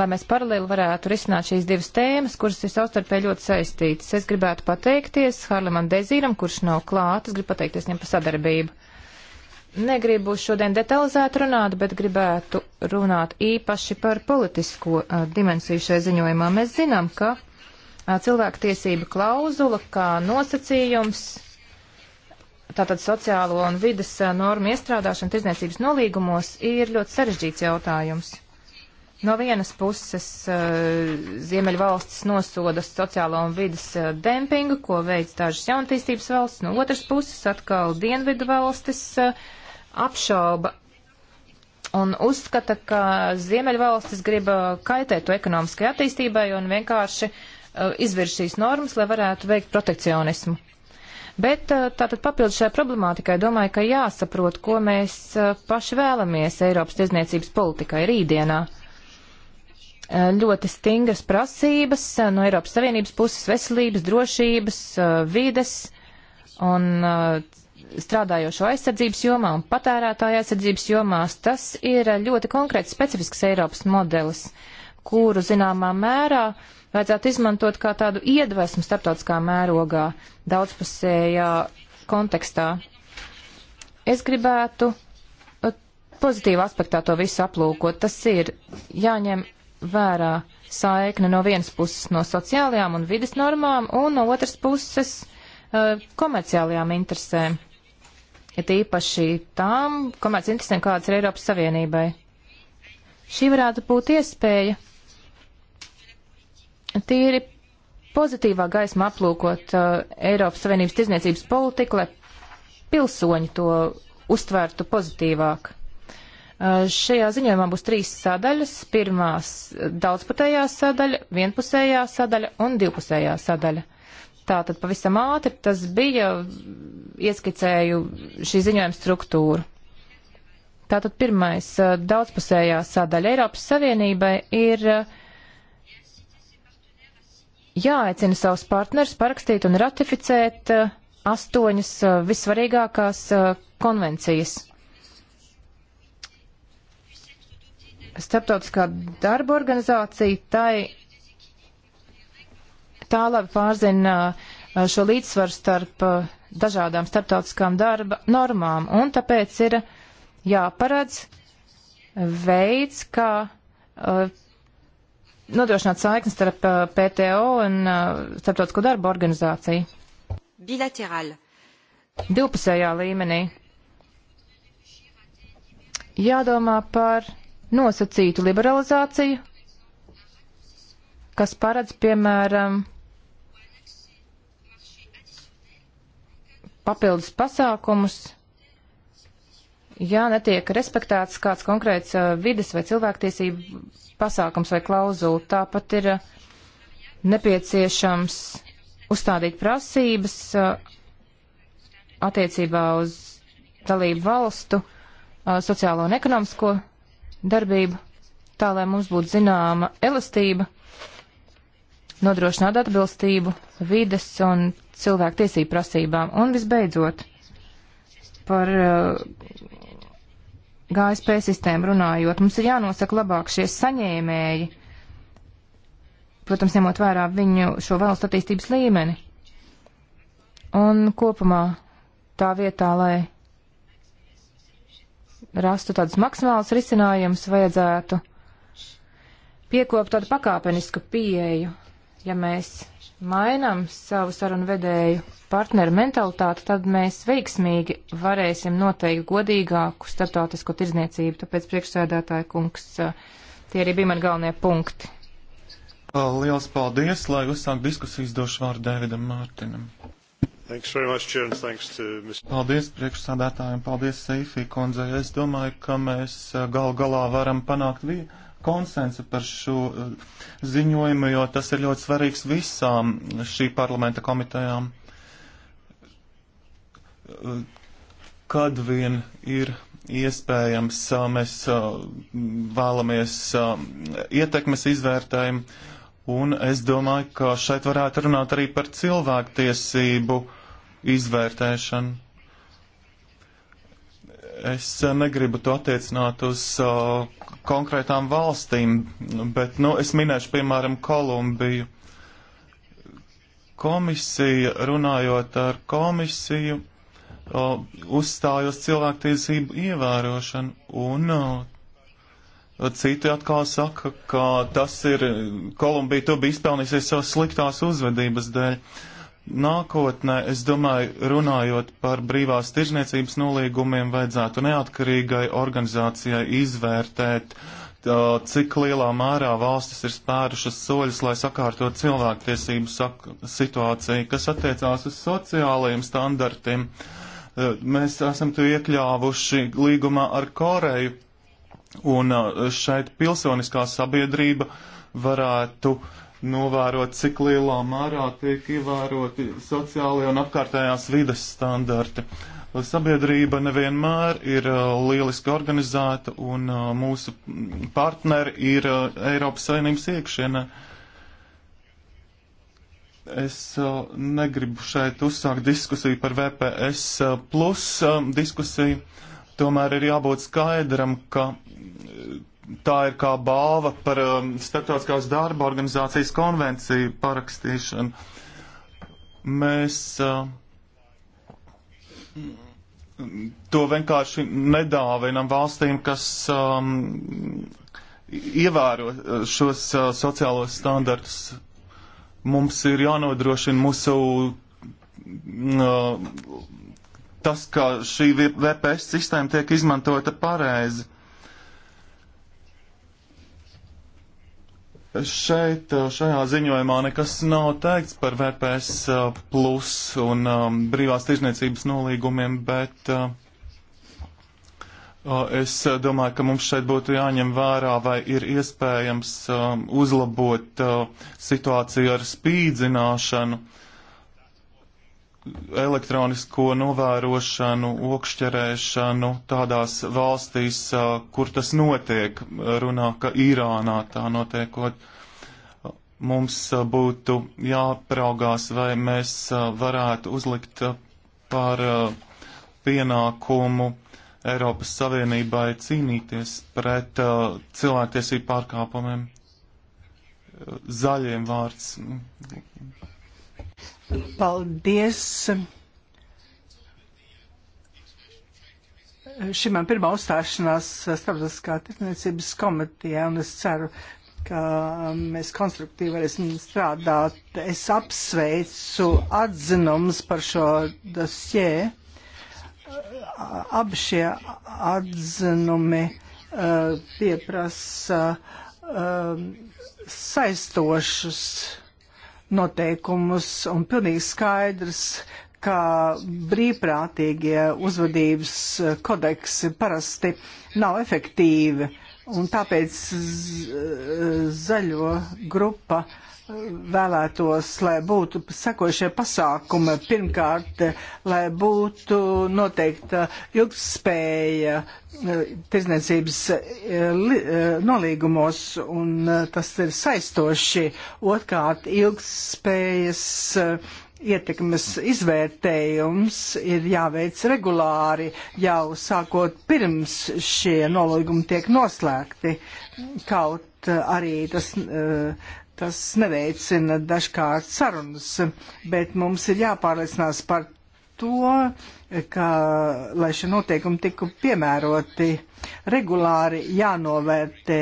lai mēs paralēli varētu risināt šīs divas tēmas, kuras ir savstarpēji ļoti saistītas, es gribētu pateikties Harlemam Dezīram, kurš nav klāt, es gribu pateikties viņam par sadarbību. Negribu šodien detalizēt runāt, bet gribētu runāt īpaši par politisko uh, dimensiju šai ziņojumā. Mēs zinām, ka uh, cilvēktiesība klauzula kā nosacījums tātad sociālo un vidas uh, normu iestrādāšana tirdzniecības nolīgumos ir ļoti sarežģīts jautājums. No vienas puses uh, Ziemeļvalstis nosoda sociālo un vidas uh, dempingu, ko veids dažas jaunatīstības valsts, no otras puses atkal Dienvidu valstis apšauba un uzskata, ka Ziemeļvalstis grib uh, kaitēt to ekonomiskai attīstībai un vienkārši uh, izvirš šīs normas, lai varētu veikt protekcionismu. Bet uh, tātad papildus šai problemātikai domāju, ka jāsaprot, ko mēs uh, paši vēlamies Eiropas tiesniecības politikai rītdienā. Uh, ļoti stingras prasības uh, no Eiropas Savienības puses veselības, drošības, vides un strādājošo aizsardzības jomā un patērētāju aizsardzības jomās, tas ir ļoti konkrēts specifisks Eiropas modelis, kuru zināmā mērā vajadzētu izmantot kā tādu iedvesmu starptautiskā mērogā, daudzpusējā kontekstā. Es gribētu uh, pozitīvā aspektā to visu aplūkot. Tas ir jāņem vērā saikne no vienas puses no sociālajām un vidas normām un no otras puses uh, komerciālajām interesēm ja tīpaši tām komerc interesēm, kādas ir Eiropas Savienībai. Šī varētu būt iespēja tīri pozitīvā gaisma aplūkot uh, Eiropas Savienības tirzniecības politiku, lai pilsoņi to uztvērtu pozitīvāk. Uh, šajā ziņojumā būs trīs sadaļas. Pirmās daudzputējā sadaļa, vienpusējā sadaļa un divpusējā sadaļa. Tātad pavisam ātri tas bija, ieskicēju šī ziņojuma struktūru. Tātad pirmais - daudzpusējā sadaļa Eiropas Savienībai ir jāaicina savus partners parakstīt un ratificēt astoņas vissvarīgākās konvencijas. Starptautiskā darba organizācija tai tā labi pārzina uh, šo līdzsvaru starp uh, dažādām starptautiskām darba normām, un tāpēc ir jāparedz veids, kā uh, nodrošināt saikni starp uh, PTO un uh, starptautisko darbu organizāciju. Bilaterāli. Divpusējā līmenī. Jādomā par nosacītu liberalizāciju, kas paredz, piemēram, papildus pasākumus, ja netiek respektēts kāds konkrēts uh, vides vai cilvēktiesību pasākums vai klauzula. Tāpat ir uh, nepieciešams uzstādīt prasības uh, attiecībā uz dalību valstu uh, sociālo un ekonomisko darbību, tā lai mums būtu zināma elastība, nodrošināt atbilstību vides un cilvēku tiesību prasībām. Un visbeidzot, par uh, GSP sistēmu runājot, mums ir jānosaka labāk šie saņēmēji, protams, ņemot vērā viņu šo valstu attīstības līmeni. Un kopumā tā vietā, lai rastu tādus maksimālus risinājumus, vajadzētu piekopt tādu pakāpenisku pieeju, ja mēs mainām savu sarunu vedēju partneru mentalitāti, tad mēs veiksmīgi varēsim noteikt godīgāku starptautisko tirzniecību. Tāpēc priekšsēdētāja kungs, tie arī bija mani galvenie punkti. Liels paldies, lai uzsāk diskusijas došu vārdu Davidam Mārtinam. Much, Chair, to... Paldies priekšsādātājiem, paldies Seifī kundzei. Es domāju, ka mēs gal galā varam panākt vienu konsensu par šo eh, ziņojumu, jo tas ir ļoti svarīgs visām šī parlamenta komitejām, eh, kad vien ir iespējams, eh, mēs vēlamies ietekmes izvērtējumu, un es domāju, ka šeit varētu runāt arī par cilvēktiesību izvērtēšanu. Es negribu to attiecināt uz uh, konkrētām valstīm, bet nu, es minēšu piemēram Kolumbiju. Komisija, runājot ar komisiju, uh, uzstājos cilvēktiesību ievērošanu un uh, Citi atkal saka, ka tas ir Kolumbija, tu biji izpelnījusies savas sliktās uzvedības dēļ. Uh, Nākotnē, es domāju, runājot par brīvās tirzniecības nolīgumiem, vajadzētu neatkarīgai organizācijai izvērtēt, cik lielā mērā valstis ir spērušas soļus, lai sakārtot cilvēktiesību sak situāciju, kas attiecās uz sociālajiem standartiem. Mēs esam to iekļāvuši līgumā ar Koreju, un šeit pilsoniskā sabiedrība varētu uh, novērot, cik lielā mērā tiek ievēroti sociālie un apkārtējās vidas standarti. Sabiedrība nevienmēr ir uh, lieliski organizēta, un uh, mūsu partneri ir uh, Eiropas Savienības iekšienē. Es negribu šeit uzsākt diskusiju par VPS plus um, diskusiju, tomēr ir jābūt skaidram, ka tā ir kā balva par um, Startautiskās darba organizācijas konvenciju parakstīšanu. Mēs uh, to vienkārši nedāvinam valstīm, kas um, ievēro uh, šos uh, sociālos standartus. Mums ir jānodrošina mūsu. Mm, uh, tas, ka šī VPS sistēma tiek izmantota pareizi Šeit eh, šajā ziņojumā nekas nav teikts par VPS eh, plus un um, brīvās tirzniecības nolīgumiem, bet uh, es domāju, ka mums šeit būtu jāņem vērā, vai ir iespējams um, uzlabot uh, situāciju ar spīdzināšanu. Uh, elektronisko novērošanu, okšķerēšanu tādās valstīs, kur tas notiek. Runā, ka Irānā tā notiekot. Mums būtu jāpraugās, vai mēs varētu uzlikt par pienākumu Eiropas Savienībai cīnīties pret cilvēktiesību pārkāpumiem. Zaļiem vārds. Paldies! Šī man pirmā uzstāšanās starptautiskā tirdzniecības komitejā, un es ceru, ka mēs konstruktīvi varēsim strādāt. Es apsveicu atzinums par šo dosjē. Abi šie atzinumi uh, pieprasa uh, saistošus noteikumus un pilnīgi skaidrs, ka brīvprātīgie uzvedības eh, kodeksi parasti nav efektīvi. Un tāpēc eh, zaļo grupa uh, vēlētos, lai būtu sekošie pasākumi. Pirmkārt, lai būtu noteikta ilgspēja eh, tirzniecības eh, eh, nolīgumos, un tas ir saistoši. Otkārt, ilgspējas ietekmes izvērtējums ir jāveic regulāri, jau sākot pirms šie nolīgumi tiek noslēgti. Kaut arī tas uh, Tas neveicina dažkārt sarunas, bet mums ir jāpārliecinās par to, ka, lai šie noteikumi tiku piemēroti, regulāri jānovērtē,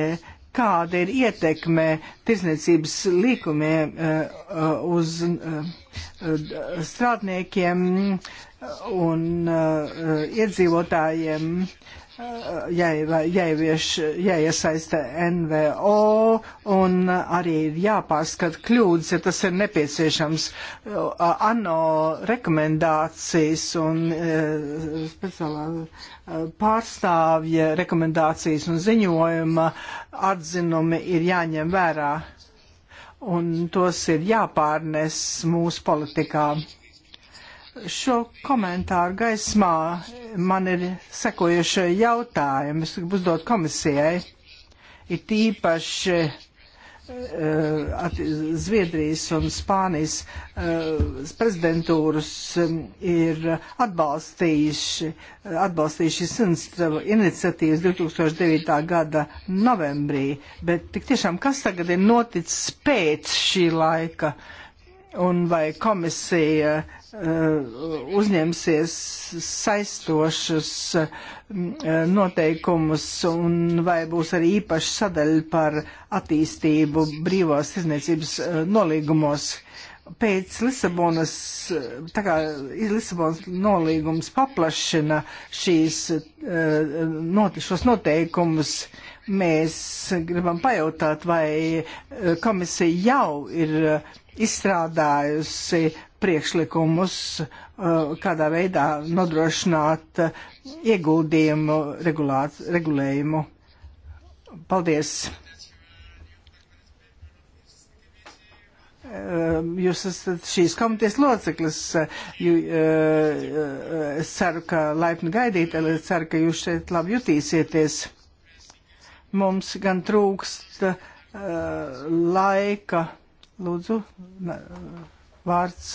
kāda ir ietekme tirsniecības līkumiem eh, uz eh, strādniekiem un eh, iedzīvotājiem. Uh, Eh, jāievieš, jāiesaista NVO un arī ir jāpārskat kļūdas, ja tas ir nepieciešams. Eh, ANO rekomendācijas un eh, speciālā pārstāvja rekomendācijas un ziņojuma atzinumi ir jāņem vērā un tos ir jāpārnes mūsu politikā. Šo komentāru gaismā man ir sekojuši jautājumi, es gribu uzdot komisijai. Ir tīpaši eh, Zviedrijas un Spānijas eh, prezidentūras eh, ir atbalstījuši, atbalstījuši iniciatīvas 2009. gada novembrī, bet tik tiešām kas tagad ir noticis pēc šī laika? Uh, un vai komisija uh, uzņemsies saistošus mm, uh, noteikumus un vai būs arī īpaša sadaļa par attīstību brīvās izniecības uh, nolīgumos. Pēc Lisabonas, uh, tā kā Lisabonas nolīgums paplašina šīs, uh, not, šos noteikumus, mēs gribam pajautāt, vai uh, komisija jau ir uh, izstrādājusi priekšlikumus, uh, kādā veidā nodrošināt ieguldījumu regulāt, regulējumu. Paldies! Uh, jūs esat šīs komitejas loceklis. Uh, es ceru, ka laipni gaidīt, es ceru, ka jūs šeit labi jutīsieties. Mums gan trūkst laika. Lūdzu, vārds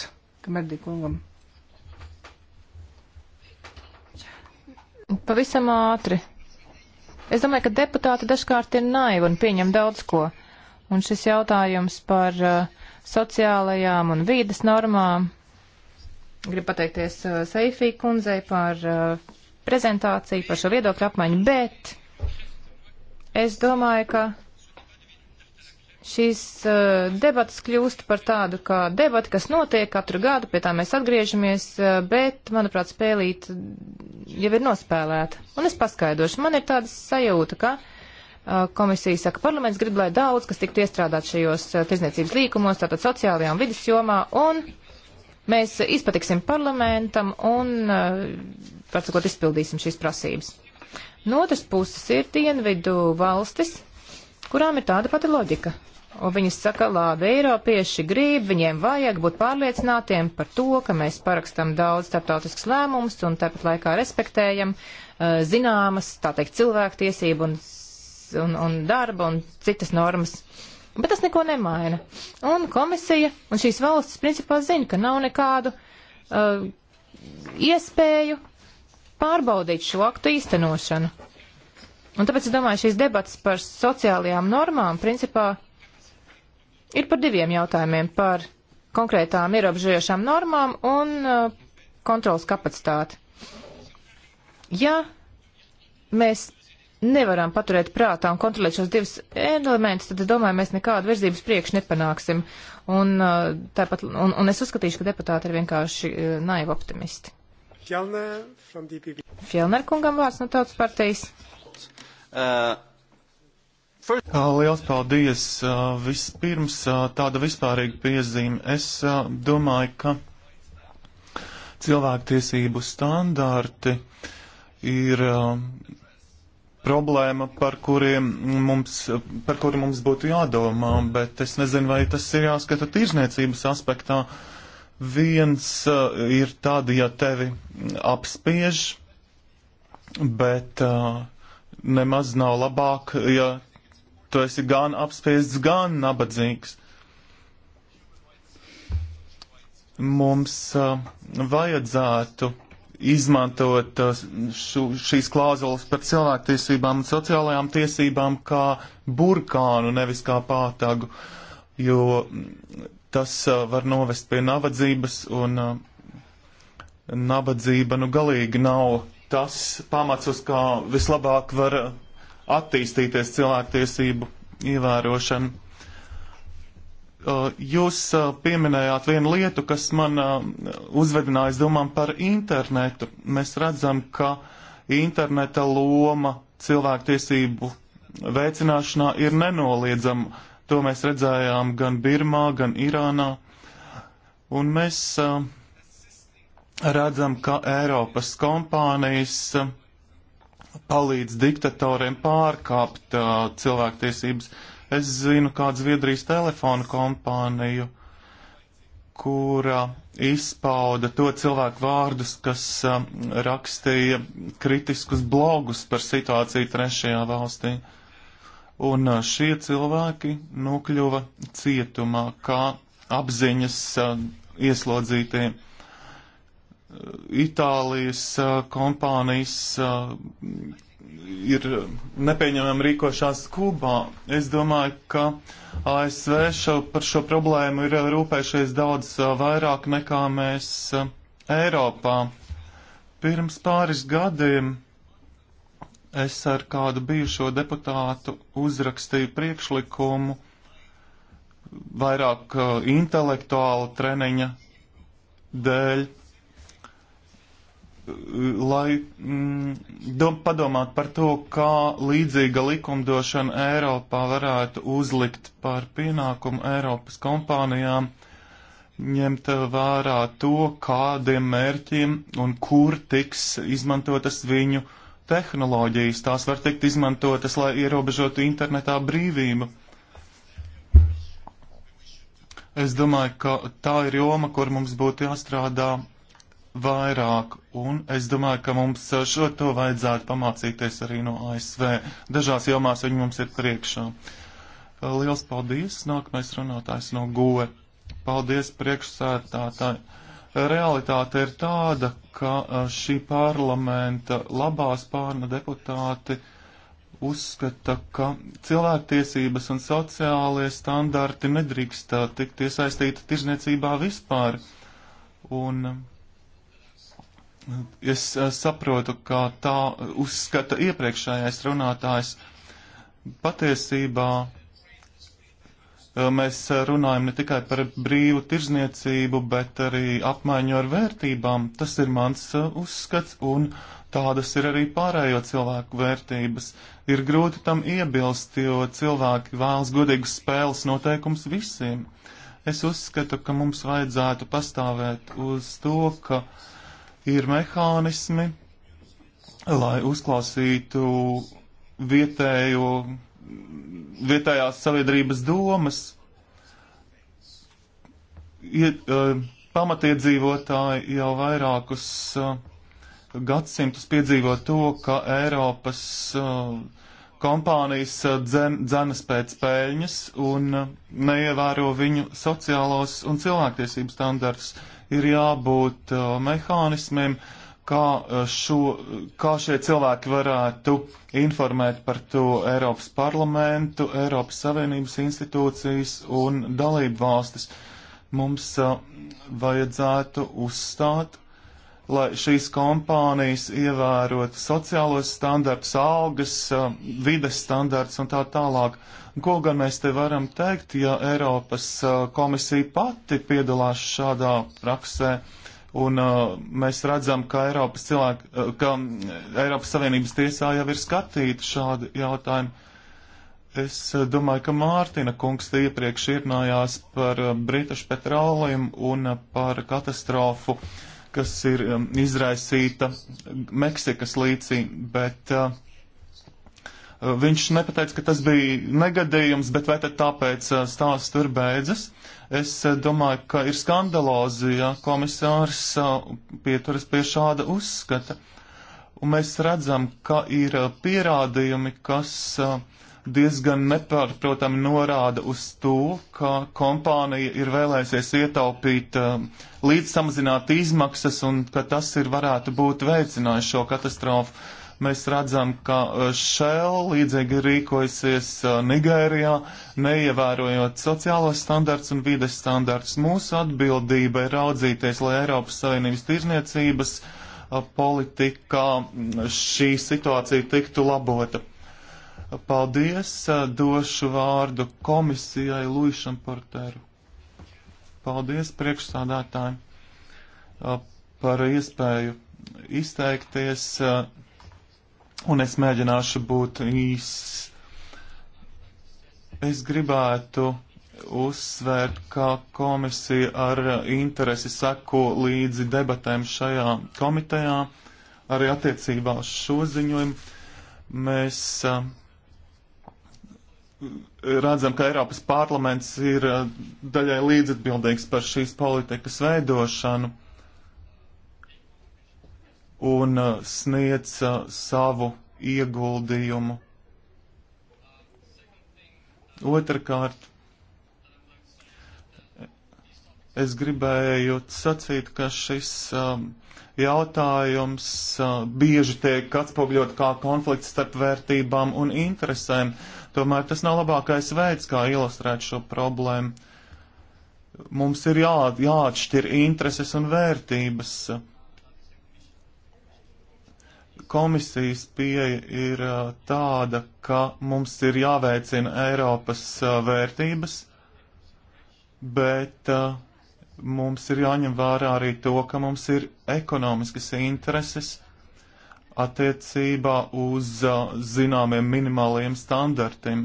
Kamerdī kungam. Pavisam ātri. Es domāju, ka deputāti dažkārt ir naivi un pieņem daudz ko. Un šis jautājums par uh, sociālajām un vīdes normām. Gribu pateikties uh, Seifī kundzei par uh, prezentāciju, par šo viedokļu apmaiņu, bet es domāju, ka šīs uh, debatas kļūst par tādu kā debati, kas notiek katru gadu, pie tā mēs atgriežamies, uh, bet, manuprāt, spēlīt jau ir nospēlēta. Un es paskaidrošu, man ir tāda sajūta, ka uh, komisija saka, parlaments grib, lai daudz, kas tiktu iestrādāt šajos tirzniecības līkumos, tātad sociālajā un vidas jomā, un mēs izpatiksim parlamentam un, pārcakot, izpildīsim šīs prasības. No otras puses ir dienvidu valstis, kurām ir tāda pati loģika Un viņi saka, labi, Eiropieši grib, viņiem vajag būt pārliecinātiem par to, ka mēs parakstam daudz starptautiskus lēmumus un tāpat laikā respektējam uh, zināmas, tā teikt, cilvēktiesību un, un, un darba un citas normas. Bet tas neko nemaina. Un komisija un šīs valstis principā zina, ka nav nekādu uh, iespēju pārbaudīt šo aktu īstenošanu. Un tāpēc es domāju, šīs debats par sociālajām normām principā ir par diviem jautājumiem - par konkrētām ierobežojošām normām un uh, kontrolas kapacitāti. Ja mēs nevaram paturēt prātā un kontrolēt šos divus elementus, tad es domāju, mēs nekādu virzības priekš nepanāksim. Un, uh, tāpat, un, un es uzskatīšu, ka deputāti ir vienkārši uh, naivi optimisti. Fjellner kungam vārds no tautas partijas. Uh, Liels paldies! Vispirms tāda vispārīga piezīme. Es domāju, ka cilvēktiesību standarti ir problēma, par, mums, par kuru mums būtu jādomā, bet es nezinu, vai tas ir jāskata tirzniecības aspektā. Viens ir tāda, ja tevi apspiež, bet nemaz nav labāk, ja tu esi gan apspiests, gan nabadzīgs. Mums uh, vajadzētu izmantot uh, šu, šīs klauzulas par cilvēktiesībām un sociālajām tiesībām kā burkānu, nevis kā pātagu, jo tas uh, var novest pie nabadzības un uh, nabadzība nu galīgi nav tas pamats, uz kā vislabāk var attīstīties cilvēktiesību ievērošanu. Uh, jūs uh, pieminējāt vienu lietu, kas man uh, uzvedinājas domām par internetu. Mēs redzam, ka interneta loma cilvēktiesību veicināšanā ir nenoliedzama. To mēs redzējām gan Birmā, gan Irānā. Un mēs redzam, ka Eiropas kompānijas palīdz diktatoriem pārkāpt uh, cilvēktiesības. Es zinu kādu Zviedrijas telefonu kompāniju, kura izpauda to cilvēku vārdus, kas uh, rakstīja kritiskus blogus par situāciju trešajā valstī. Un uh, šie cilvēki nokļuva cietumā kā apziņas uh, ieslodzītiem. Itālijas kompānijas ir nepieņemami rīkošās Kubā. Es domāju, ka ASV šo, par šo problēmu ir rūpējušies daudz vairāk nekā mēs Eiropā. Pirms pāris gadiem es ar kādu bijušo deputātu uzrakstīju priekšlikumu vairāk intelektuāla treniņa dēļ lai mm, dom, padomāt par to, kā līdzīga likumdošana Eiropā varētu uzlikt par pienākumu Eiropas kompānijām ņemt vērā to, kādiem mērķiem un kur tiks izmantotas viņu tehnoloģijas. Tās var tikt izmantotas, lai ierobežotu internetā brīvību. Es domāju, ka tā ir joma, kur mums būtu jāstrādā vairāk, un es domāju, ka mums eh, šo to vajadzētu pamācīties arī no ASV. Dažās jomās viņi mums ir priekšā. Eh, liels paldies! Nākamais runātājs no GOE. Paldies priekšsētātāji! Realitāte ir tāda, ka eh, šī parlamenta labā spārna deputāti uzskata, ka cilvēktiesības un sociālie standarti nedrīkst tikt iesaistīti tirzniecībā vispār. Un Es eh, saprotu, kā tā uzskata iepriekšējais runātājs. Patiesībā eh, mēs runājam ne tikai par brīvu tirzniecību, bet arī apmaiņu ar vērtībām. Tas ir mans eh, uzskats, un tādas ir arī pārējo cilvēku vērtības. Ir grūti tam iebilst, jo cilvēki vēlas godīgus spēles noteikums visiem. Es uzskatu, ka mums vajadzētu pastāvēt uz to, ka uh, ir mehānismi, lai uzklausītu vietējo, vietējās sabiedrības domas. Iet, uh, e, pamatiedzīvotāji jau vairākus uh, gadsimtus piedzīvo to, ka Eiropas uh, kompānijas dzen, dzenas pēc peļņas un neievēro viņu sociālos un cilvēktiesību standartus ir jābūt uh, mehānismiem, kā, uh, šo, kā šie cilvēki varētu informēt par to Eiropas parlamentu, Eiropas Savienības institūcijas un dalību valstis. Mums uh, vajadzētu uzstāt lai šīs kompānijas ievērotu sociālos standartus, algas, eh, vides standartus un tā tālāk. Ko gan mēs te varam teikt, ja Eiropas eh, komisija pati piedalās šādā praksē? Un uh, mēs redzam, ka Eiropas, cilvēku, ka mm, Eiropas Savienības tiesā jau ir skatīti šādi jautājumi. Es domāju, ka Mārtiņa kungs te iepriekš ierunājās par British Petroleum un par katastrofu uh, kas ir um, izraisīta Meksikas līcī, bet uh, uh, viņš nepateica, ka tas bija negadījums, bet vai tad tāpēc uh, stāsts tur beidzas? Es uh, domāju, ka ir skandalozi, ja komisārs uh, pieturas pie šāda uzskata. Un mēs redzam, ka ir uh, pierādījumi, kas. Uh, diezgan nepārprotami norāda uz to, ka kompānija ir vēlēsies ietaupīt um, līdz samazināt izmaksas un ka tas ir varētu būt veicinājis šo katastrofu. Mēs redzam, ka uh, Shell līdzīgi rīkojasies uh, Nigērijā, neievērojot sociālos standarts un vides standarts. Mūsu atbildība ir raudzīties, lai Eiropas Savienības tirzniecības uh, politikā mm, šī situācija tiktu labota. Paldies, eh, došu vārdu komisijai Luišam Porteru. Paldies priekšsādātājiem eh, par iespēju izteikties, eh, un es mēģināšu būt īss. Es gribētu uzsvērt, ka komisija ar interesi seko līdzi debatēm šajā komitejā, arī attiecībā uz šo ziņojumu. Mēs uh, redzam, ka Eiropas parlaments ir uh, daļai līdzatbildīgs par šīs politikas veidošanu un uh, sniedz uh, savu ieguldījumu. Otrakārt, es gribēju sacīt, ka šis um, jautājums uh, bieži tiek atspogļot kā konflikts starp vērtībām un interesēm, Tomēr tas nav labākais veids, kā ilustrēt šo problēmu. Mums ir jā, jāatšķir intereses un vērtības. Komisijas pieeja ir tāda, ka mums ir jāveicina Eiropas vērtības, bet mums ir jāņem vērā arī to, ka mums ir ekonomiskas intereses attiecībā uz zināmiem minimāliem standartiem.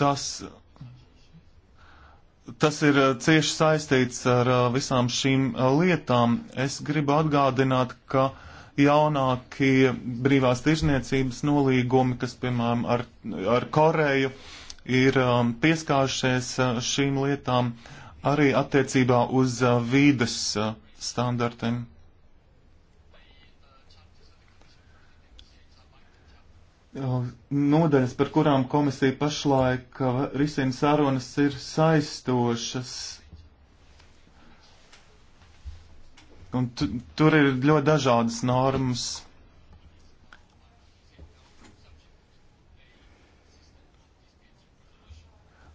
Tas, tas ir cieši saistīts ar visām šīm lietām. Es gribu atgādināt, ka jaunākie brīvās tirzniecības nolīgumi, kas, piemēram, ar, ar Koreju, ir pieskāršies šīm lietām. Uh, arī attiecībā uz uh, vīdes uh, standartiem. Uh, nodaļas, par kurām komisija pašlaik risina sarunas, ir saistošas. Un tur ir ļoti dažādas normas.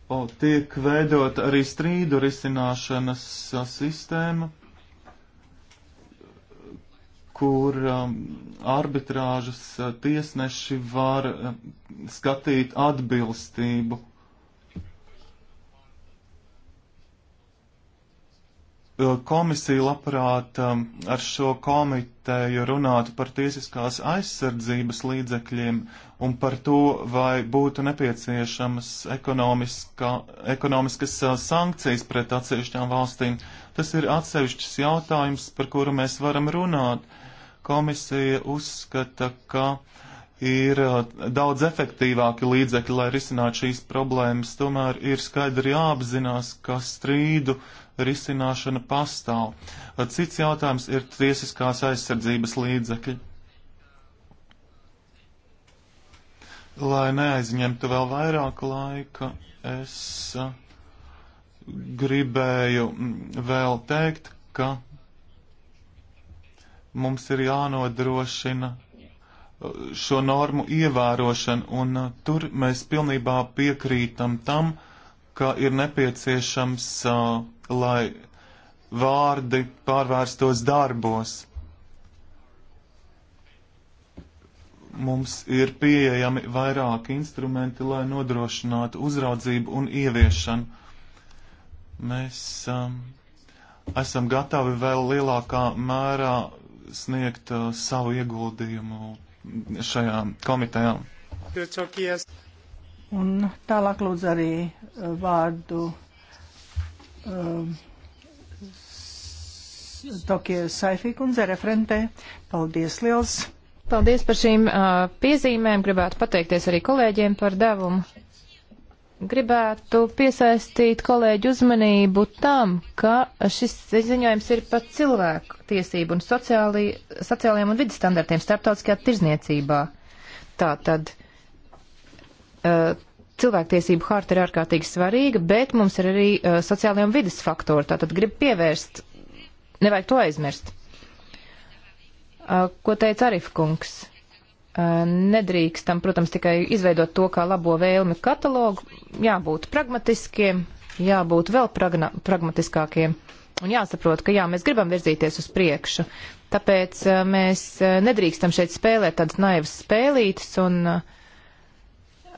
O, tiek veidot arī strīdu risināšanas a, sistēma, kur um, arbitrāžas a, tiesneši var a, skatīt atbilstību komisija labprāt ar šo komiteju runātu par tiesiskās aizsardzības līdzekļiem un par to, vai būtu nepieciešamas ekonomiskas sankcijas pret atsevišķām valstīm. Tas ir atsevišķs jautājums, par kuru mēs varam runāt. Komisija uzskata, ka ir daudz efektīvāki līdzekļi, lai risinātu šīs problēmas. Tomēr ir skaidri jāapzinās, ka strīdu risināšana pastāv. Cits jautājums ir tiesiskās aizsardzības līdzekļi. Lai neaizņemtu vēl vairāk laika, es uh, gribēju mm, vēl teikt, ka mums ir jānodrošina uh, šo normu ievērošana, un uh, tur mēs pilnībā piekrītam tam, uh, ka ir nepieciešams, uh, lai vārdi pārvērstos darbos. Mums ir pieejami vairāki instrumenti, lai nodrošinātu uzraudzību un ieviešanu. Mēs um, esam gatavi vēl lielākā mērā sniegt uh, savu ieguldījumu šajām komitejām. Turcijas. Un tālāk lūdzu arī eh, vārdu um, eh, Tokie Saifī kundze referentē. Paldies liels! Paldies par šīm uh, piezīmēm. Gribētu pateikties arī kolēģiem par devumu. Gribētu piesaistīt kolēģu uzmanību tam, ka šis ziņojums ir par cilvēku tiesību un sociāli, sociālajiem un vidas standartiem starptautiskajā tirzniecībā. Tātad. tad Eh, cilvēktiesību harta ir ārkārtīgi svarīga, bet mums ir arī uh, sociālajie un vidas faktori. Tātad grib pievērst, nevajag to aizmirst. Uh, ko teica Arif kungs? nedrīkstam, protams, tikai izveidot to kā labo vēlmi katalogu, jābūt pragmatiskiem, jābūt vēl pragna, pragmatiskākiem un jāsaprot, ka jā, mēs gribam virzīties uz priekšu. Tāpēc mēs nedrīkstam šeit spēlēt tādas naivas spēlītas un uh,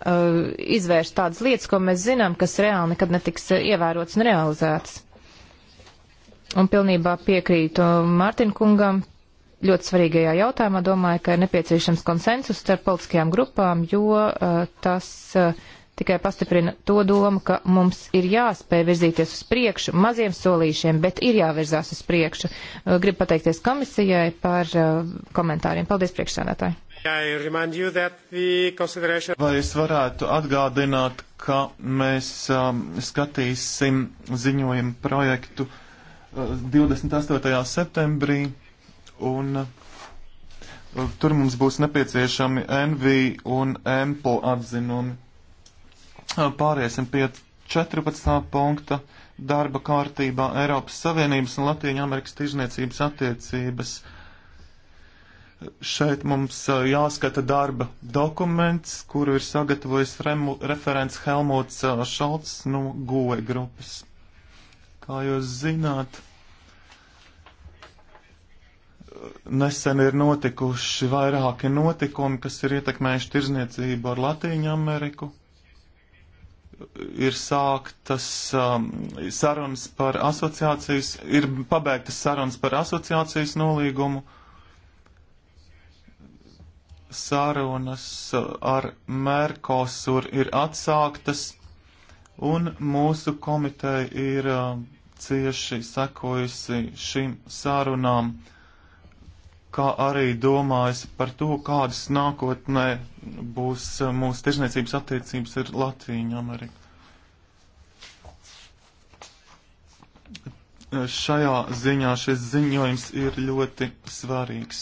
Uh, izvērst tādas lietas, ko mēs zinām, kas reāli nekad netiks uh, ievērotas un realizētas. Un pilnībā piekrītu Mārtiņ kungam. Ļoti svarīgajā jautājumā domāju, ka ir nepieciešams konsensus starp politiskajām grupām, jo uh, tas uh, tikai pastiprina to domu, ka mums ir jāspēj virzīties uz priekšu maziem solīšiem, bet ir jāvirzās uz priekšu. Gribu pateikties komisijai par komentāriem. Paldies, priekšsēdētāji! Vai es varētu atgādināt, ka mēs um, skatīsim ziņojumu projektu uh, 28. septembrī un uh, tur mums būs nepieciešami NV un MPO atzinumi. Pāriesim pie 14. punkta darba kārtībā Eiropas Savienības un Latvijas Amerikas tirzniecības attiecības. Šeit mums jāskata darba dokuments, kuru ir sagatavojis remu, referents Helmuts Šalts no GOE grupas. Kā jūs zināt, nesen ir notikuši vairāki notikumi, kas ir ietekmējuši tirzniecību ar Latīņu Ameriku ir sāktas um, sarunas par asociācijas, ir pabeigtas sarunas par asociācijas nolīgumu, sarunas ar Merkosur ir atsāktas, un mūsu komiteja ir uh, cieši sekojusi šīm sarunām. Uh, kā arī domājis par to, kādas nākotnē būs eh, mūsu tirzniecības attiecības ar Latviju un Ameriku. Eh, šajā ziņā šis ziņojums ir ļoti svarīgs.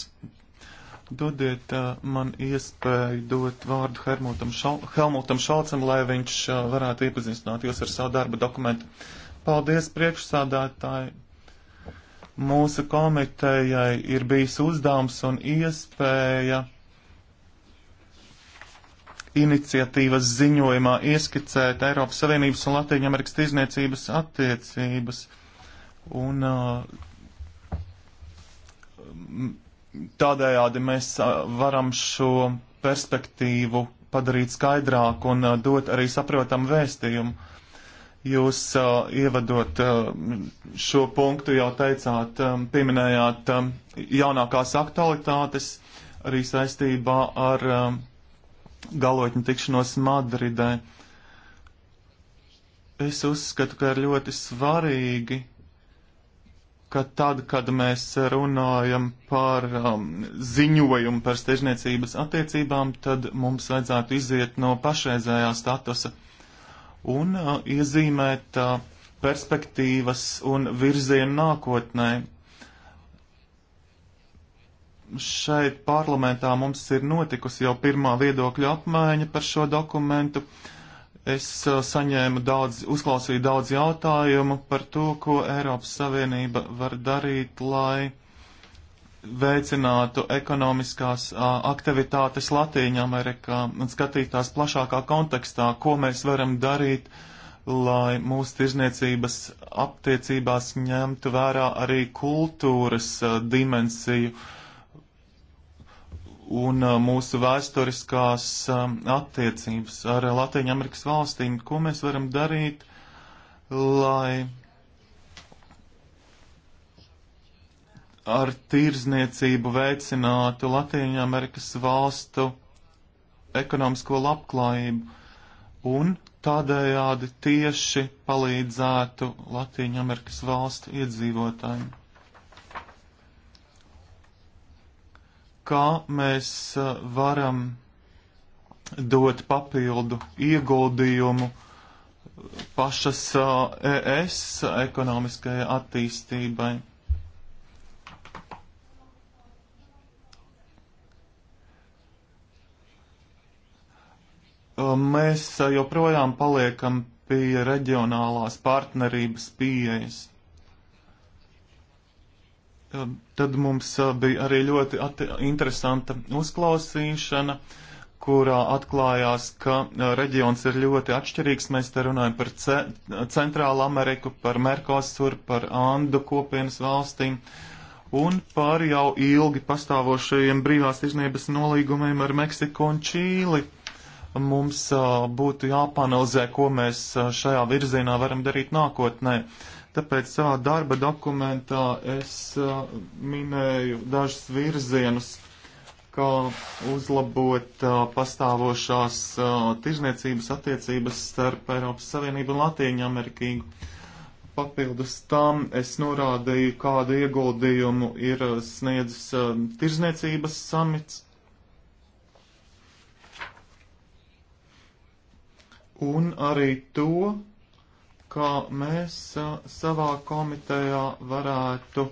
Dodiet uh, man iespēju dot vārdu Helmutam, Šal Helmutam Šalcam, lai viņš uh, varētu iepazīstināt jūs ar savu darba dokumentu. Paldies priekšsādātāji mūsu komitejai ir bijis uzdevums un iespēja iniciatīvas ziņojumā ieskicēt Eiropas Savienības un Latvijas Amerikas tirzniecības attiecības. Un uh, tādējādi mēs uh, varam šo perspektīvu padarīt skaidrāku un uh, dot arī saprotamu vēstījumu. Jūs uh, ievadot uh, šo punktu jau teicāt, um, pieminējāt um, jaunākās aktualitātes arī saistībā ar um, galotņu tikšanos Madridē. Es uzskatu, ka ir ļoti svarīgi, ka tad, kad mēs runājam par um, ziņojumu par stežniecības attiecībām, tad mums vajadzētu iziet no pašreizējā statusa un uh, iezīmēt uh, perspektīvas un virzienu nākotnē. Šeit parlamentā mums ir notikusi jau pirmā viedokļa apmaiņa par šo dokumentu. Es uh, saņēmu daudz, uzklausīju daudz jautājumu par to, ko Eiropas Savienība var darīt, lai uh, veicinātu ekonomiskās a, aktivitātes Latīņā Amerikā un skatītās plašākā kontekstā, ko mēs varam darīt, lai mūsu tirzniecības aptiecībās ņemtu vērā arī kultūras a, dimensiju un a, mūsu vēsturiskās attiecības ar Latīņu Amerikas valstīm, ko mēs varam darīt, lai ar tirzniecību veicinātu Latviju Amerikas valstu ekonomisko labklājību un tādējādi tieši palīdzētu Latviju Amerikas valstu iedzīvotājiem. Kā mēs uh, varam dot papildu ieguldījumu uh, pašas uh, ES ekonomiskajai attīstībai? Um, mēs uh, joprojām paliekam pie reģionālās partnerības pieejas. Um, tad mums uh, bija arī ļoti interesanta uzklausīšana, kurā atklājās, ka uh, reģions ir ļoti atšķirīgs. Mēs te runājam par ce Centrālu Ameriku, par Merkosur, par Andu kopienas valstīm un par jau ilgi pastāvošajiem brīvās izniebas nolīgumiem ar Meksiku un Čīli mums būtu jāpanalizē, ko mēs šajā virzienā varam darīt nākotnē. Tāpēc savā darba dokumentā es minēju dažus virzienus, kā uzlabot pastāvošās tirzniecības attiecības starp Eiropas Savienību un Latīņu Amerikīgu. Papildus tam es norādīju, kādu ieguldījumu ir sniedzis tirzniecības samits un arī to, kā mēs a, savā komitejā varētu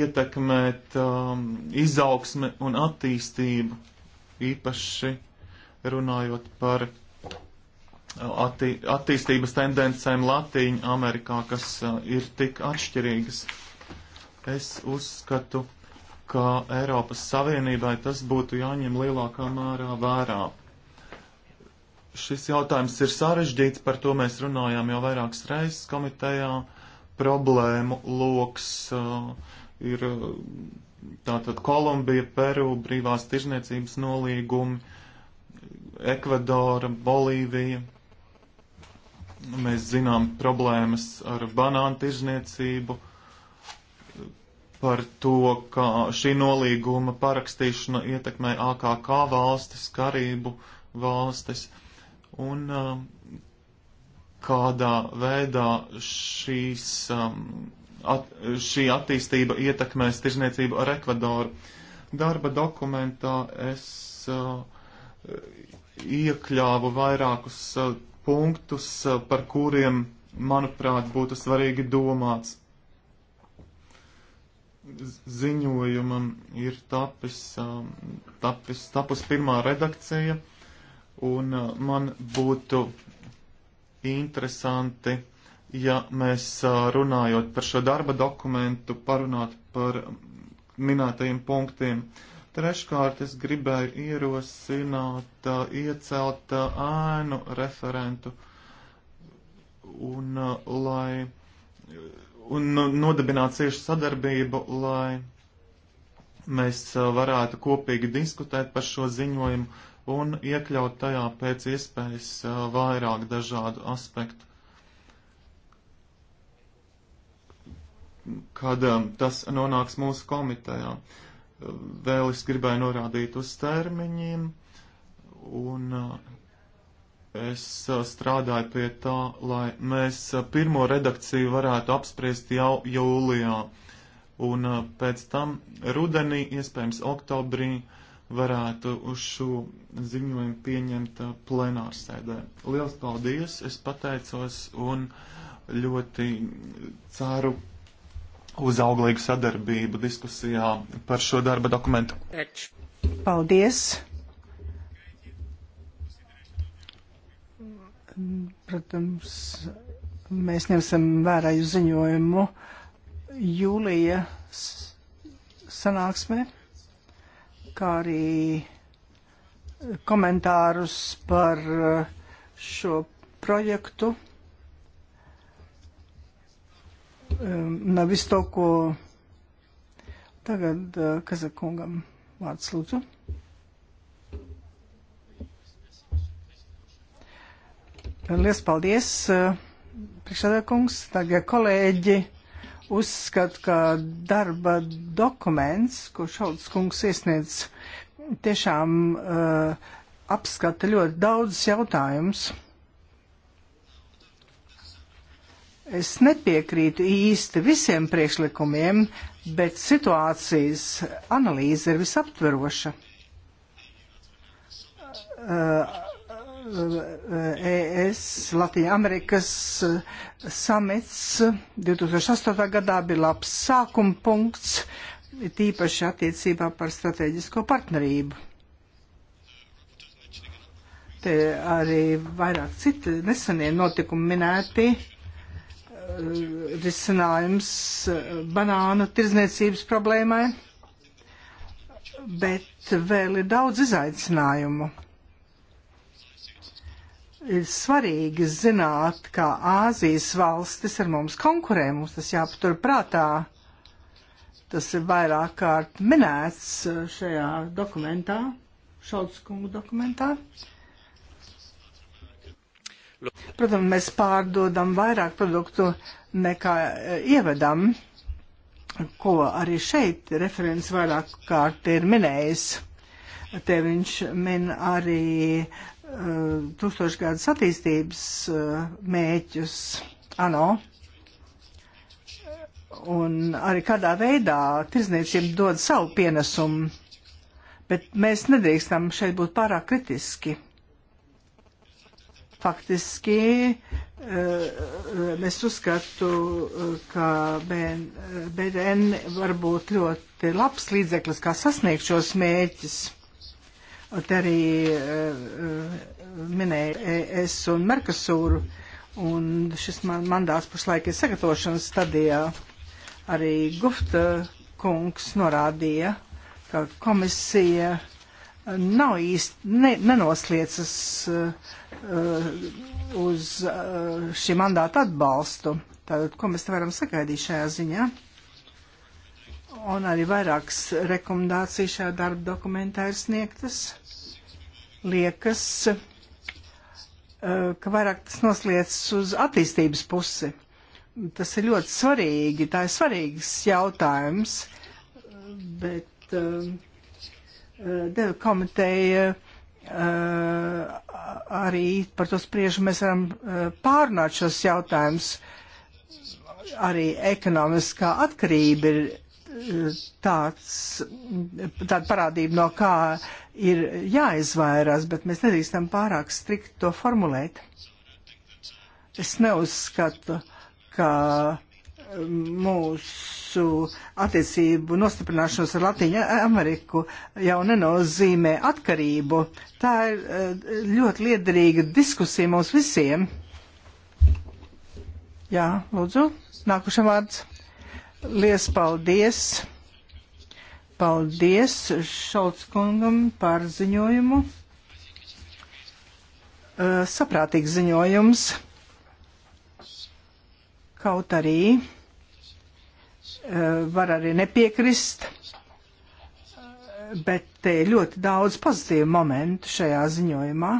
ietekmēt um, izaugsme un attīstību, īpaši runājot par attī attīstības tendencēm Latīņu Amerikā, kas uh, ir tik atšķirīgas. Es uzskatu, ka Eiropas Savienībai tas būtu jāņem lielākā mērā vērā. Šis jautājums ir sarežģīts, par to mēs runājām jau vairākas reizes komitejā. Problēmu loks uh, ir uh, tātad Kolumbija, Peru, brīvās tirzniecības nolīgumi, Ekvadora, Bolīvija. Mēs zinām problēmas ar banānu tirzniecību, par to, ka šī nolīguma parakstīšana ietekmē AKK valstis, Karību valstis. Uh, un um, kādā veidā šīs, um, at, šī attīstība ietekmēs tirzniecību ar Ekvadoru. Darba dokumentā es uh, iekļāvu vairākus uh, punktus, uh, par kuriem, manuprāt, būtu svarīgi domāts. Ziņojumam ir tapis, uh, tapis, tapus pirmā redakcija Un uh, man būtu interesanti, ja mēs uh, runājot par šo darba dokumentu, parunāt par minētajiem punktiem. Treškārt es gribēju ierosināt, uh, iecelt ēnu referentu un, lai, un nu, nodibināt ciešu sadarbību, lai mēs varētu kopīgi diskutēt par šo ziņojumu un iekļaut tajā pēc iespējas vairāk dažādu aspektu. Kad tas nonāks mūsu komitejā, vēl es gribēju norādīt uz termiņiem, un es strādāju pie tā, lai mēs pirmo redakciju varētu apspriest jau jūlijā, un pēc tam rudenī, iespējams oktobrī, uh, varētu uz šo ziņojumu pieņemt uh, plenārsēdē. Liels paldies, es pateicos un ļoti ceru uz auglīgu sadarbību diskusijā par šo darba dokumentu. Paldies! Protams, mēs ņemsim vērā jūsu ziņojumu jūlija sanāksmē kā arī komentārus par uh, šo projektu. Um, Na visu to, ko tagad uh, Kazakungam vārds lūdzu. Lies paldies, uh, priekšsēdētājs, tagad kolēģi uzskatu, ka darba dokuments, ko Šalds kungs iesniedz, tiešām uh, apskata ļoti daudzus jautājumus. Es nepiekrītu īsti visiem priekšlikumiem, bet situācijas analīze ir visaptveroša. Uh, Uh, ES Latvija Amerikas uh, samits 2008. Uh, gadā bija labs sākuma punkts, tīpaši attiecībā par strateģisko partnerību. Te arī vairāk citi nesenie notikumi minēti risinājums banānu tirzniecības problēmai, bet vēl ir daudz izaicinājumu ir svarīgi zināt, ka Āzijas valstis ar mums konkurē, mums tas jāpatur prātā. Tas ir vairāk kārt minēts šajā dokumentā, Šaldskungu dokumentā. Protams, mēs pārdodam vairāk produktu nekā e, ievedam, ko arī šeit referents vairāk kārt ir minējis. Te viņš min arī Eh, tūkstošgadus attīstības eh, mēķus ANO. Un arī kādā veidā tirzniecība dod savu pienesumu, bet mēs nedrīkstam šeit būt pārāk kritiski. Faktiski eh, es uzskatu, ka BDN var būt ļoti labs līdzeklis, kā sasniegt šos mēķus. Te arī eh, eh, minēja eh, es un Merkasūru, un šis man mandāts pašlaik ir sagatavošanas stadijā. Arī Gufta kungs norādīja, ka komisija nav īsti ne, nenosliecis uh, uz uh, šī mandāta atbalstu. Tātad, ko mēs te varam sagaidīt šajā ziņā? Un arī vairākas rekomendācijas šajā darba dokumentā ir sniegtas liekas, eh, ka vairāk tas nosliec uz attīstības pusi. Tas ir ļoti svarīgi, tā ir svarīgs jautājums, bet eh, eh, deva komiteja arī par to spriežu mēs varam pārnāt šos jautājumus. Arī ekonomiskā atkarība ir tāds, tāda parādība, no kā ir jāizvairās, bet mēs nedrīkstam pārāk strikt to formulēt. Es neuzskatu, ka um, mūsu attiecību nostiprināšanos ar Latīņu Ameriku jau nenozīmē atkarību. Tā ir uh, ļoti liederīga diskusija mums visiem. Jā, lūdzu, nākušam vārds. Lies paldies! Paldies Šalts kungam par ziņojumu. Uh, saprātīgs ziņojums. Kaut arī uh, var arī nepiekrist, bet te ir ļoti daudz pozitīvu momentu šajā ziņojumā.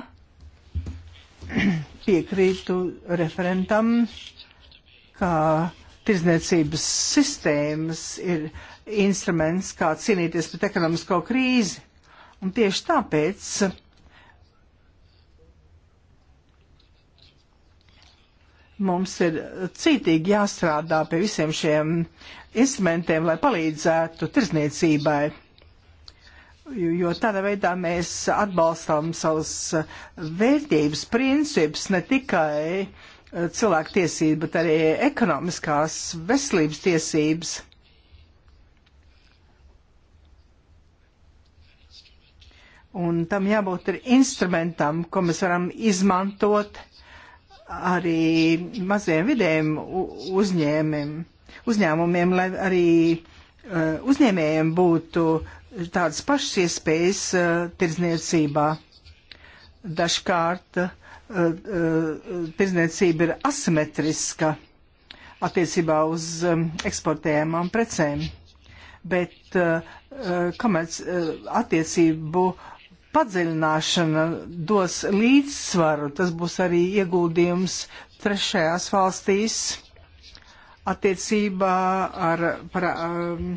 Piekrītu referentam, ka tirzniecības sistēmas ir instruments, kā cīnīties pret ekonomisko krīzi. Un tieši tāpēc mums ir cītīgi jāstrādā pie visiem šiem instrumentiem, lai palīdzētu tirzniecībai. Jo tādā veidā mēs atbalstām savus vērtības principus ne tikai uh, cilvēku tiesību, bet arī ekonomiskās veselības tiesības. Un tam jābūt ir instrumentam, ko mēs varam izmantot arī maziem vidējiem uzņēmiem, uzņēmumiem, lai arī uh, uzņēmējiem būtu tādas pašas iespējas uh, tirdzniecībā. Dažkārt uh, tirzniecība ir asimetriska attiecībā uz um, eksportējumām precēm, bet uh, uh, komerc uh, attiecību padziļināšana dos līdzsvaru, tas būs arī ieguldījums trešajās valstīs attiecībā ar, par, um,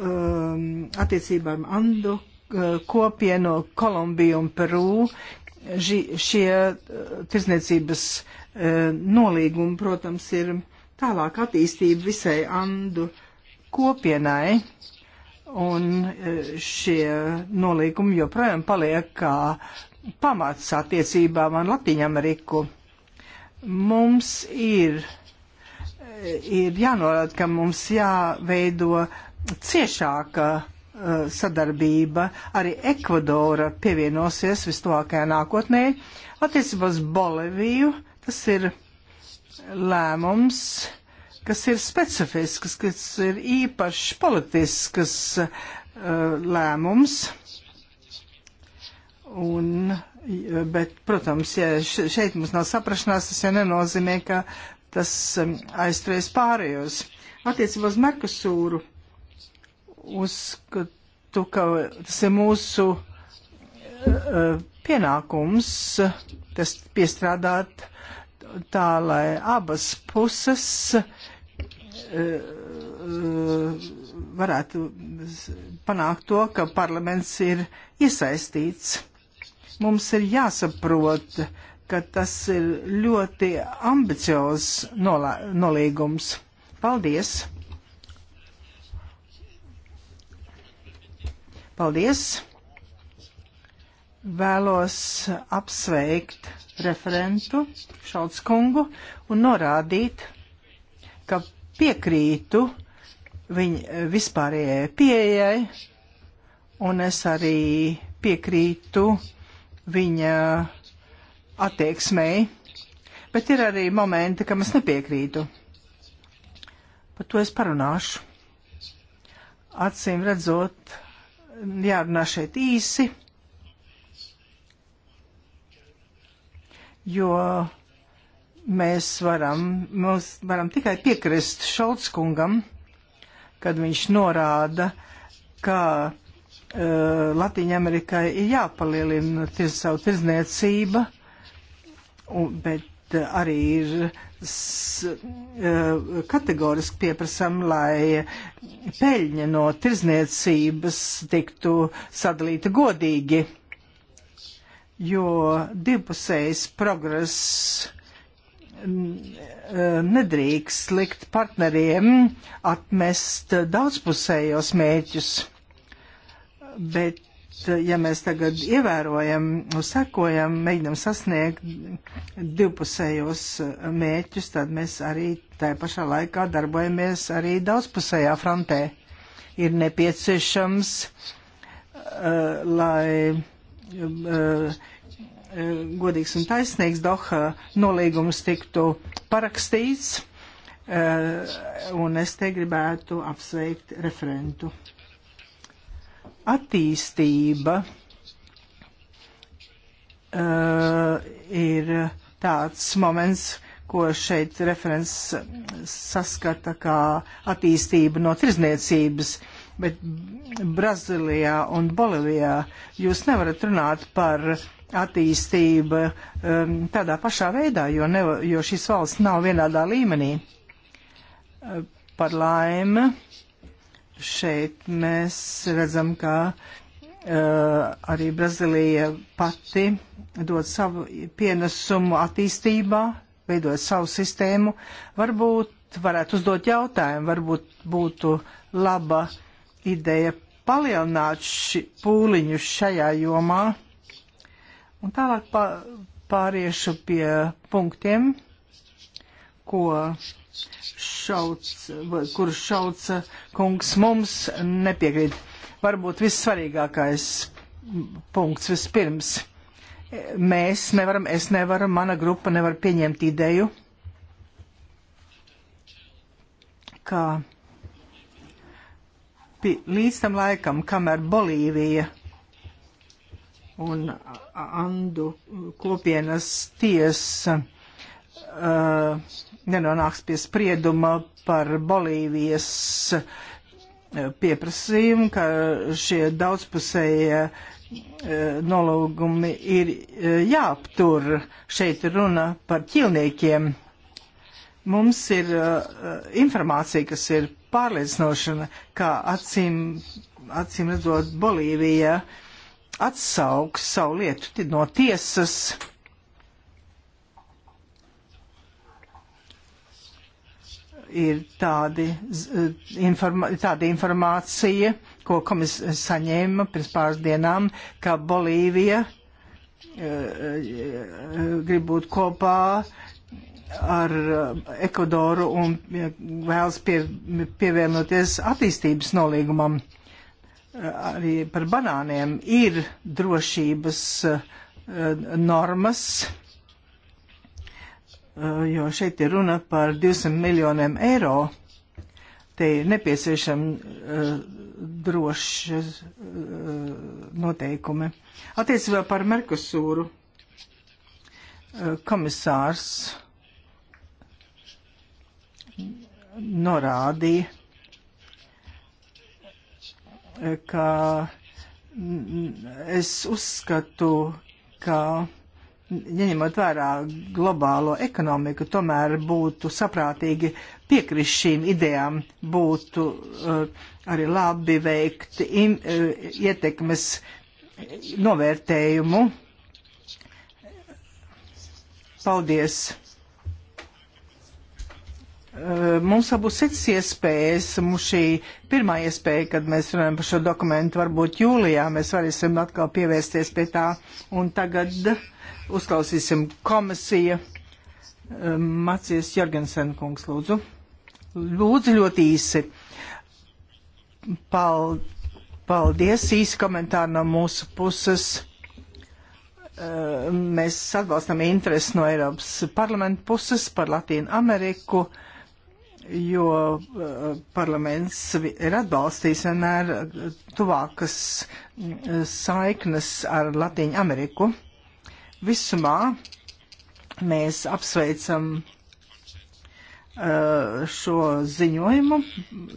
um attiecībām Andu kopienu Kolumbiju un Peru, ži, šie eh, tirzniecības eh, nolīgumi, protams, ir tālāk attīstība visai Andu kopienai, un eh, šie nolīgumi joprojām paliek kā pamats attiecībām ar Latīņameriku. Mums ir, ir jānorāda, ka mums jāveido ciešāka Eh, sadarbība arī Ekvadora pievienosies vistuvākajā nākotnē. Attiecībā uz Boliviju tas ir lēmums, kas ir specifisks, kas ir īpašs politisks uh, lēmums. Un, eh, bet, protams, ja šeit mums nav saprašanās, tas jau nenozīmē, ka tas aizturēs pārējos. Attiecībā uz Merkusūru uzskatu, ka tas ir mūsu eh, pienākums tas piestrādāt tā, lai abas puses eh, varētu panākt to, ka parlaments ir iesaistīts. Mums ir jāsaprot, ka tas ir ļoti ambiciozs nolīgums. Paldies! Paldies! Vēlos apsveikt referentu Šalts kungu un norādīt, ka piekrītu viņa vispārējai pieejai, un es arī piekrītu viņa attieksmei, bet ir arī momenti, kam es nepiekrītu. Par to es parunāšu. Acīm redzot, jārunā šeit īsi, jo mēs varam, mēs varam tikai piekrist Šolckungam, kad viņš norāda, ka uh, e, Latīņamerikai ir jāpalielina tir, savu tirzniecība, un, bet arī ir Eh, kategoriski pieprasam, lai peļņa no tirzniecības tiktu sadalīta godīgi, jo divpusējs progress eh, nedrīkst likt partneriem atmest daudzpusējos mēķus, bet ja mēs tagad ievērojam, sekojam, mēģinam sasniegt divpusējos mērķus, tad mēs arī tā pašā laikā darbojamies arī daudzpusējā frontē. Ir nepieciešams, uh, lai uh, godīgs un taisnīgs Doha nolīgums tiktu parakstīts, uh, un es te gribētu apsveikt referentu attīstība uh, ir tāds moments, ko šeit referents saskata kā attīstību no tirzniecības, bet Brazīlijā un Bolivijā jūs nevarat runāt par attīstību um, tādā pašā veidā, jo, ne, jo šīs valsts nav vienādā līmenī. Uh, par laimi šeit mēs redzam, ka uh, arī Brazīlija pati dod savu pienesumu attīstībā, veidot savu sistēmu. Varbūt varētu uzdot jautājumu, varbūt būtu laba ideja palielināt ši, pūliņu šajā jomā. Un tālāk pa, pāriešu pie punktiem, ko šauc, kurus šauca kungs mums nepiekrīt. Varbūt vissvarīgākais punkts vispirms. Mēs nevaram, es nevaru, mana grupa nevar pieņemt ideju, ka līdz tam laikam, kamēr Bolīvija un Andu kopienas tiesa uh, nenonāks pie sprieduma par Bolīvijas e, pieprasījumu, ka šie daudzpusējie e, nolūgumi ir e, jāaptur. Šeit runa par ķilniekiem. Mums ir informācija, kas ir pārliecinošana, kā acīm, acīm redzot Bolīvija atsauks savu lietu no tiesas ir tādi, informa tāda informācija, ko komisija saņēma pirms pāris dienām, ka Bolīvija uh, grib būt kopā ar e, Ekvadoru un vēlas pie, pievienoties attīstības nolīgumam. Arī par banāniem ir drošības normas Eh, jo šeit ir runa par 200 miljoniem eiro. Te ir nepieciešama eh, droša eh, noteikumi. Attiecībā par Merkusūru komisārs norādīja, ka es uzskatu, ka neņemot vērā globālo ekonomiku, tomēr būtu saprātīgi piekrist šīm idejām, būtu uh, arī labi veikt in, uh, eh, ietekmes novērtējumu. Paldies! Uh, mums vēl būs cits iespējas, mums šī pirmā iespēja, kad mēs runājam par šo dokumentu, varbūt jūlijā mēs varēsim atkal pievērsties pie tā. Un tagad uh, Uzklausīsim komisiju. Ehm, Macies Jorgensen kungs, lūdzu. Lūdzu ļoti īsi. Paldies, īsi komentāri no mūsu puses ehm, mēs atbalstam interesi no Eiropas parlamenta puses par Latīnu Ameriku, jo ehm, parlaments ir atbalstījis vienmēr tuvākas saiknes ar Latīņu Ameriku. Visumā mēs apsveicam uh, šo ziņojumu.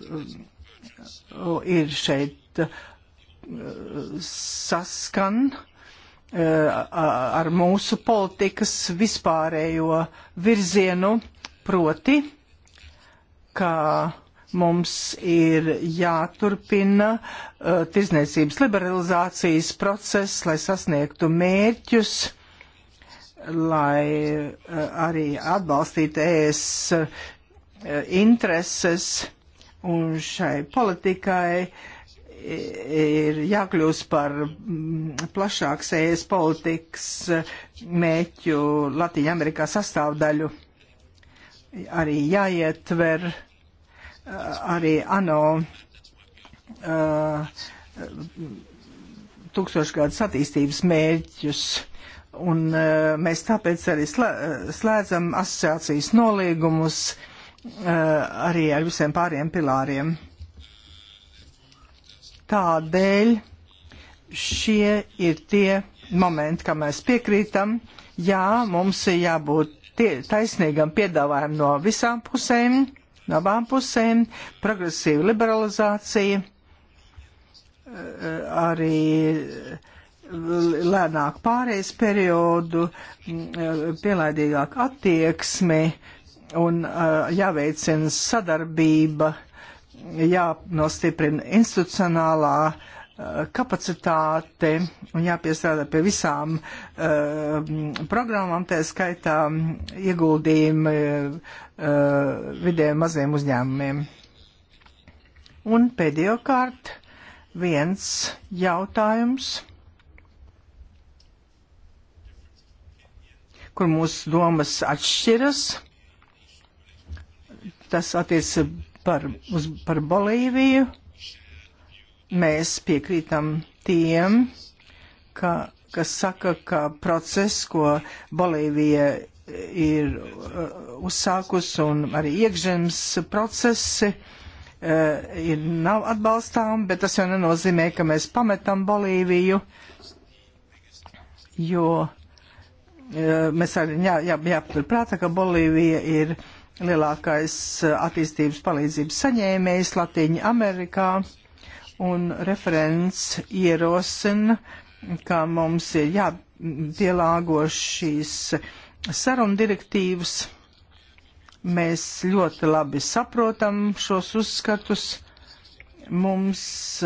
Uh, ir šeit uh, saskan uh, ar mūsu politikas vispārējo virzienu, proti, ka mums ir jāturpina uh, tirzniecības liberalizācijas process, lai sasniegtu mērķus, lai eh, arī atbalstītu ES eh, intereses un šai politikai eh, ir jākļūst par mm, plašāks ES politikas mēķu Latvijā Amerikā sastāvdaļu. Arī jāietver arī ANO uh, tūkstošgadus attīstības mērķus. Uh, Un e, mēs tāpēc arī e, slēdzam asociācijas nolīgumus e, arī ar visiem pāriem pilāriem. Tādēļ šie ir tie momenti, kam mēs piekrītam. Jā, mums ir jābūt tie, taisnīgam piedāvājumam no visām pusēm, no abām pusēm, progresīva liberalizācija, arī lēnāk pārējais periodu, pielaidīgāk attieksmi un jāveicina sadarbība, jānostiprina institucionālā kapacitāte un jāpiestrādā pie visām uh, programmām, tā skaitā ieguldījumi uh, vidiem maziem uzņēmumiem. Un pēdējo kārt viens jautājums kur mūsu domas atšķiras. Tas attiec par, uz, par Bolīviju. Mēs piekrītam tiem, ka, kas saka, ka process, ko Bolīvija ir uh, uzsākus un arī iekšzemes procesi uh, ir nav atbalstām, bet tas jau nenozīmē, ka mēs pametam Bolīviju, jo Eh, mēs arī jā, jā, jāpaturprāta, ka Bolīvija ir lielākais eh, attīstības palīdzības saņēmējs Latīņa Amerikā, un referents ierosina, ka mums ir jāpielāgo šīs sarundirektīvas. Mēs ļoti labi saprotam šos uzskatus. Mums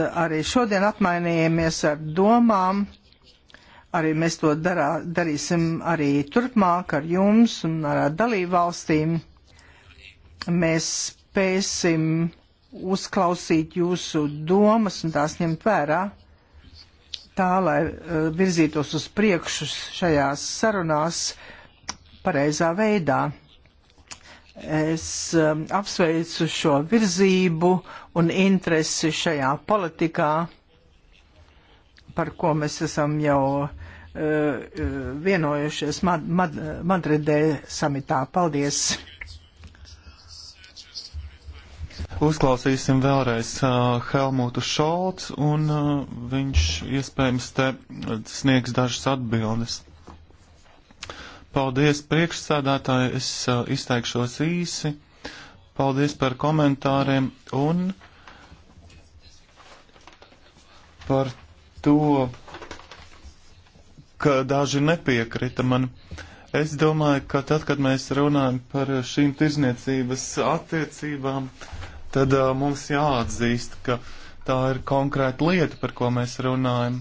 arī šodien apmainījāmies ar domām Arī mēs to darā, darīsim arī turpmāk ar jums un ar dalībvalstīm. Mēs spēsim uzklausīt jūsu domas un tās ņemt vērā, tā lai uh, virzītos uz priekšu šajās sarunās pareizā veidā. Es um, apsveicu šo virzību un interesi šajā politikā, par ko mēs esam jau Uh, vienojušies Mad Mad Madridē samitā. Paldies! Uzklausīsim vēlreiz uh, Helmutu Šolts, un uh, viņš iespējams te sniegs dažas atbildes. Paldies priekšsādātāji, es uh, izteikšos īsi. Paldies par komentāriem un par to, ka daži nepiekrita man. Es domāju, ka tad, kad mēs runājam par šīm tirzniecības attiecībām, tad uh, mums jāatzīst, ka tā ir konkrēta lieta, par ko mēs runājam.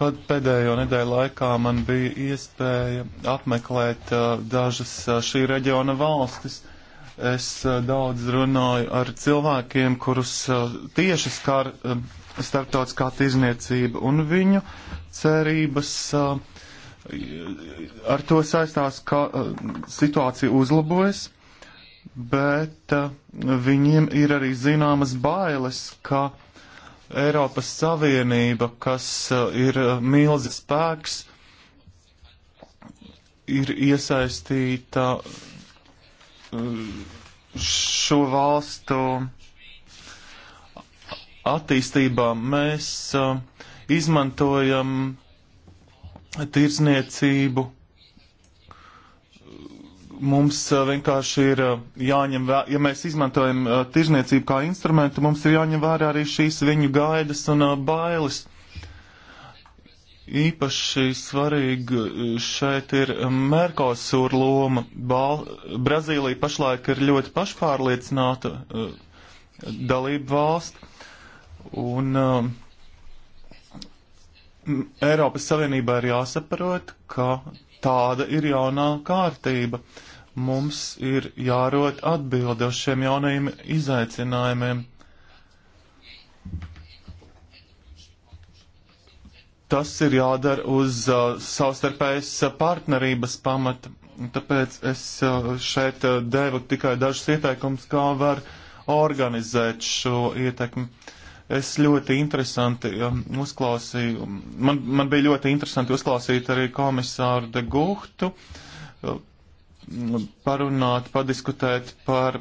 Pat pēdējo nedēļu laikā man bija iespēja apmeklēt uh, dažas uh, šī reģiona valstis. Es uh, daudz runāju ar cilvēkiem, kurus uh, tieši skar uh, starptautiskā tirzniecība un viņu cerības. Ar to saistās, ka situācija uzlabojas, bet viņiem ir arī zināmas bailes, ka Eiropas Savienība, kas ir milzīgs spēks, ir iesaistīta šo valstu attīstībā mēs uh, izmantojam tirzniecību. Mums uh, vienkārši ir uh, jāņem vērā, ja mēs izmantojam tirzniecību kā instrumentu, mums ir jāņem vērā arī šīs viņu gaidas un bailes. Īpaši svarīgi šeit ir Merkosur loma. Bal Brazīlija pašlaik ir ļoti pašpārliecināta dalība valsts Un um, Eiropas Savienībā ir jāsaprot, ka tāda ir jaunā kārtība. Mums ir jārot atbildi uz šiem jaunajiem izaicinājumiem. Tas ir jādara uz uh, savstarpējas partnerības pamata. Tāpēc es uh, šeit uh, devu tikai dažus ieteikumus, kā var organizēt šo ietekmi. Uh, Es ļoti interesanti um, uzklausīju, um, man, man bija ļoti interesanti uzklausīt arī komisāru de Guhtu, um, parunāt, padiskutēt par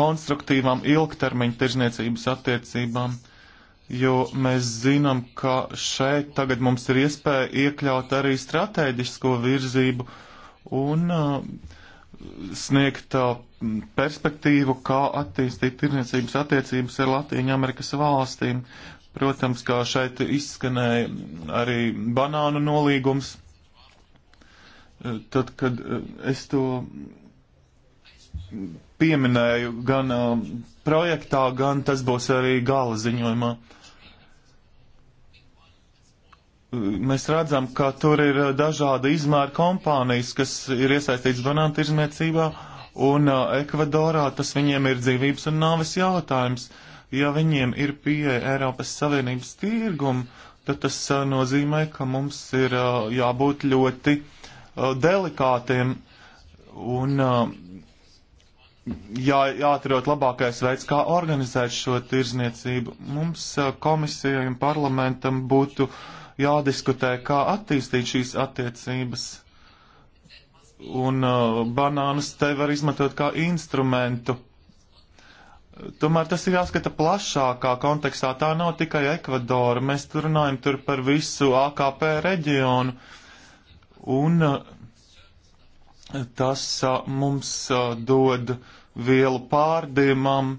konstruktīvām ilgtermiņa tirzniecības attiecībām, jo mēs zinām, ka šeit tagad mums ir iespēja iekļaut arī strateģisko virzību un uh, sniegt perspektīvu, kā attīstīt tirniecības attiecības ar Latviju Amerikas valstīm. Protams, kā šeit izskanēja arī banānu nolīgums, tad, kad eh, es to pieminēju gan eh, projektā, gan tas būs arī gala ziņojumā. Uh, mēs redzam, ka tur ir eh, dažāda izmēra kompānijas, kas ir iesaistīts banānu tirzniecībā, un eh, Ekvadorā tas viņiem ir dzīvības un nāves jautājums. Ja viņiem ir pieeja Eiropas Savienības tirgumu, tad tas eh, nozīmē, ka mums ir jābūt ļoti delikātiem un jā, jāatrod labākais veids, kā organizēt šo tirzniecību. Mums komisijai un parlamentam būtu uh, jādiskutē, kā attīstīt šīs attiecības. Un uh, banānus te var izmantot kā instrumentu. Tomēr tas ir jāskata plašākā kontekstā. Tā nav tikai Ekvadora. Mēs tur runājam tur par visu AKP reģionu. Un uh, tas uh, mums uh, dod vielu pārdīmam,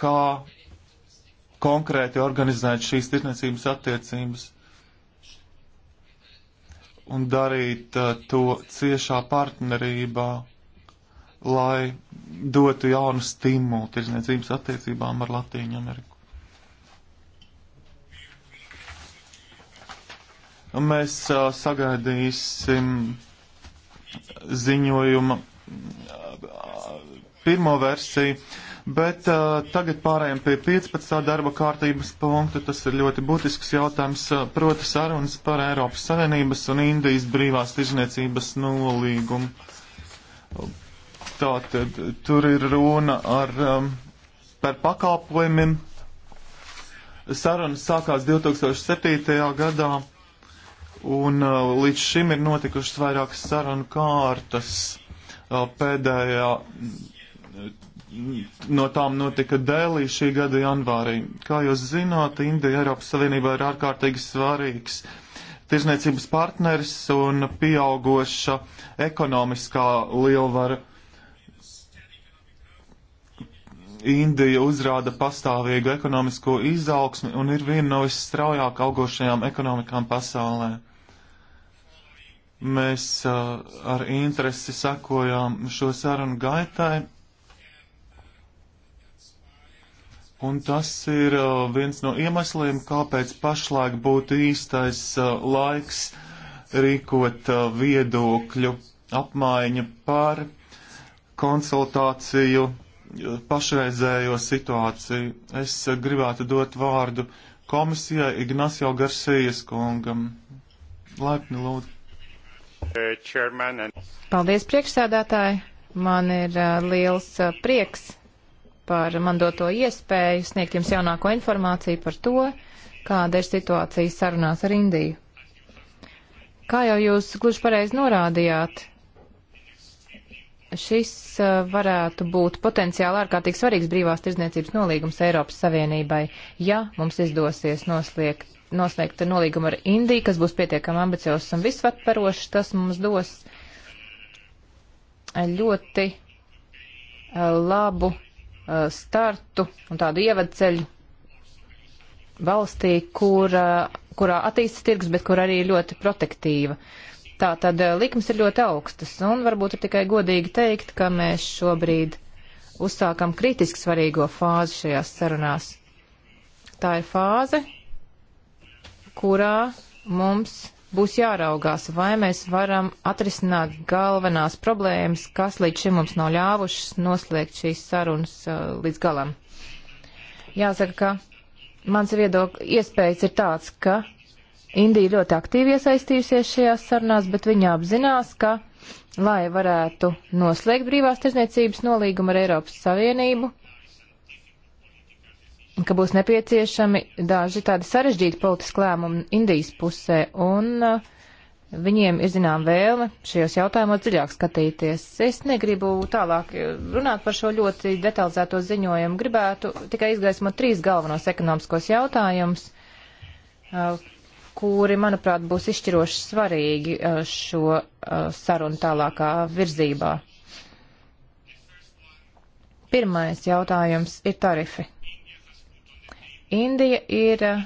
kā konkrēti organizēt šīs tirniecības attiecības un darīt eh, to ciešā partnerībā, lai dotu jaunu stimulu tirzniecības attiecībām ar Latīņu Ameriku. Mēs a, eh, sagaidīsim ziņojuma eh, pirmo versiju Bet uh, tagad pārējām pie 15. darba kārtības punkta. Tas ir ļoti būtisks jautājums, uh, proti sarunas par Eiropas Savienības un Indijas brīvās tirzniecības nolīgumu. Tātad tur ir runa ar, um, par pakalpojumiem. Sarunas sākās 2007. gadā, un uh, līdz šim ir notikušas vairākas sarunu kārtas. Uh, pēdējā no tām notika Dēlī šī gada janvārī. Kā jūs zināt, Indija Eiropas Savienībā ir ārkārtīgi svarīgs tirzniecības partners un pieaugoša ekonomiskā lielvara. Indija uzrāda pastāvīgu ekonomisko izaugsmi un ir viena no visstraujāk augošajām ekonomikām pasaulē. Mēs uh, ar interesi sekojām šo sarunu gaitai Un tas ir uh, viens no iemesliem, kāpēc pašlaik būtu īstais uh, laiks rīkot uh, viedokļu apmaiņu par konsultāciju pašreizējo situāciju. Es gribētu dot vārdu komisijai Ignacio Garcijas kungam. Laipni lūdzu. Paldies, priekšsēdētāji. Man ir uh, liels uh, prieks par man doto iespēju sniegt jums jaunāko informāciju par to, kāda ir situācija sarunās ar Indiju. Kā jau jūs gluži pareizi norādījāt, šis uh, varētu būt potenciāli ārkārtīgi svarīgs brīvās tirdzniecības nolīgums Eiropas Savienībai, ja mums izdosies noslēgt, noslēgt nolīgumu ar Indiju, kas būs pietiekami ambiciozs un visvatparošs, tas mums dos ļoti uh, labu Uh, startu un tādu ievadceļu valstī, kur, uh, kurā attīstas tirgus, bet kur arī ir ļoti protektīva. Tā tad uh, likmes ir ļoti augstas, un varbūt ir tikai godīgi teikt, ka mēs šobrīd uzsākam kritiski svarīgo fāzi šajās sarunās. Tā ir fāze, kurā mums būs jāraugās, vai mēs varam atrisināt galvenās problēmas, kas līdz šim mums nav ļāvušas noslēgt šīs sarunas uh, līdz galam. Jāsaka, ka mans viedoklis iespējas ir tāds, ka Indija ļoti aktīvi iesaistījusies šajās sarunās, bet viņa apzinās, ka, lai varētu noslēgt brīvās tirzniecības nolīgumu ar Eiropas Savienību, ka būs nepieciešami daži tādi sarežģīti politiski lēmumi Indijas pusē, un uh, viņiem ir zinām vēlme šajos jautājumos dziļāk skatīties. Es negribu tālāk runāt par šo ļoti detalizēto ziņojumu, gribētu tikai izgaismot trīs galvenos ekonomiskos jautājumus, uh, kuri, manuprāt, būs izšķiroši svarīgi uh, šo sarunu tālākā virzībā. Pirmais jautājums ir tarifi. Indija ir eh,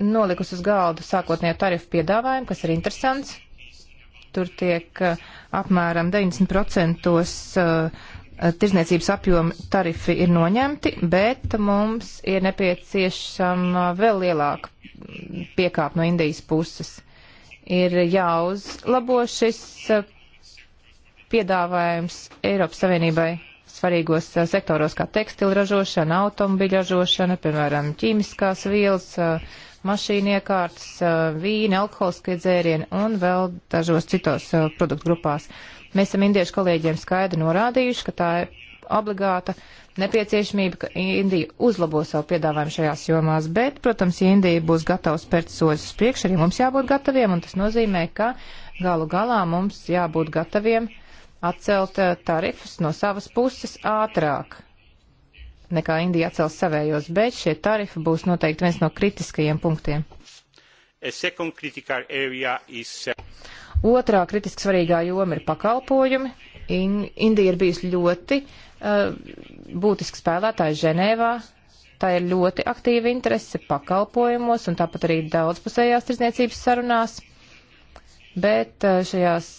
nolikusi uz galdu sākotnējo tarifu piedāvājumu, kas ir interesants. Tur tiek eh, apmēram 90% eh, tirzniecības apjoma tarifi ir noņemti, bet mums ir nepieciešama vēl lielāka piekāp no Indijas puses. Ir jāuzlabo šis piedāvājums Eiropas Savienībai svarīgos eh, sektoros kā tekstilražošana, automobiļražošana, piemēram, ķīmiskās vielas, eh, mašīna iekārtas, eh, vīni, alkoholiskie dzērieni un vēl dažos citos produktu grupās. Mēs esam indiešu kolēģiem skaidri norādījuši, ka tā ir obligāta nepieciešamība, ka Indija uzlabo savu piedāvājumu šajās jomās, bet, protams, ja Indija būs gatava spērt soļus uz priekšu, arī mums jābūt gataviem, un tas nozīmē, ka galu galā mums jābūt gataviem uh, atcelt eh, tarifus no savas puses ātrāk nekā Indija atcels savējos, bet šie tarifi būs noteikti viens no kritiskajiem punktiem. Is... Eh, Otrā kritiski svarīgā joma ir pakalpojumi. In, Indija ir bijusi ļoti uh, būtiski spēlētāji Ženēvā. Tā ir ļoti aktīva interese pakalpojumos un tāpat arī daudzpusējās tirzniecības sarunās. Bet uh, šajās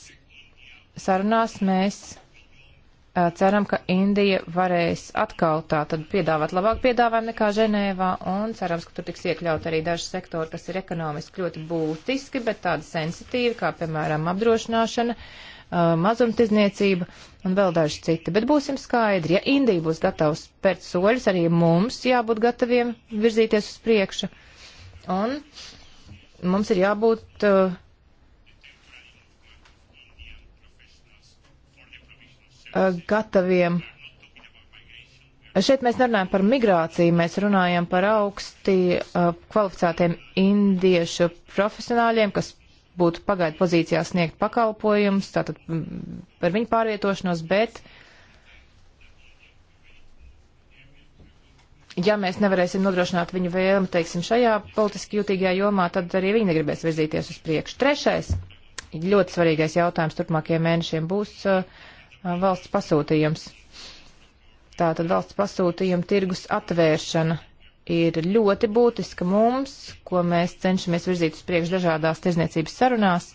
sarunās mēs ceram, ka Indija varēs atkal tā tad piedāvāt labāk piedāvājumu nekā Ženēvā, un cerams, ka tur tiks iekļaut arī daži sektori, kas ir ekonomiski ļoti būtiski, bet tādi sensitīvi, kā piemēram apdrošināšana, mazumtizniecība un vēl daži citi. Bet būsim skaidri, ja Indija būs gatava spērt soļus, arī mums jābūt gataviem virzīties uz priekšu. Un mums ir jābūt uh, Eh, gataviem. Šeit mēs nerunājam par migrāciju, mēs runājam par augsti eh, kvalificētiem indiešu profesionāļiem, kas būtu pagaidu pozīcijā sniegt pakalpojumus, tātad mm, par viņu pārvietošanos, bet ja mēs nevarēsim nodrošināt viņu vēlmu, teiksim, šajā politiski jūtīgajā jomā, tad arī viņi negribēs virzīties uz priekšu. Trešais ļoti svarīgais jautājums turpmākajiem mēnešiem būs uh, valsts pasūtījums. Tātad valsts pasūtījuma tirgus atvēršana ir ļoti būtiska mums, ko mēs cenšamies virzīt uz priekšu dažādās tirzniecības sarunās.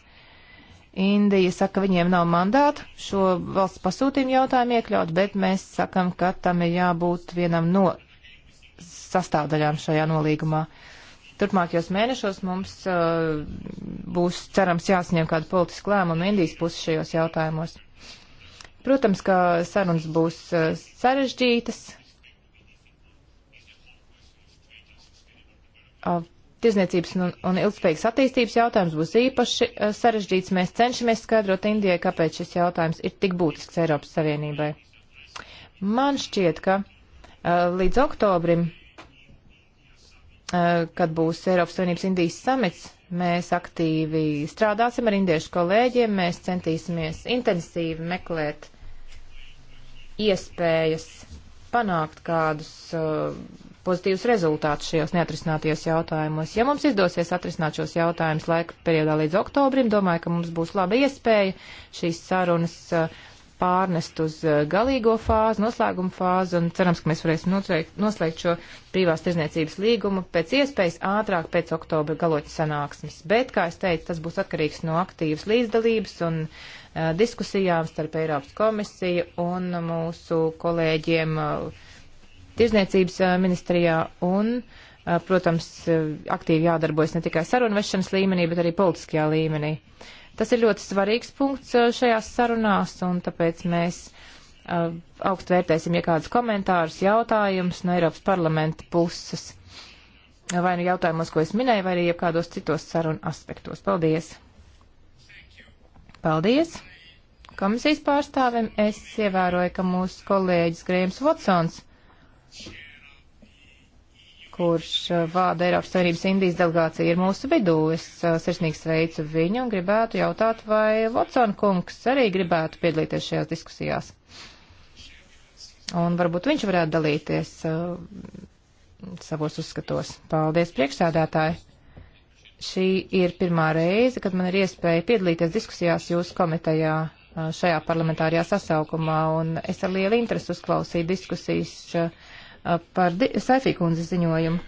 Indija saka, ka viņiem nav mandāta šo valsts pasūtījumu jautājumu iekļaut, bet mēs sakam, ka tam ir jābūt vienam no sastāvdaļām šajā nolīgumā. Turpmākajos mēnešos mums uh, būs cerams jāsņem kādu politisku lēmumu no Indijas puses šajos jautājumos. Protams, ka sarunas būs eh, sarežģītas. Tirzniecības un, un ilgspējīgas attīstības jautājums būs īpaši eh, sarežģīts. Mēs cenšamies skaidrot Indijai, kāpēc šis jautājums ir tik būtisks Eiropas Savienībai. Man šķiet, ka eh, līdz oktobrim, kad būs Eiropas Savienības Indijas samits, Mēs aktīvi strādāsim ar indiešu kolēģiem, mēs centīsimies intensīvi meklēt iespējas panākt kādus uh, pozitīvus rezultātus šajos neatrisinātajos jautājumos. Ja mums izdosies atrisināt šos jautājumus laika periodā līdz oktobrim, domāju, ka mums būs laba iespēja šīs sarunas uh, pārnest uz eh, galīgo fāzi, noslēguma fāzi, un cerams, ka mēs varēsim noslēgt, noslēgt šo privās tirzniecības līgumu pēc iespējas ātrāk pēc oktobra galoķa sanāksmes. Bet, kā es teicu, tas būs atkarīgs no aktīvas līdzdalības un uh, diskusijām starp Eiropas komisiju un mūsu kolēģiem uh, tirzniecības uh, ministrijā un uh, protams, aktīvi jādarbojas ne tikai sarunvešanas līmenī, bet arī politiskajā līmenī. Tas ir ļoti svarīgs punkts uh, šajās sarunās, un tāpēc mēs uh, augstu vērtēsim, ja kādus komentārus, jautājumus no Eiropas parlamenta puses, vai nu jautājumos, ko es minēju, vai arī jebkādos citos sarunu aspektos. Paldies! Paldies! Komisijas pārstāvim es ievēroju, ka mūsu kolēģis Grēms Votsons kurš uh, vāda Eiropas Savienības Indijas delegācija, ir mūsu vidū. Es uh, sirsnīgi sveicu viņu un gribētu jautāt, vai Votsona kungs arī gribētu piedalīties šajās diskusijās. Un varbūt viņš varētu dalīties uh, savos uzskatos. Paldies, priekšsēdētāji! Šī ir pirmā reize, kad man ir iespēja piedalīties diskusijās jūsu komitejā uh, šajā parlamentārajā sasaukumā, un es ar lielu interesi uzklausīju diskusijas uh, par Saifīkundzes ziņojumu,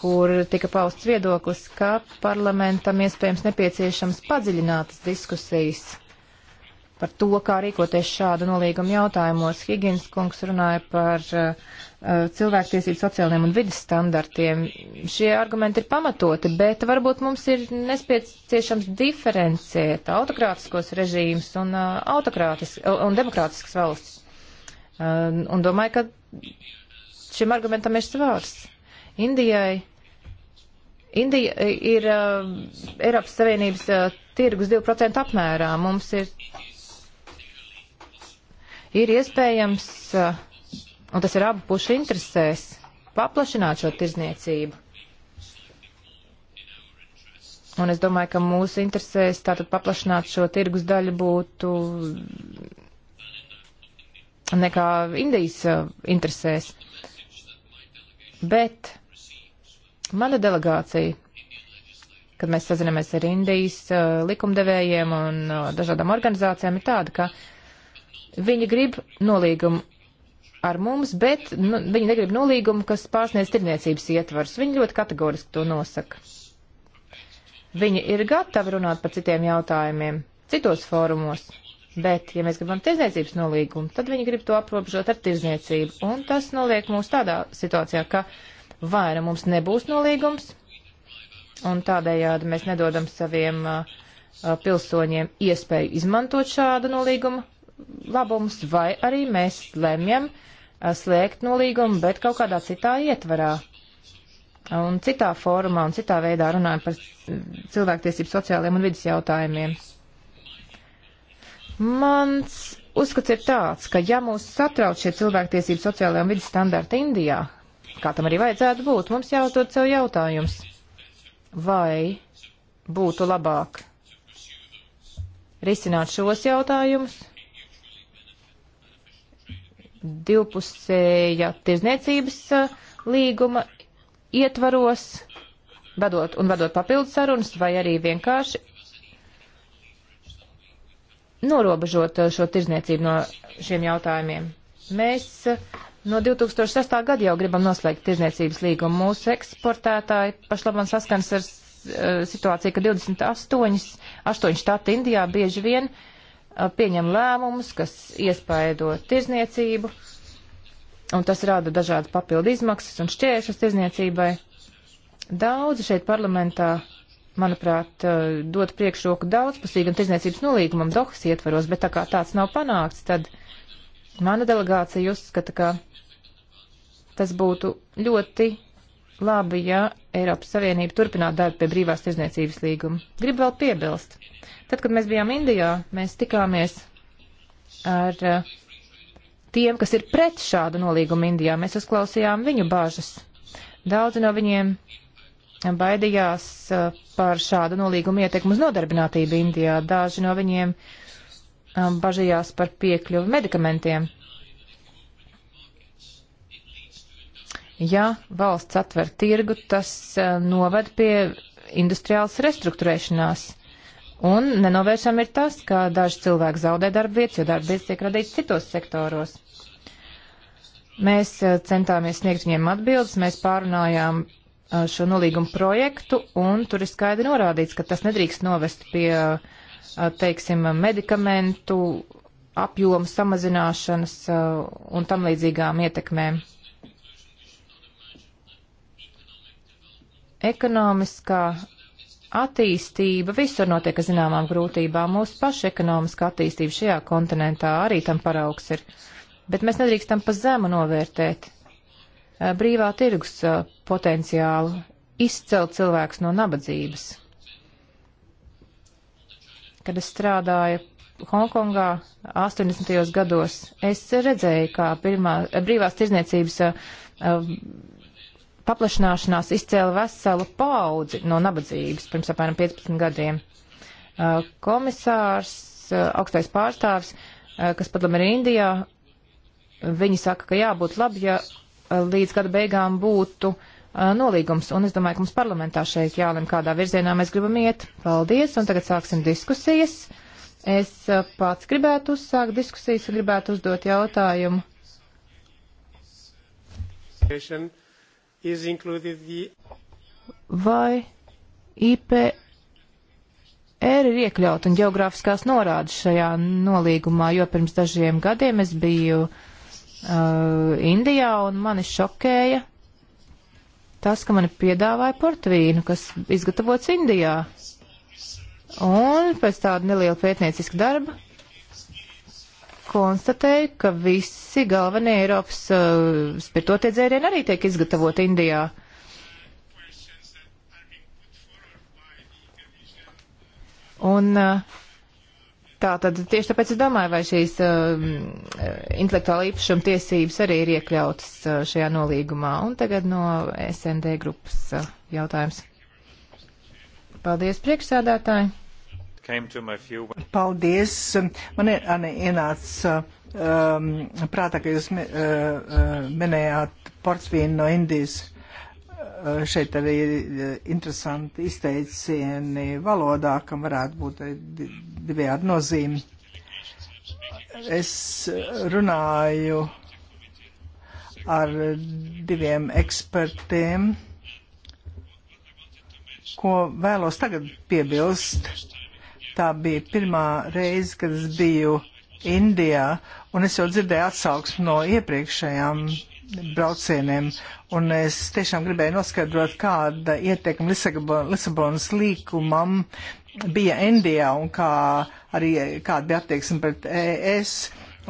kur tika pausts viedoklis, ka parlamentam iespējams nepieciešams padziļinātas diskusijas par to, kā rīkoties šādu nolīgumu jautājumos. Higgins kungs runāja par uh, cilvēktiesību sociāliem un vidas standartiem. Šie argumenti ir pamatoti, bet varbūt mums ir nespieciešams diferencēt autokrātiskos režīmus un, uh, autokrātis, un demokrātiskas valstis. Un domāju, ka šim argumentam ir svārs. Indijai. Indija ir uh, Eiropas Savienības uh, tirgus 2% apmērā. Mums ir, ir iespējams, uh, un tas ir abu pušu interesēs, paplašināt šo tirzniecību. Un es domāju, ka mūsu interesēs tātad paplašināt šo tirgus daļu būtu nekā Indijas uh, interesēs. Bet mana delegācija, kad mēs sazinamies ar Indijas uh, likumdevējiem un uh, dažādām organizācijām, ir tāda, ka viņi grib nolīgumu ar mums, bet nu, viņi negrib nolīgumu, kas pārsniedz tirniecības ietvars. Viņi ļoti kategoriski to nosaka. Viņi ir gatavi runāt par citiem jautājumiem, citos fórumos, Bet, ja mēs gribam tirzniecības nolīgumu, tad viņi grib to aprobežot ar tirzniecību. Un tas noliek mūs tādā situācijā, ka vai nu mums nebūs nolīgums, un tādējādi mēs nedodam saviem a, uh, a, uh, pilsoņiem iespēju izmantot šādu nolīgumu labumus, vai arī mēs lemjam a, uh, slēgt nolīgumu, bet kaut kādā citā ietvarā. Un citā formā un citā veidā runājam par mm, cilvēktiesību sociāliem un vidas jautājumiem. Mans uzskats ir tāds, ka ja mūs satrauc šie cilvēktiesību sociālajā un vidas standarta Indijā, kā tam arī vajadzētu būt, mums jāuzdod sev jautājums, vai būtu labāk risināt šos jautājumus divpusēja tirzniecības uh, līguma ietvaros, vedot un vedot papildus sarunas, vai arī vienkārši norobežot eh, šo tirzniecību no šiem jautājumiem. Mēs eh, no 2006. gada jau gribam noslēgt tirzniecības līgumu. Mūsu eksportētāji pašlaban saskans ar eh, situāciju, ka 28 8 štati Indijā bieži vien pieņem lēmumus, kas iespaido tirzniecību, un tas rada dažādas papildu izmaksas un šķēršas tirzniecībai. Daudzi šeit parlamentā manuprāt, eh, dot priekšroku daudzpusīgam tirzniecības nolīgumam Dohas ietvaros, bet tā kā tāds nav panākts, tad mana delegācija uzskata, ka tas būtu ļoti labi, ja Eiropas Savienība turpinātu darbu pie brīvās tirzniecības līguma. Gribu vēl piebilst. Tad, kad mēs bijām Indijā, mēs tikāmies ar eh, tiem, kas ir pret šādu nolīgumu Indijā. Mēs uzklausījām viņu bāžas. Daudzi no viņiem baidījās uh, par šādu nolīgumu ietekmu uz nodarbinātību Indijā. Daži no viņiem um, bažījās par piekļuvu medikamentiem. Ja valsts atver tirgu, tas uh, noved pie industriālas restruktūrēšanās. Un nenovēršam ir tas, ka daži cilvēki zaudē darba vietas, jo darba vietas tiek radītas citos sektoros. Mēs uh, centāmies sniegt viņiem atbildes, mēs pārunājām Uh, šo nolīgumu projektu, un tur ir skaidri norādīts, ka tas nedrīkst novest pie, uh, teiksim, medikamentu apjomu samazināšanas uh, un tam līdzīgām ietekmēm. Ekonomiskā attīstība visur notiek ar zināmām grūtībām. Mūsu paša ekonomiskā attīstība šajā kontinentā arī tam paraugs ir. Bet mēs nedrīkstam pa zemu novērtēt Eh, brīvā tirgus eh, potenciālu, izcelt cilvēks no nabadzības. Kad es strādāju Hongkongā 80. gados, es redzēju, kā pirmā, eh, brīvās tirzniecības paplašināšanās izcēla veselu paudzi no nabadzības pirms apmēram 15 gadiem. Komisārs, augstais pārstāvs, kas padlam ir Indijā, viņi saka, ka jābūt labi, ja Eh, līdz gada beigām būtu eh, nolīgums, un es domāju, ka mums parlamentā šeit jālem, kādā virzienā mēs gribam iet. Paldies, un tagad sāksim diskusijas. Es eh, pats gribētu uzsākt diskusijas un gribētu uzdot jautājumu. Vai IPR ir iekļaut un geogrāfiskās norādes šajā nolīgumā, jo pirms dažiem gadiem es biju uh, uh, Indijā, un mani šokēja tas, ka mani piedāvāja portvīnu, kas izgatavots Indijā. Un pēc tāda neliela pētnieciska darba konstatēju, ka visi galvenie Eiropas uh, spirtotie dzērieni arī tiek izgatavoti Indijā. Un uh, Tā tad tieši tāpēc es domāju, vai šīs uh, intelektuāla īpašuma tiesības arī ir iekļautas uh, šajā nolīgumā. Un tagad no SND grupas uh, jautājums. Paldies, priekšsādātāji! Paldies! Man ir arī ienāca uh, um, prātā, ka jūs uh, uh, minējāt porcvīnu no Indijas. Eh, šeit arī ir eh, interesanti izteicieni valodā, kam varētu būt divējādi nozīmi. Es eh, runāju ar diviem ekspertiem, ko vēlos tagad piebilst. Tā bija pirmā reize, kad es biju Indijā, un es jau dzirdēju atsauksmi no iepriekšējām braucieniem. Un es tiešām gribēju noskaidrot, kāda ietekme Lisabonas līkumam bija Indijā un kā arī kāda bija attieksme pret ES.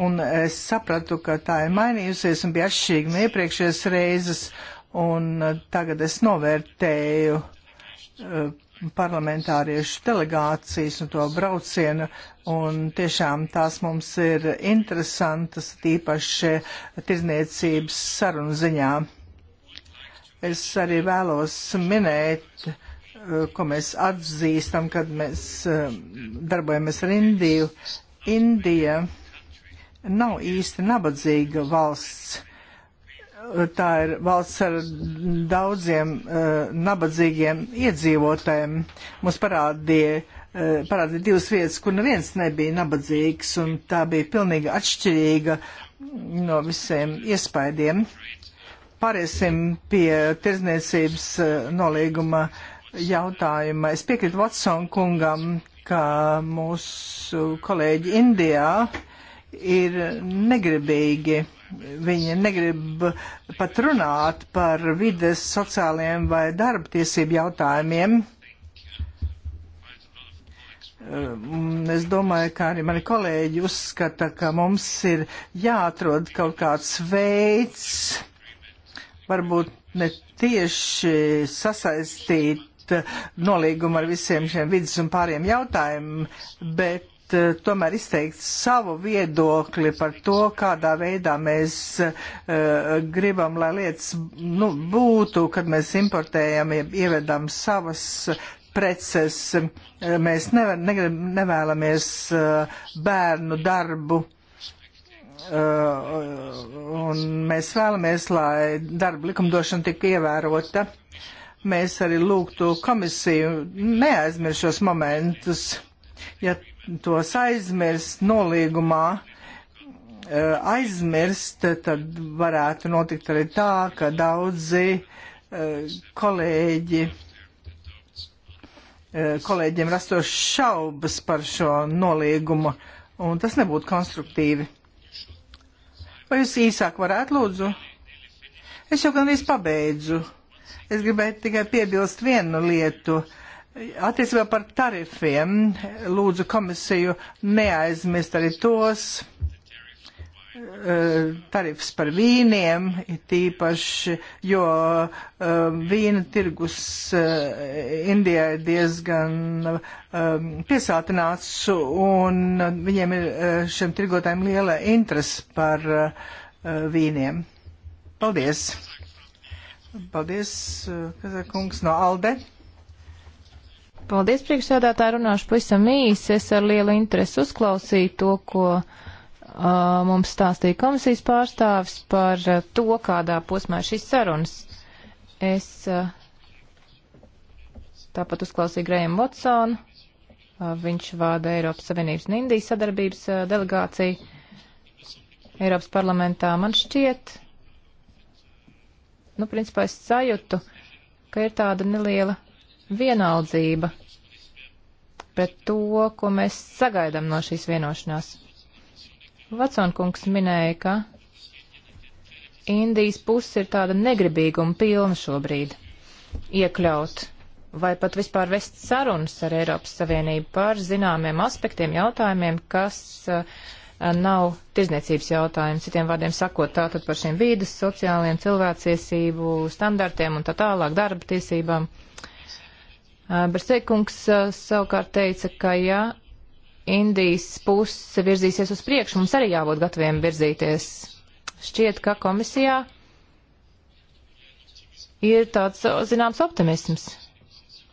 Un es sapratu, ka tā ir mainījusies un bija atšķirīga no iepriekšējās reizes. Un tagad es novērtēju eh, parlamentāriešu delegācijas un to braucienu, un tiešām tās mums ir interesantas, tīpaši tirzniecības sarunu ziņā. Es arī vēlos minēt, ko mēs atzīstam, kad mēs eh, darbojamies ar Indiju. Indija nav īsti nabadzīga valsts tā ir valsts ar daudziem uh, nabadzīgiem iedzīvotājiem. Mums parādīja, uh, parādīja divas vietas, kur neviens nebija nabadzīgs, un tā bija pilnīgi atšķirīga no visiem iespaidiem. Pāriesim pie tirzniecības uh, nolīguma jautājuma. Es piekrītu Watson kungam, ka mūsu kolēģi Indijā ir negribīgi Viņi negrib pat runāt par vides, sociāliem vai darba tiesību jautājumiem. Mm, es domāju, ka arī mani kolēģi uzskata, ka mums ir jāatrod kaut kāds veids, varbūt ne tieši sasaistīt nolīgumu ar visiem šiem vidus un pāriem jautājumiem, bet Eh, tomēr izteikt savu viedokli par to, kādā veidā mēs uh, gribam, lai lietas nu, būtu, kad mēs importējam, ievedam savas preces. Eh, mēs nevar, negrib, nevēlamies uh, bērnu darbu. Uh, un mēs vēlamies, lai darba likumdošana tika ievērota. Mēs arī lūgtu komisiju neaizmirst šos momentus. Ja tos aizmirst nolīgumā, eh, aizmirst, tad varētu notikt arī tā, ka daudzi eh, kolēģi, eh, kolēģiem rastos šaubas par šo nolīgumu, un tas nebūtu konstruktīvi. Vai jūs īsāk varētu lūdzu? Es jau gan visu pabeidzu. Es gribētu tikai piebilst vienu lietu. Uh, Attiecībā par tarifiem lūdzu komisiju neaizmirst arī tos eh, tarifs par vīniem, tīpaši, jo eh, vīna tirgus eh, Indijā ir diezgan piesātināts un viņiem ir šiem tirgotājiem liela interese par vīniem. Paldies! Paldies, Kazakungs no Alde! Paldies, priekšsēdētāji, runāšu pavisam īsi. Es ar lielu interesi uzklausīju to, ko uh, mums stāstīja komisijas pārstāvis par uh, to, kādā posmā šīs sarunas. Es uh, tāpat uzklausīju Grējumu Watsonu. Uh, viņš vāda Eiropas Savienības un Indijas sadarbības uh, delegāciju. Eiropas parlamentā man šķiet, nu, principā es sajūtu, ka ir tāda neliela vienaldzība pret to, ko mēs sagaidām no šīs vienošanās. Vaconkungs minēja, ka Indijas puse ir tāda negribīguma pilna šobrīd iekļaut vai pat vispār vest sarunas ar Eiropas Savienību par zināmiem aspektiem, jautājumiem, kas uh, nav tirzniecības jautājums. Citiem vārdiem sakot, tātad par šiem vīdas, sociāliem, cilvēciesību standartiem un tā tālāk darba tiesībām. Uh, Uh, Bersekungs uh, savukārt teica, ka ja Indijas puse virzīsies uz priekšu, mums arī jābūt gataviem virzīties. Šķiet, ka komisijā ir tāds uh, zināms optimisms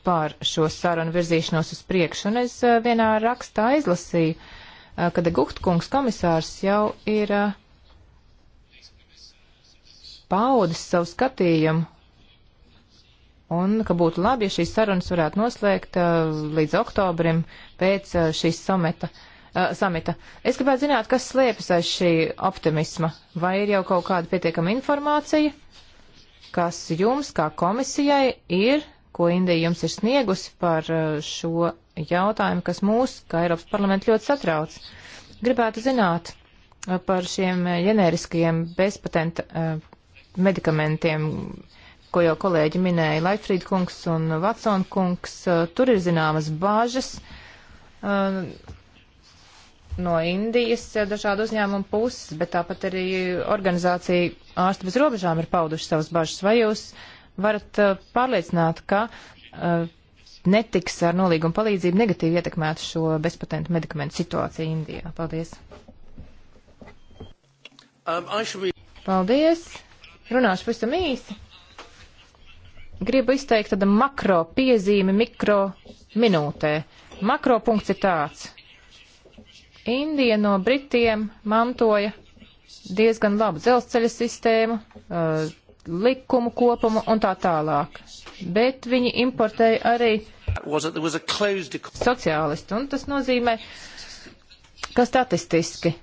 par šo sarunu virzīšanos uz priekšu. Un es vienā rakstā izlasīju, ka Guhtkungs komisārs jau ir paudis savu skatījumu un ka būtu labi, ja šīs sarunas varētu noslēgt uh, līdz oktobrim pēc uh, šīs sameta. Uh, samita. Es gribētu zināt, kas slēpjas aiz šī optimisma. Vai ir jau kaut kāda pietiekama informācija, kas jums, kā komisijai, ir, ko Indija jums ir sniegusi par uh, šo jautājumu, kas mūs, kā Eiropas parlamentu, ļoti satrauc. Gribētu zināt uh, par šiem uh, ģenēriskajiem bezpatenta medikamentiem, uh, ko jau kolēģi minēja Laifrīd kungs un Vatson kungs, uh, tur ir zināmas bāžas uh, no Indijas uh, dažādu uzņēmumu puses, bet tāpat arī organizācija ārsti bez robežām ir pauduši savas bažas. Vai jūs varat pārliecināt, ka netiks ar nolīgumu palīdzību negatīvi ietekmēt šo bezpatentu medikamentu situāciju Indijā? Paldies! Um, be... Paldies! Runāšu pavisam īsi gribu izteikt tādu makro piezīmi mikro minūtē. Makro punkts ir tāds. Indija no Britiem mantoja diezgan labu dzelzceļa sistēmu, uh, likumu kopumu un tā tālāk. Bet viņi importēja arī sociālistu, un tas nozīmē, ka statistiski.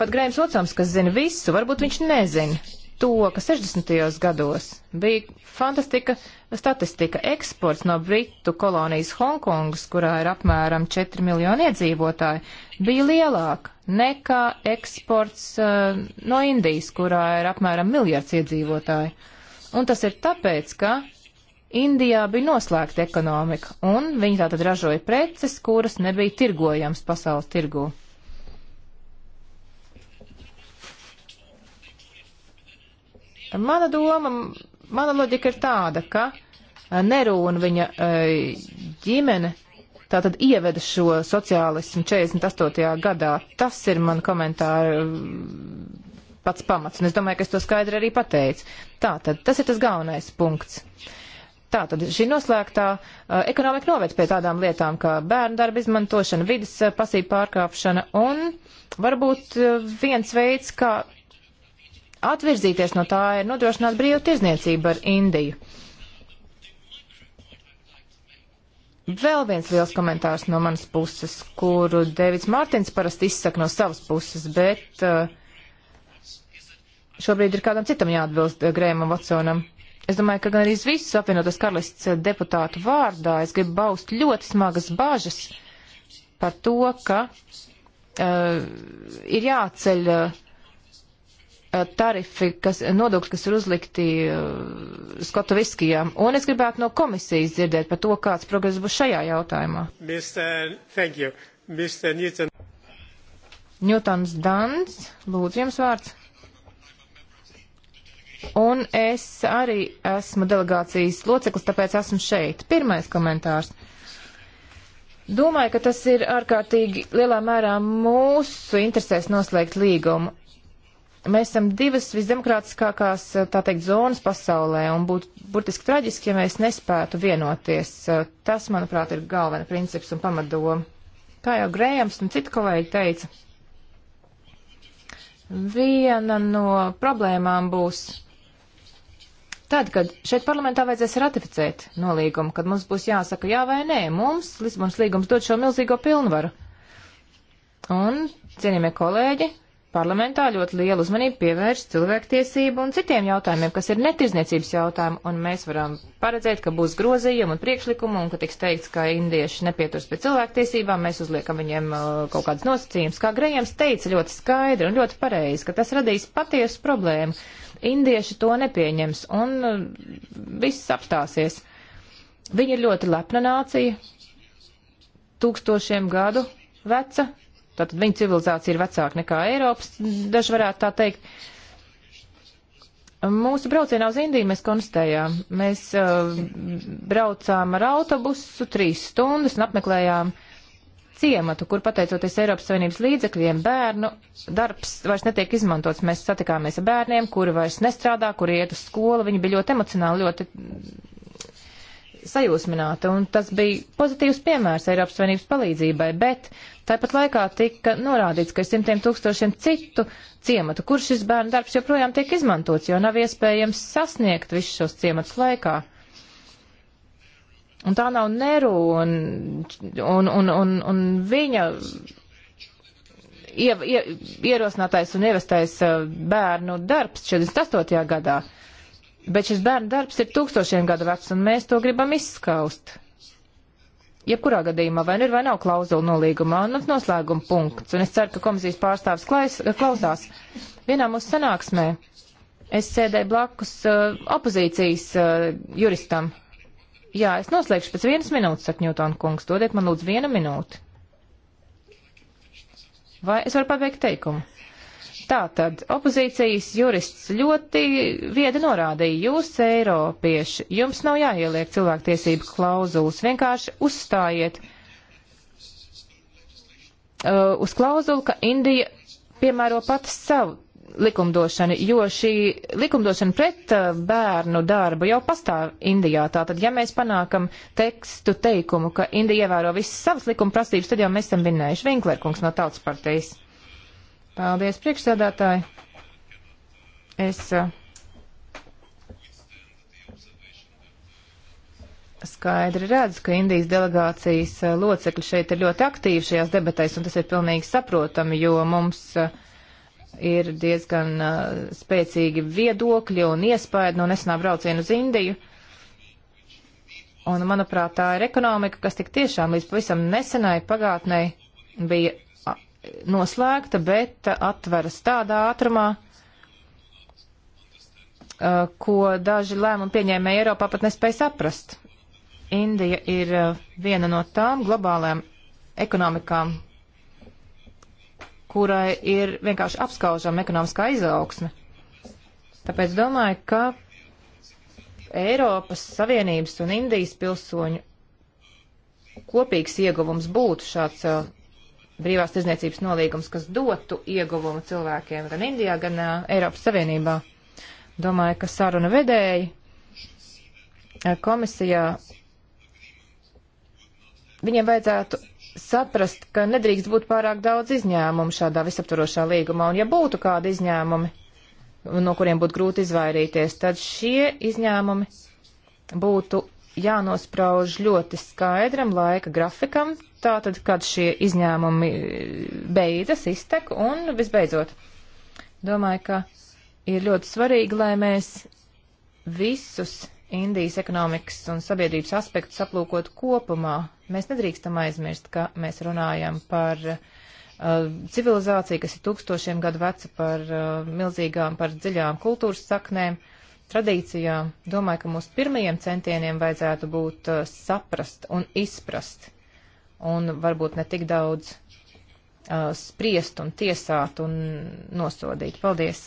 Pat Grēms Ocams, kas zina visu, varbūt viņš nezina to, ka 60. gados bija fantastika statistika eksports no Britu kolonijas Hongkongas, kurā ir apmēram 4 miljoni iedzīvotāji, bija lielāk nekā eksports uh, no Indijas, kurā ir apmēram miljards iedzīvotāji. Un tas ir tāpēc, ka Indijā bija noslēgta ekonomika, un viņi tātad ražoja preces, kuras nebija tirgojams pasaules tirgū. Mana doma, mana loģika ir tāda, ka eh, Nerūna viņa eh, ģimene tātad ieveda šo sociālismu 48. gadā. Tas ir man komentāri mm, pats pamats, un es domāju, ka es to skaidri arī pateicu. Tātad, tas ir tas galvenais punkts. Tātad šī noslēgtā uh, ekonomika noved pie tādām lietām, kā bērnu darba izmantošana, vidas uh, pasīva pārkāpšana, un varbūt uh, viens veids, kā atvirzīties no tā ir nodrošināt brīvu tirzniecību ar Indiju. Vēl viens liels komentārs no manas puses, kuru Devits Mārtiņš parasti izsaka no savas puses, bet eh, šobrīd ir kādam citam jāatbilst eh, Grēmam Vatsonam. Es domāju, ka gan arī visus apvienotas karalists eh, deputātu vārdā es gribu baust ļoti smagas bažas par to, ka uh, ir jāceļ uh, Eh, tarifi, kas, nodokļi, kas ir uzlikti uh, skotu viskijām. Un es gribētu no komisijas dzirdēt par to, kāds progress būs šajā jautājumā. Mr. Thank you. Mr. Newton. Newtons Dans, lūdzu jums vārds. Un es arī esmu delegācijas loceklis, tāpēc esmu šeit. Pirmais komentārs. Domāju, ka tas ir ārkārtīgi lielā mērā mūsu interesēs noslēgt līgumu. Mēs esam divas visdemokrātiskākās, eh, tā teikt, zonas pasaulē, un būtu burtiski traģiski, ja mēs nespētu vienoties. Eh, tas, manuprāt, ir galvena princips un pamatdoma. Kā jau Grējams un citi kolēģi teica, viena no problēmām būs tad, kad šeit parlamentā vajadzēs ratificēt nolīgumu, kad mums būs jāsaka jā vai nē, mums Lisbonas līgums dod šo milzīgo pilnvaru. Un, cienījamie kolēģi, parlamentā ļoti lielu uzmanību pievērš cilvēktiesību un citiem jautājumiem, kas ir netizniecības jautājumi, un mēs varam paredzēt, ka būs grozījumi un priekšlikumi, un ka tiks teikts, ka indieši nepieturas pie cilvēktiesībām, mēs uzliekam viņiem uh, kaut kādas nosacījumus. Kā Grējams teica ļoti skaidri un ļoti pareizi, ka tas radīs patiesu problēmu. Indieši to nepieņems, un uh, viss apstāsies. Viņi ir ļoti lepna nācija, tūkstošiem gadu veca, Tātad viņa civilizācija ir vecāka nekā Eiropas, daži varētu tā teikt. Mūsu braucienā uz Indiju mēs konstatējām, mēs uh, braucām ar autobusu trīs stundas un apmeklējām ciematu, kur pateicoties Eiropas Savienības līdzekļiem bērnu darbs vairs netiek izmantots. Mēs satikāmies ar bērniem, kuri vairs nestrādā, kuri iet uz skolu. Viņi bija ļoti emocionāli, ļoti sajūsmināta, un tas bija pozitīvs piemērs Eiropas Savienības palīdzībai, bet tāpat laikā tika norādīts, ka ir simtiem tūkstošiem citu ciematu, kur šis bērnu darbs joprojām tiek izmantots, jo nav iespējams sasniegt visus šos ciematus laikā. Un tā nav Neru un, un, un, un, un viņa ie, ie, ierosinātais un ievestais uh, bērnu darbs 48. gadā. Bet šis bērnu darbs ir tūkstošiem gadu vecs, un mēs to gribam izskaust. Jebkurā gadījumā vai nu ir vai nav klauzula nolīgumā, un nu, noslēguma punkts, un es ceru, ka komisijas pārstāvs klais, klausās. Vienā mūsu sanāksmē es sēdēju blakus uh, opozīcijas uh, juristam. Jā, es noslēgšu pēc vienas minūtes, saka Ņūtona kungs, dodiet man lūdzu vienu minūti. Vai es varu pabeigt teikumu? Tātad opozīcijas jurists ļoti viedi norādīja, jūs eiropieši, jums nav jāieliek cilvēktiesību klauzulas, vienkārši uzstājiet uh, uz klauzulu, ka Indija piemēro pati savu likumdošanu, jo šī likumdošana pret uh, bērnu darbu jau pastāv Indijā. Tātad, ja mēs panākam tekstu teikumu, ka Indija ievēro visas savas likuma prasības, tad jau mēs esam vinnējuši Vinklerkungs no Tautas partijas. Paldies, priekšsēdētāji. Es uh, skaidri redzu, ka Indijas delegācijas uh, locekļi šeit ir ļoti aktīvi šajās debatēs, un tas ir pilnīgi saprotami, jo mums uh, ir diezgan spēcīgi viedokļi un iespēja no nesenā brauciena uz Indiju. Un, manuprāt, tā ir ekonomika, kas tik tiešām līdz pavisam nesenai pagātnei bija noslēgta, bet atveras tādā ātrumā, ko daži lēmumu pieņēmēji Eiropā pat nespēja saprast. Indija ir viena no tām globālajām ekonomikām, kurai ir vienkārši apskaužama ekonomiskā izaugsme. Tāpēc domāju, ka Eiropas Savienības un Indijas pilsoņu kopīgs ieguvums būtu šāds brīvās tirzniecības nolīgums, kas dotu ieguvumu cilvēkiem gan Indijā, gan uh, Eiropas Savienībā. Domāju, ka saruna vedēji uh, komisijā viņiem vajadzētu saprast, ka nedrīkst būt pārāk daudz izņēmumu šādā visaptvarošā līgumā, un ja būtu kādi izņēmumi, no kuriem būtu grūti izvairīties, tad šie izņēmumi būtu jānosprauž ļoti skaidram laika grafikam, tātad, kad šie izņēmumi e, beidzas, iztek un visbeidzot. Domāju, ka ir ļoti svarīgi, lai mēs visus Indijas ekonomikas un sabiedrības aspektus aplūkot kopumā. Mēs nedrīkstam aizmirst, ka mēs runājam par uh, civilizāciju, kas ir tūkstošiem gadu veca, par uh, milzīgām, par dziļām kultūras saknēm. Uh, tradīcijām, domāju, ka mūsu pirmajiem centieniem vajadzētu būt uh, saprast un izprast, un varbūt ne tik daudz uh, spriest un tiesāt un nosodīt. Paldies!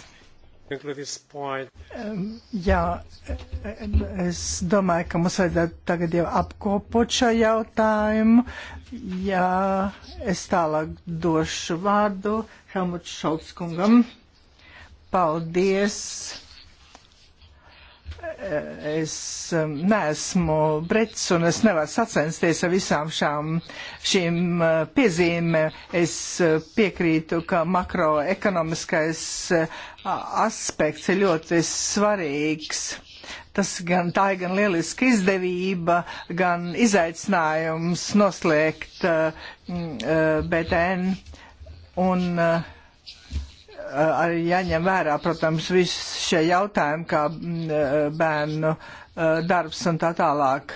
Um, jā, es domāju, ka mums vajadzētu tagad jau apkopot šo jautājumu. Jā, es tālāk došu vārdu Helmut Šaltskungam. Paldies! es um, neesmu breķis un es nevaru sacensties ar visām šām, šīm uh, piezīmēm. Es uh, piekrītu, ka makroekonomiskais uh, aspekts ir ļoti svarīgs. Tas gan tā ir gan lieliska izdevība, gan izaicinājums noslēgt uh, mm, BTN. Un, uh, arī jāņem vērā, protams, visi šie jautājumi, kā bērnu darbs un tā tālāk.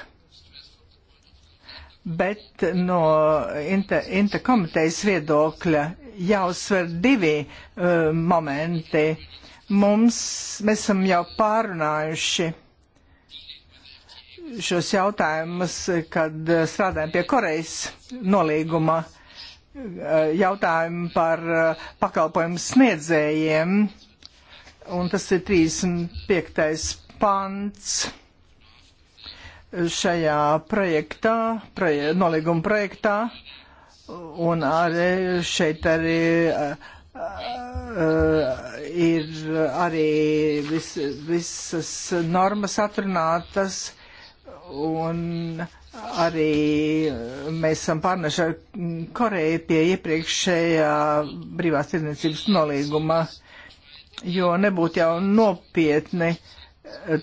Bet no interkomitejas inter viedokļa jāuzsver divi uh, momenti. Mums, mēs esam jau pārunājuši šos jautājumus, kad strādājam pie Korejas nolīguma uh, jautājumu par uh, pakalpojumu sniedzējiem, un tas ir 35. pants šajā projektā, proje, nolīguma projektā, un arī šeit arī Uh, uh ir arī vis, visas normas atrunātas un arī mēs esam pārneši ar Koreju pie iepriekšējā brīvās tirdzniecības nolīguma, jo nebūtu jau nopietni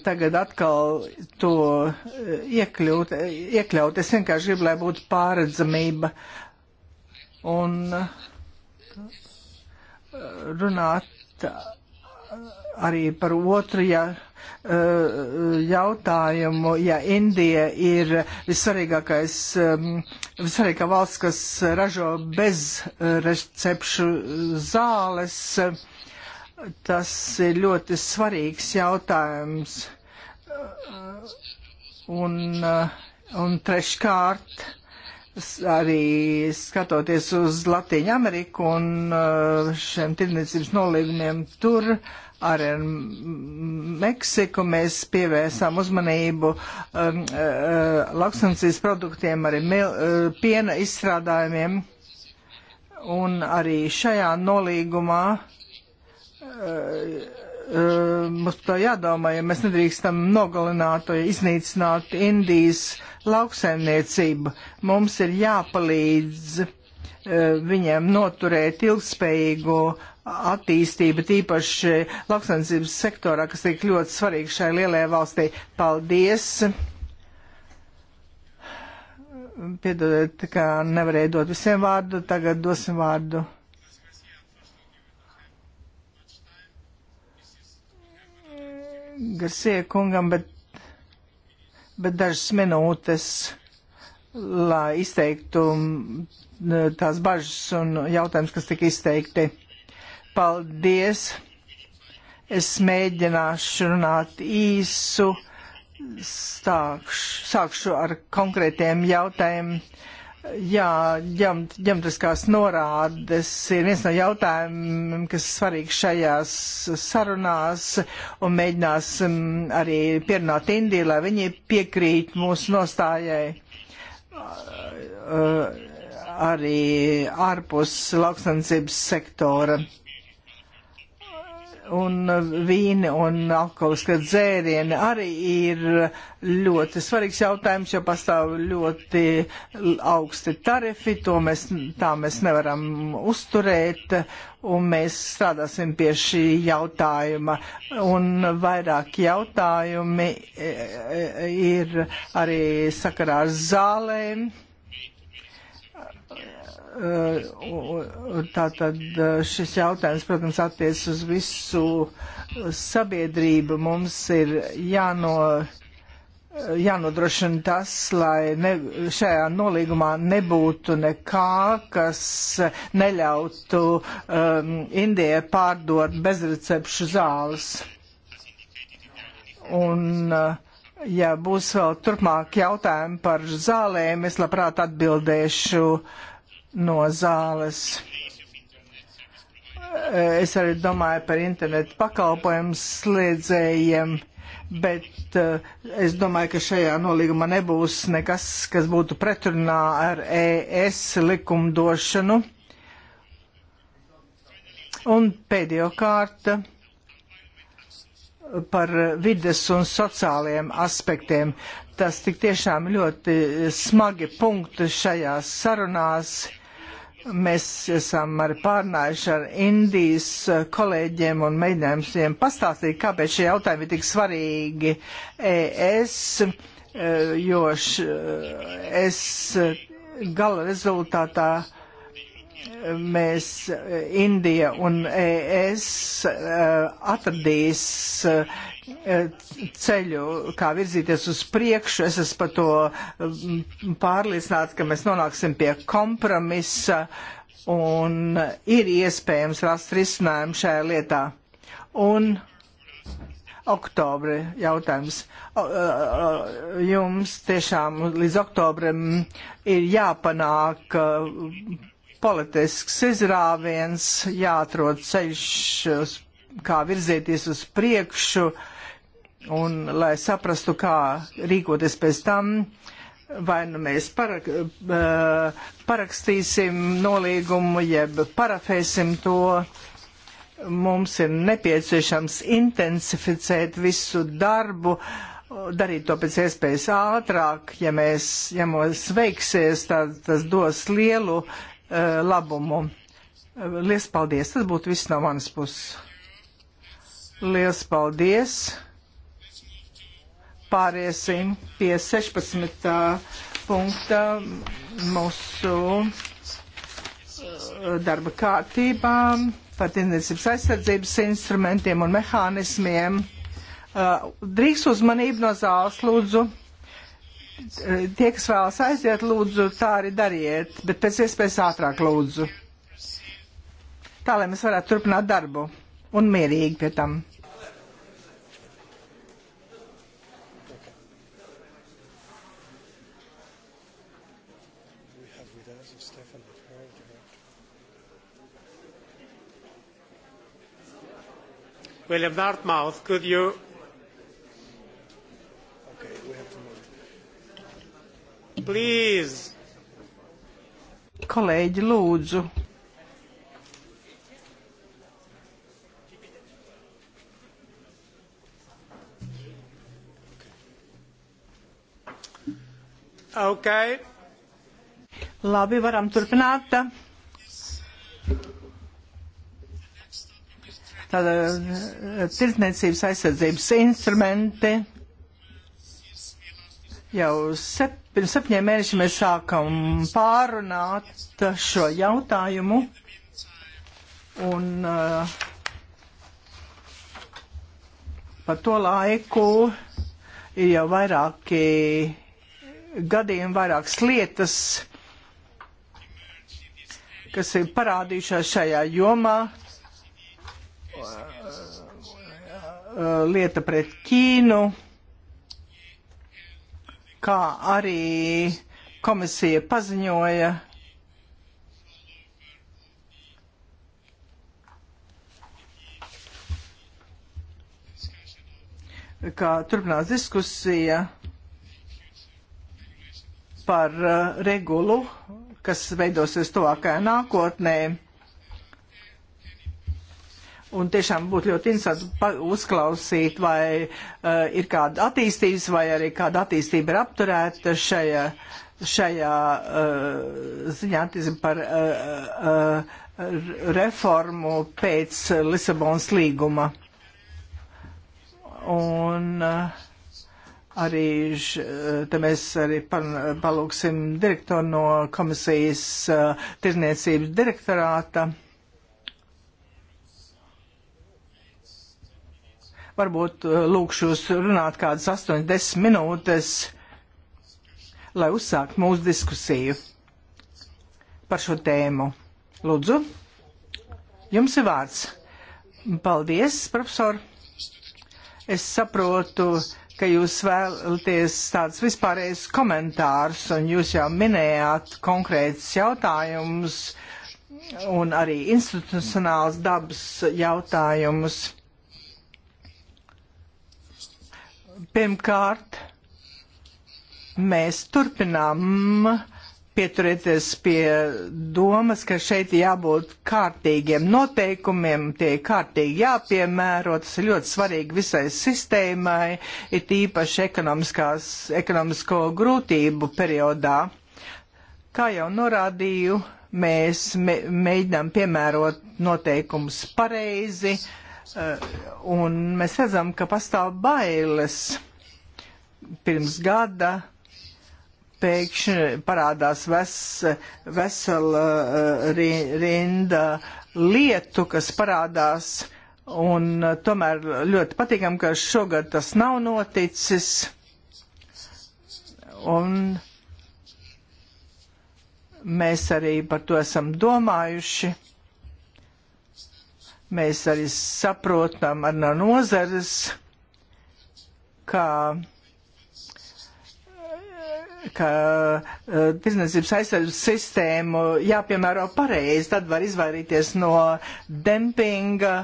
tagad atkal to iekļūt, iekļaut. Es vienkārši gribu, lai būtu pāredzamība un runāt arī par otru, ja Eh, jautājumu, ja Indija ir visvarīgākais, eh, visvarīgākā valsts, kas ražo bez recepšu zāles, tas ir ļoti svarīgs jautājums. Un, eh, un treškārt, arī skatoties uz Latīņu Ameriku un šiem tirdzniecības nolīgumiem tur, uh, Arī ar Meksiku mēs pievērsām uzmanību um, uh, uh lauksaimniecības produktiem, arī mil, uh, piena izstrādājumiem. Un arī šajā nolīgumā uh, Uh, mums to jādomā, ja mēs nedrīkstam nogalināt vai iznīcināt Indijas lauksaimniecību. Mums ir jāpalīdz uh, viņiem noturēt ilgspējīgo attīstība, tīpaši lauksaimniecības sektorā, kas tiek ļoti svarīgs šai lielajai valstī. Paldies! Piedodiet, ka nevarēju dot visiem vārdu, tagad dosim vārdu. Garsie kungam, bet, bet dažas minūtes, lai izteiktu tās bažas un jautājums, kas tika izteikti. Paldies! Es mēģināšu runāt īsu, stākšu, sākšu ar konkrētiem jautājumiem. Jā, ģemt, ģemtiskās norādes ir viens no jautājumiem, kas svarīgs šajās sarunās, un mēģināsim arī pierunāt Indiju, lai viņi piekrīt mūsu nostājai arī ārpus lauksansības sektora un vīni un alkoholiskie dzērieni arī ir ļoti svarīgs jautājums, jo pastāv ļoti augsti tarifi, to mēs, tā mēs nevaram uzturēt, un mēs strādāsim pie šī jautājuma. Un vairāk jautājumi e, e, e, ir arī sakarā ar zālēm Uh, tātad uh, šis jautājums, protams, attiec uz visu sabiedrību. Mums ir jāno, jānodrošina tas, lai ne, šajā nolīgumā nebūtu nekā, kas neļautu um, Indijai pārdot bezrecepšu zāles. Un, uh, ja būs vēl turpmāk jautājumi par zālēm, es labprāt atbildēšu uh, no zāles. Es arī domāju par internetu pakalpojumu sliedzējiem, bet eh, es domāju, ka šajā nolīgumā nebūs nekas, kas būtu pretrunā ar ES likumdošanu. Un pēdējo kārta par vides un sociālajiem aspektiem. Tas tik tiešām ļoti smagi punkti šajās sarunās. Mēs esam arī pārnājuši ar Indijas kolēģiem un mēģinājām viņiem pastāstīt, kāpēc šie jautājumi ir tik svarīgi. Es, jo š, es gala rezultātā mēs Indija un ES atradīs ceļu, kā virzīties uz priekšu. Es esmu par to mm, pārliecināts, ka mēs nonāksim pie kompromisa un ir iespējams rast risinājumu šajā lietā. Un oktobra jautājums. Jums tiešām līdz oktobrim ir jāpanāk uh, politisks izrāviens, jāatrod ceļš, kā virzīties uz priekšu. Uh, Un, lai saprastu, kā rīkoties pēc tam, vai nu mēs parak, parakstīsim nolīgumu, jeb parafēsim to, mums ir nepieciešams intensificēt visu darbu darīt to pēc iespējas ātrāk, ja mēs, ja mums veiksies, tad tas dos lielu uh, labumu. Lies paldies, tas būtu viss no manas puses. Lies paldies pāriesim pie 16. punkta mūsu darba kārtībā par tirdzniecības aizsardzības instrumentiem un mehānismiem. Drīz uzmanību no zāles lūdzu. Tie, kas vēlas aiziet, lūdzu, tā arī dariet, bet pēc iespējas ātrāk lūdzu. Tā, lai mēs varētu turpināt darbu un mierīgi pie tam. William Dartmouth, could you? Okay, we have to move. Please. Kolēģi, lūdzu. Okay. Labi, varam turpināt. Eh, tirdzniecības aizsardzības instrumenti. Jau sep, pirms septiņiem mēnešiem mēs sākam pārunāt šo jautājumu. Un uh, eh, par to laiku ir jau vairāki gadījumi, vairākas lietas, kas ir parādījušās šajā jomā Uh, lieta pret Ķīnu, kā arī komisija paziņoja. kā turpinās diskusija par uh, regulu, kas veidosies tuvākajā nākotnē Un tiešām būtu ļoti interesanti uzklausīt, vai uh, ir kāda attīstības, vai arī kāda attīstība ir apturēta šajā, šajā uh, ziņā attīstība par uh, uh, reformu pēc Lisabonas līguma. Un uh, arī š, te mēs arī palūksim direktoru no komisijas uh, tirzniecības direktorāta. Uh, Varbūt eh, lūkšu jūs runāt kādas 8-10 minūtes, lai uzsākt mūsu diskusiju par šo tēmu. Lūdzu, jums ir vārds. Paldies, profesor. Es saprotu, ka jūs vēlaties tāds vispārējais komentārs, un jūs jau minējāt konkrēts jautājums un arī institucionāls dabas jautājumus. Pirmkārt, mēs turpinām pieturēties pie domas, ka šeit jābūt kārtīgiem noteikumiem, tie kārtīgi jāpiemēro, tas ir ļoti svarīgi visai sistēmai, it īpaši ekonomisko grūtību periodā. Kā jau norādīju, mēs mē, mēģinām piemērot noteikumus pareizi, uh, Eh, un mēs redzam, ka pastāv bailes. Pirms gada pēkšņi parādās ves, vesela eh, rinda lietu, kas parādās. Un eh, tomēr ļoti patīkam, ka šogad tas nav noticis. Un mēs arī par to esam domājuši. Mēs arī saprotam ar no nozares, ka ka uh, tirdzniecības aizsardzības sistēmu jāpiemēro pareizi, tad var izvairīties no dempinga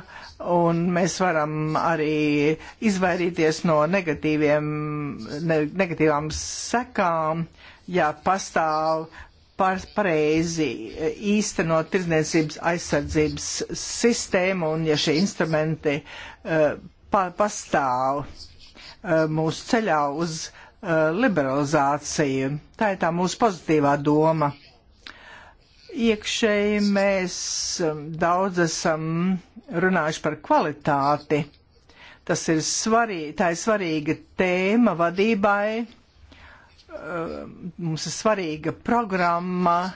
un mēs varam arī izvairīties no negatīviem, ne, negatīvām sekām, ja pastāv par pareizi e, īstenot tirdzniecības aizsardzības sistēmu un ja šie instrumenti uh, pa, pastāv uh, e, mūsu ceļā uz uh, liberalizāciju. Tā ir tā mūsu pozitīvā doma. Iekšēji mēs daudz esam runājuši par kvalitāti. Tas ir svarīgi, tā ir svarīga tēma vadībai Eh, mums ir svarīga programma,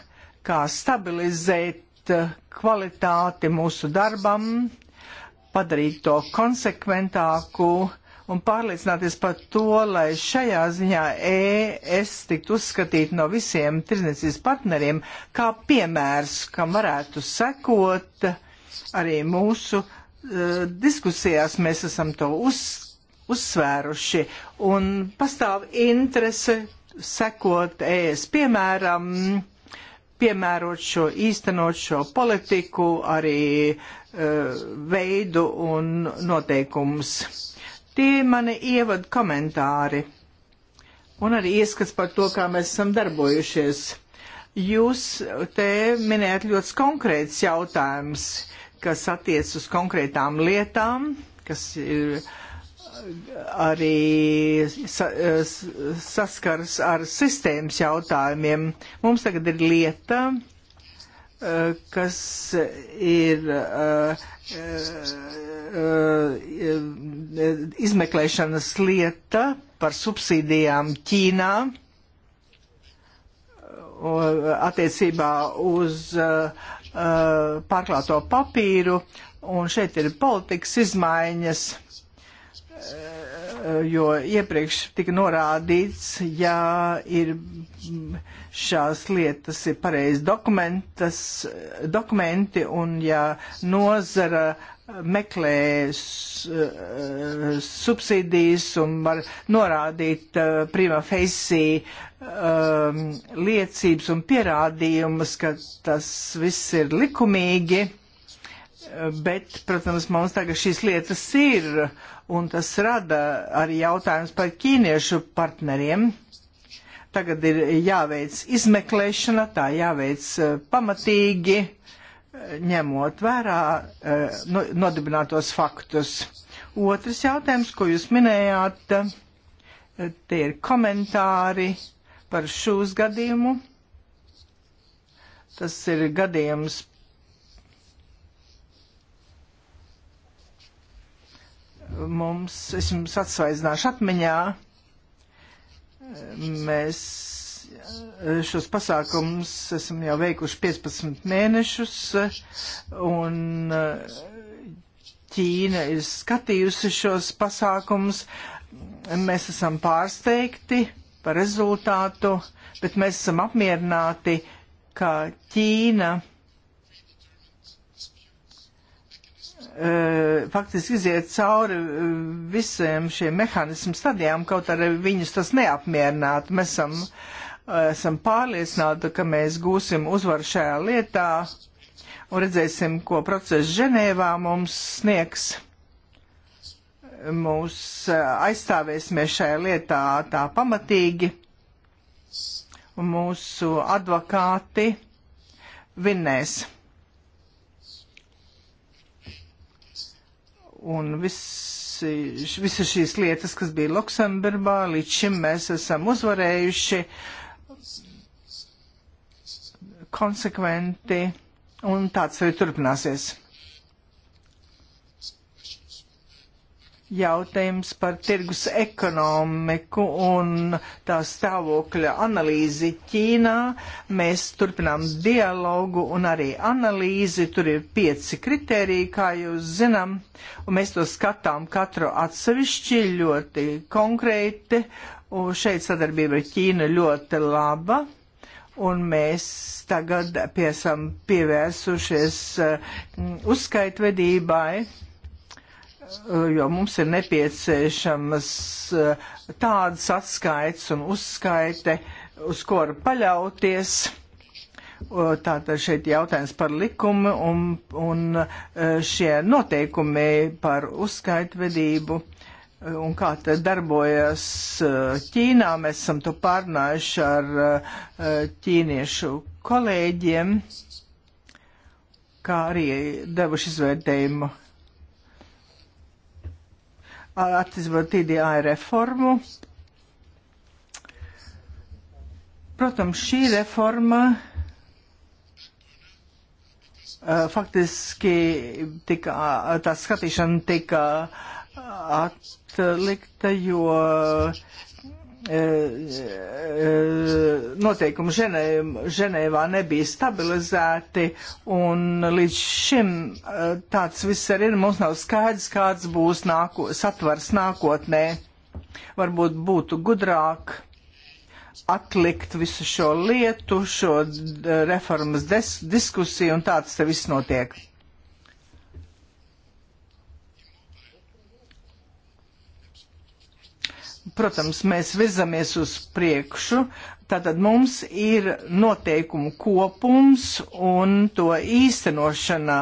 kā stabilizēt eh, kvalitāti mūsu darbam, padarīt to konsekventāku un pārliecināties par to, lai šajā ziņā ES tiktu uzskatīt no visiem tirdzniecības partneriem kā piemērs, kam varētu sekot arī mūsu uh, diskusijās. Mēs esam to uzskatījuši uzsvēruši, un pastāv interese sekot ES piemēram, piemērot šo, īstenot šo politiku, arī uh, veidu un noteikumus. Tie mani ievad komentāri un arī ieskats par to, kā mēs esam darbojušies. Jūs te minējat ļoti konkrēts jautājums, kas attiec uz konkrētām lietām, kas ir uh, arī sa, eh, saskars ar sistēmas jautājumiem. Mums tagad ir lieta, eh, kas ir eh, izmeklēšanas lieta par subsīdijām Ķīnā attiecībā uz pārklāto papīru, un šeit ir politikas izmaiņas Eh, jo iepriekš tika norādīts, ja ir šās lietas ir pareizi dokumenti un ja nozara meklē uh, subsīdijas un var norādīt uh, prima facie uh, liecības un pierādījumus, ka tas viss ir likumīgi Bet, protams, mums tagad šīs lietas ir, un tas rada arī jautājums par ķīniešu partneriem. Tagad ir jāveic izmeklēšana, tā jāveic eh, pamatīgi, eh, ņemot vērā eh, nodibinātos faktus. Otrs jautājums, ko jūs minējāt, tie ir komentāri par šūs gadījumu. Tas ir gadījums mums, es jums atsvaidzināšu atmiņā, mēs eh, šos pasākumus esam jau veikuši 15 mēnešus, un eh, Ķīna ir skatījusi šos pasākumus. Mēs esam pārsteigti par rezultātu, bet mēs esam apmierināti, ka Ķīna E, faktiski iziet cauri e, visiem šiem mehānismu stadijām, kaut arī viņus tas neapmierinātu. Mēs esam, e, esam pārliecināti, ka mēs gūsim uzvaru šajā lietā un redzēsim, ko process Ženēvā mums sniegs. Mūs aizstāvēsimies šajā lietā tā pamatīgi, un mūsu advokāti vinnēs. un visi, visi šīs lietas, kas bija Luksemburgā, līdz šim mēs esam uzvarējuši konsekventi, un tāds arī turpināsies. jautājums par tirgus ekonomiku un tā stāvokļa analīzi Ķīnā. Mēs turpinām dialogu un arī analīzi. Tur ir pieci kriteriji, kā jūs zinām, un mēs to skatām katru atsevišķi ļoti konkrēti. Un šeit sadarbība ar Ķīnu ļoti laba. Un mēs tagad esam pievēsušies uh, eh, uzskaitvedībai Eh, jo mums ir nepieciešamas eh, tādas atskaites un uzskaite, uz ko var paļauties. Eh, tātad šeit jautājums par likumu un, un šie noteikumi par uzskaitvedību un kā te darbojas Ķīnā. Mēs esam to pārnājuši ar ķīniešu kolēģiem, kā arī devuši izvērtējumu attiecībā TDI reformu. Protams, šī reforma uh, faktiski tika, tā skatīšana tika atlikta, jo Eh, eh, noteikumi Ženē, Ženēvā nebija stabilizēti, un līdz šim eh, tāds viss arī ir. Mums nav skaidrs, kāds būs nāko, satvars nākotnē. Varbūt būtu gudrāk atlikt visu šo lietu, šo reformas diskusiju, un tāds te viss notiek. protams, mēs virzamies uz priekšu. Tātad mums ir noteikumu kopums un to īstenošana.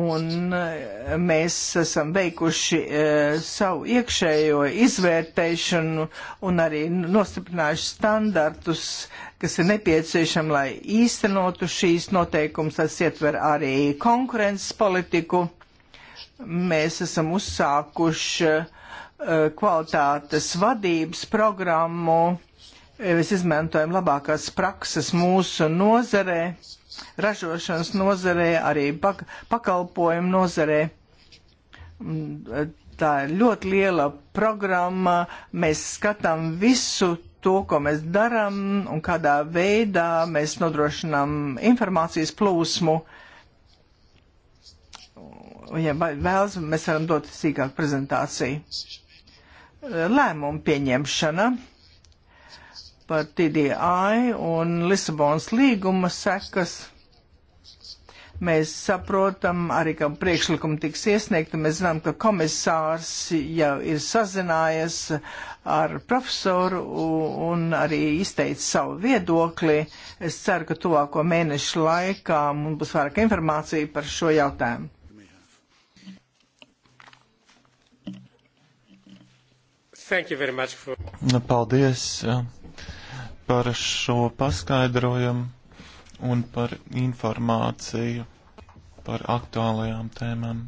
Un e, mēs esam veikuši e, savu iekšējo izvērtēšanu un arī nostiprinājuši standartus, kas ir nepieciešami, lai īstenotu šīs noteikumus. Tas ietver arī konkurences politiku. Mēs esam uzsākuši e, Eh, kvalitātes vadības programmu. Eh, mēs izmantojam labākās prakses mūsu nozarē, ražošanas nozarē, arī pak pakalpojumu nozarē. Mm, eh, tā ir ļoti liela programma. Mēs skatām visu to, ko mēs darām un kādā veidā mēs nodrošinām informācijas plūsmu. Ja vēlas, mēs varam dot sīkāku prezentāciju lēmumu pieņemšana par TDI un Lisabonas līguma sekas. Mēs saprotam arī, ka priekšlikumi tiks iesniegti. Mēs zinām, ka komisārs jau ir sazinājies ar profesoru un arī izteicis savu viedokli. Es ceru, ka tuvāko mēnešu laikā mums būs vairāk informācija par šo jautājumu. For... Nu, paldies par šo paskaidrojumu un par informāciju par aktuālajām tēmām.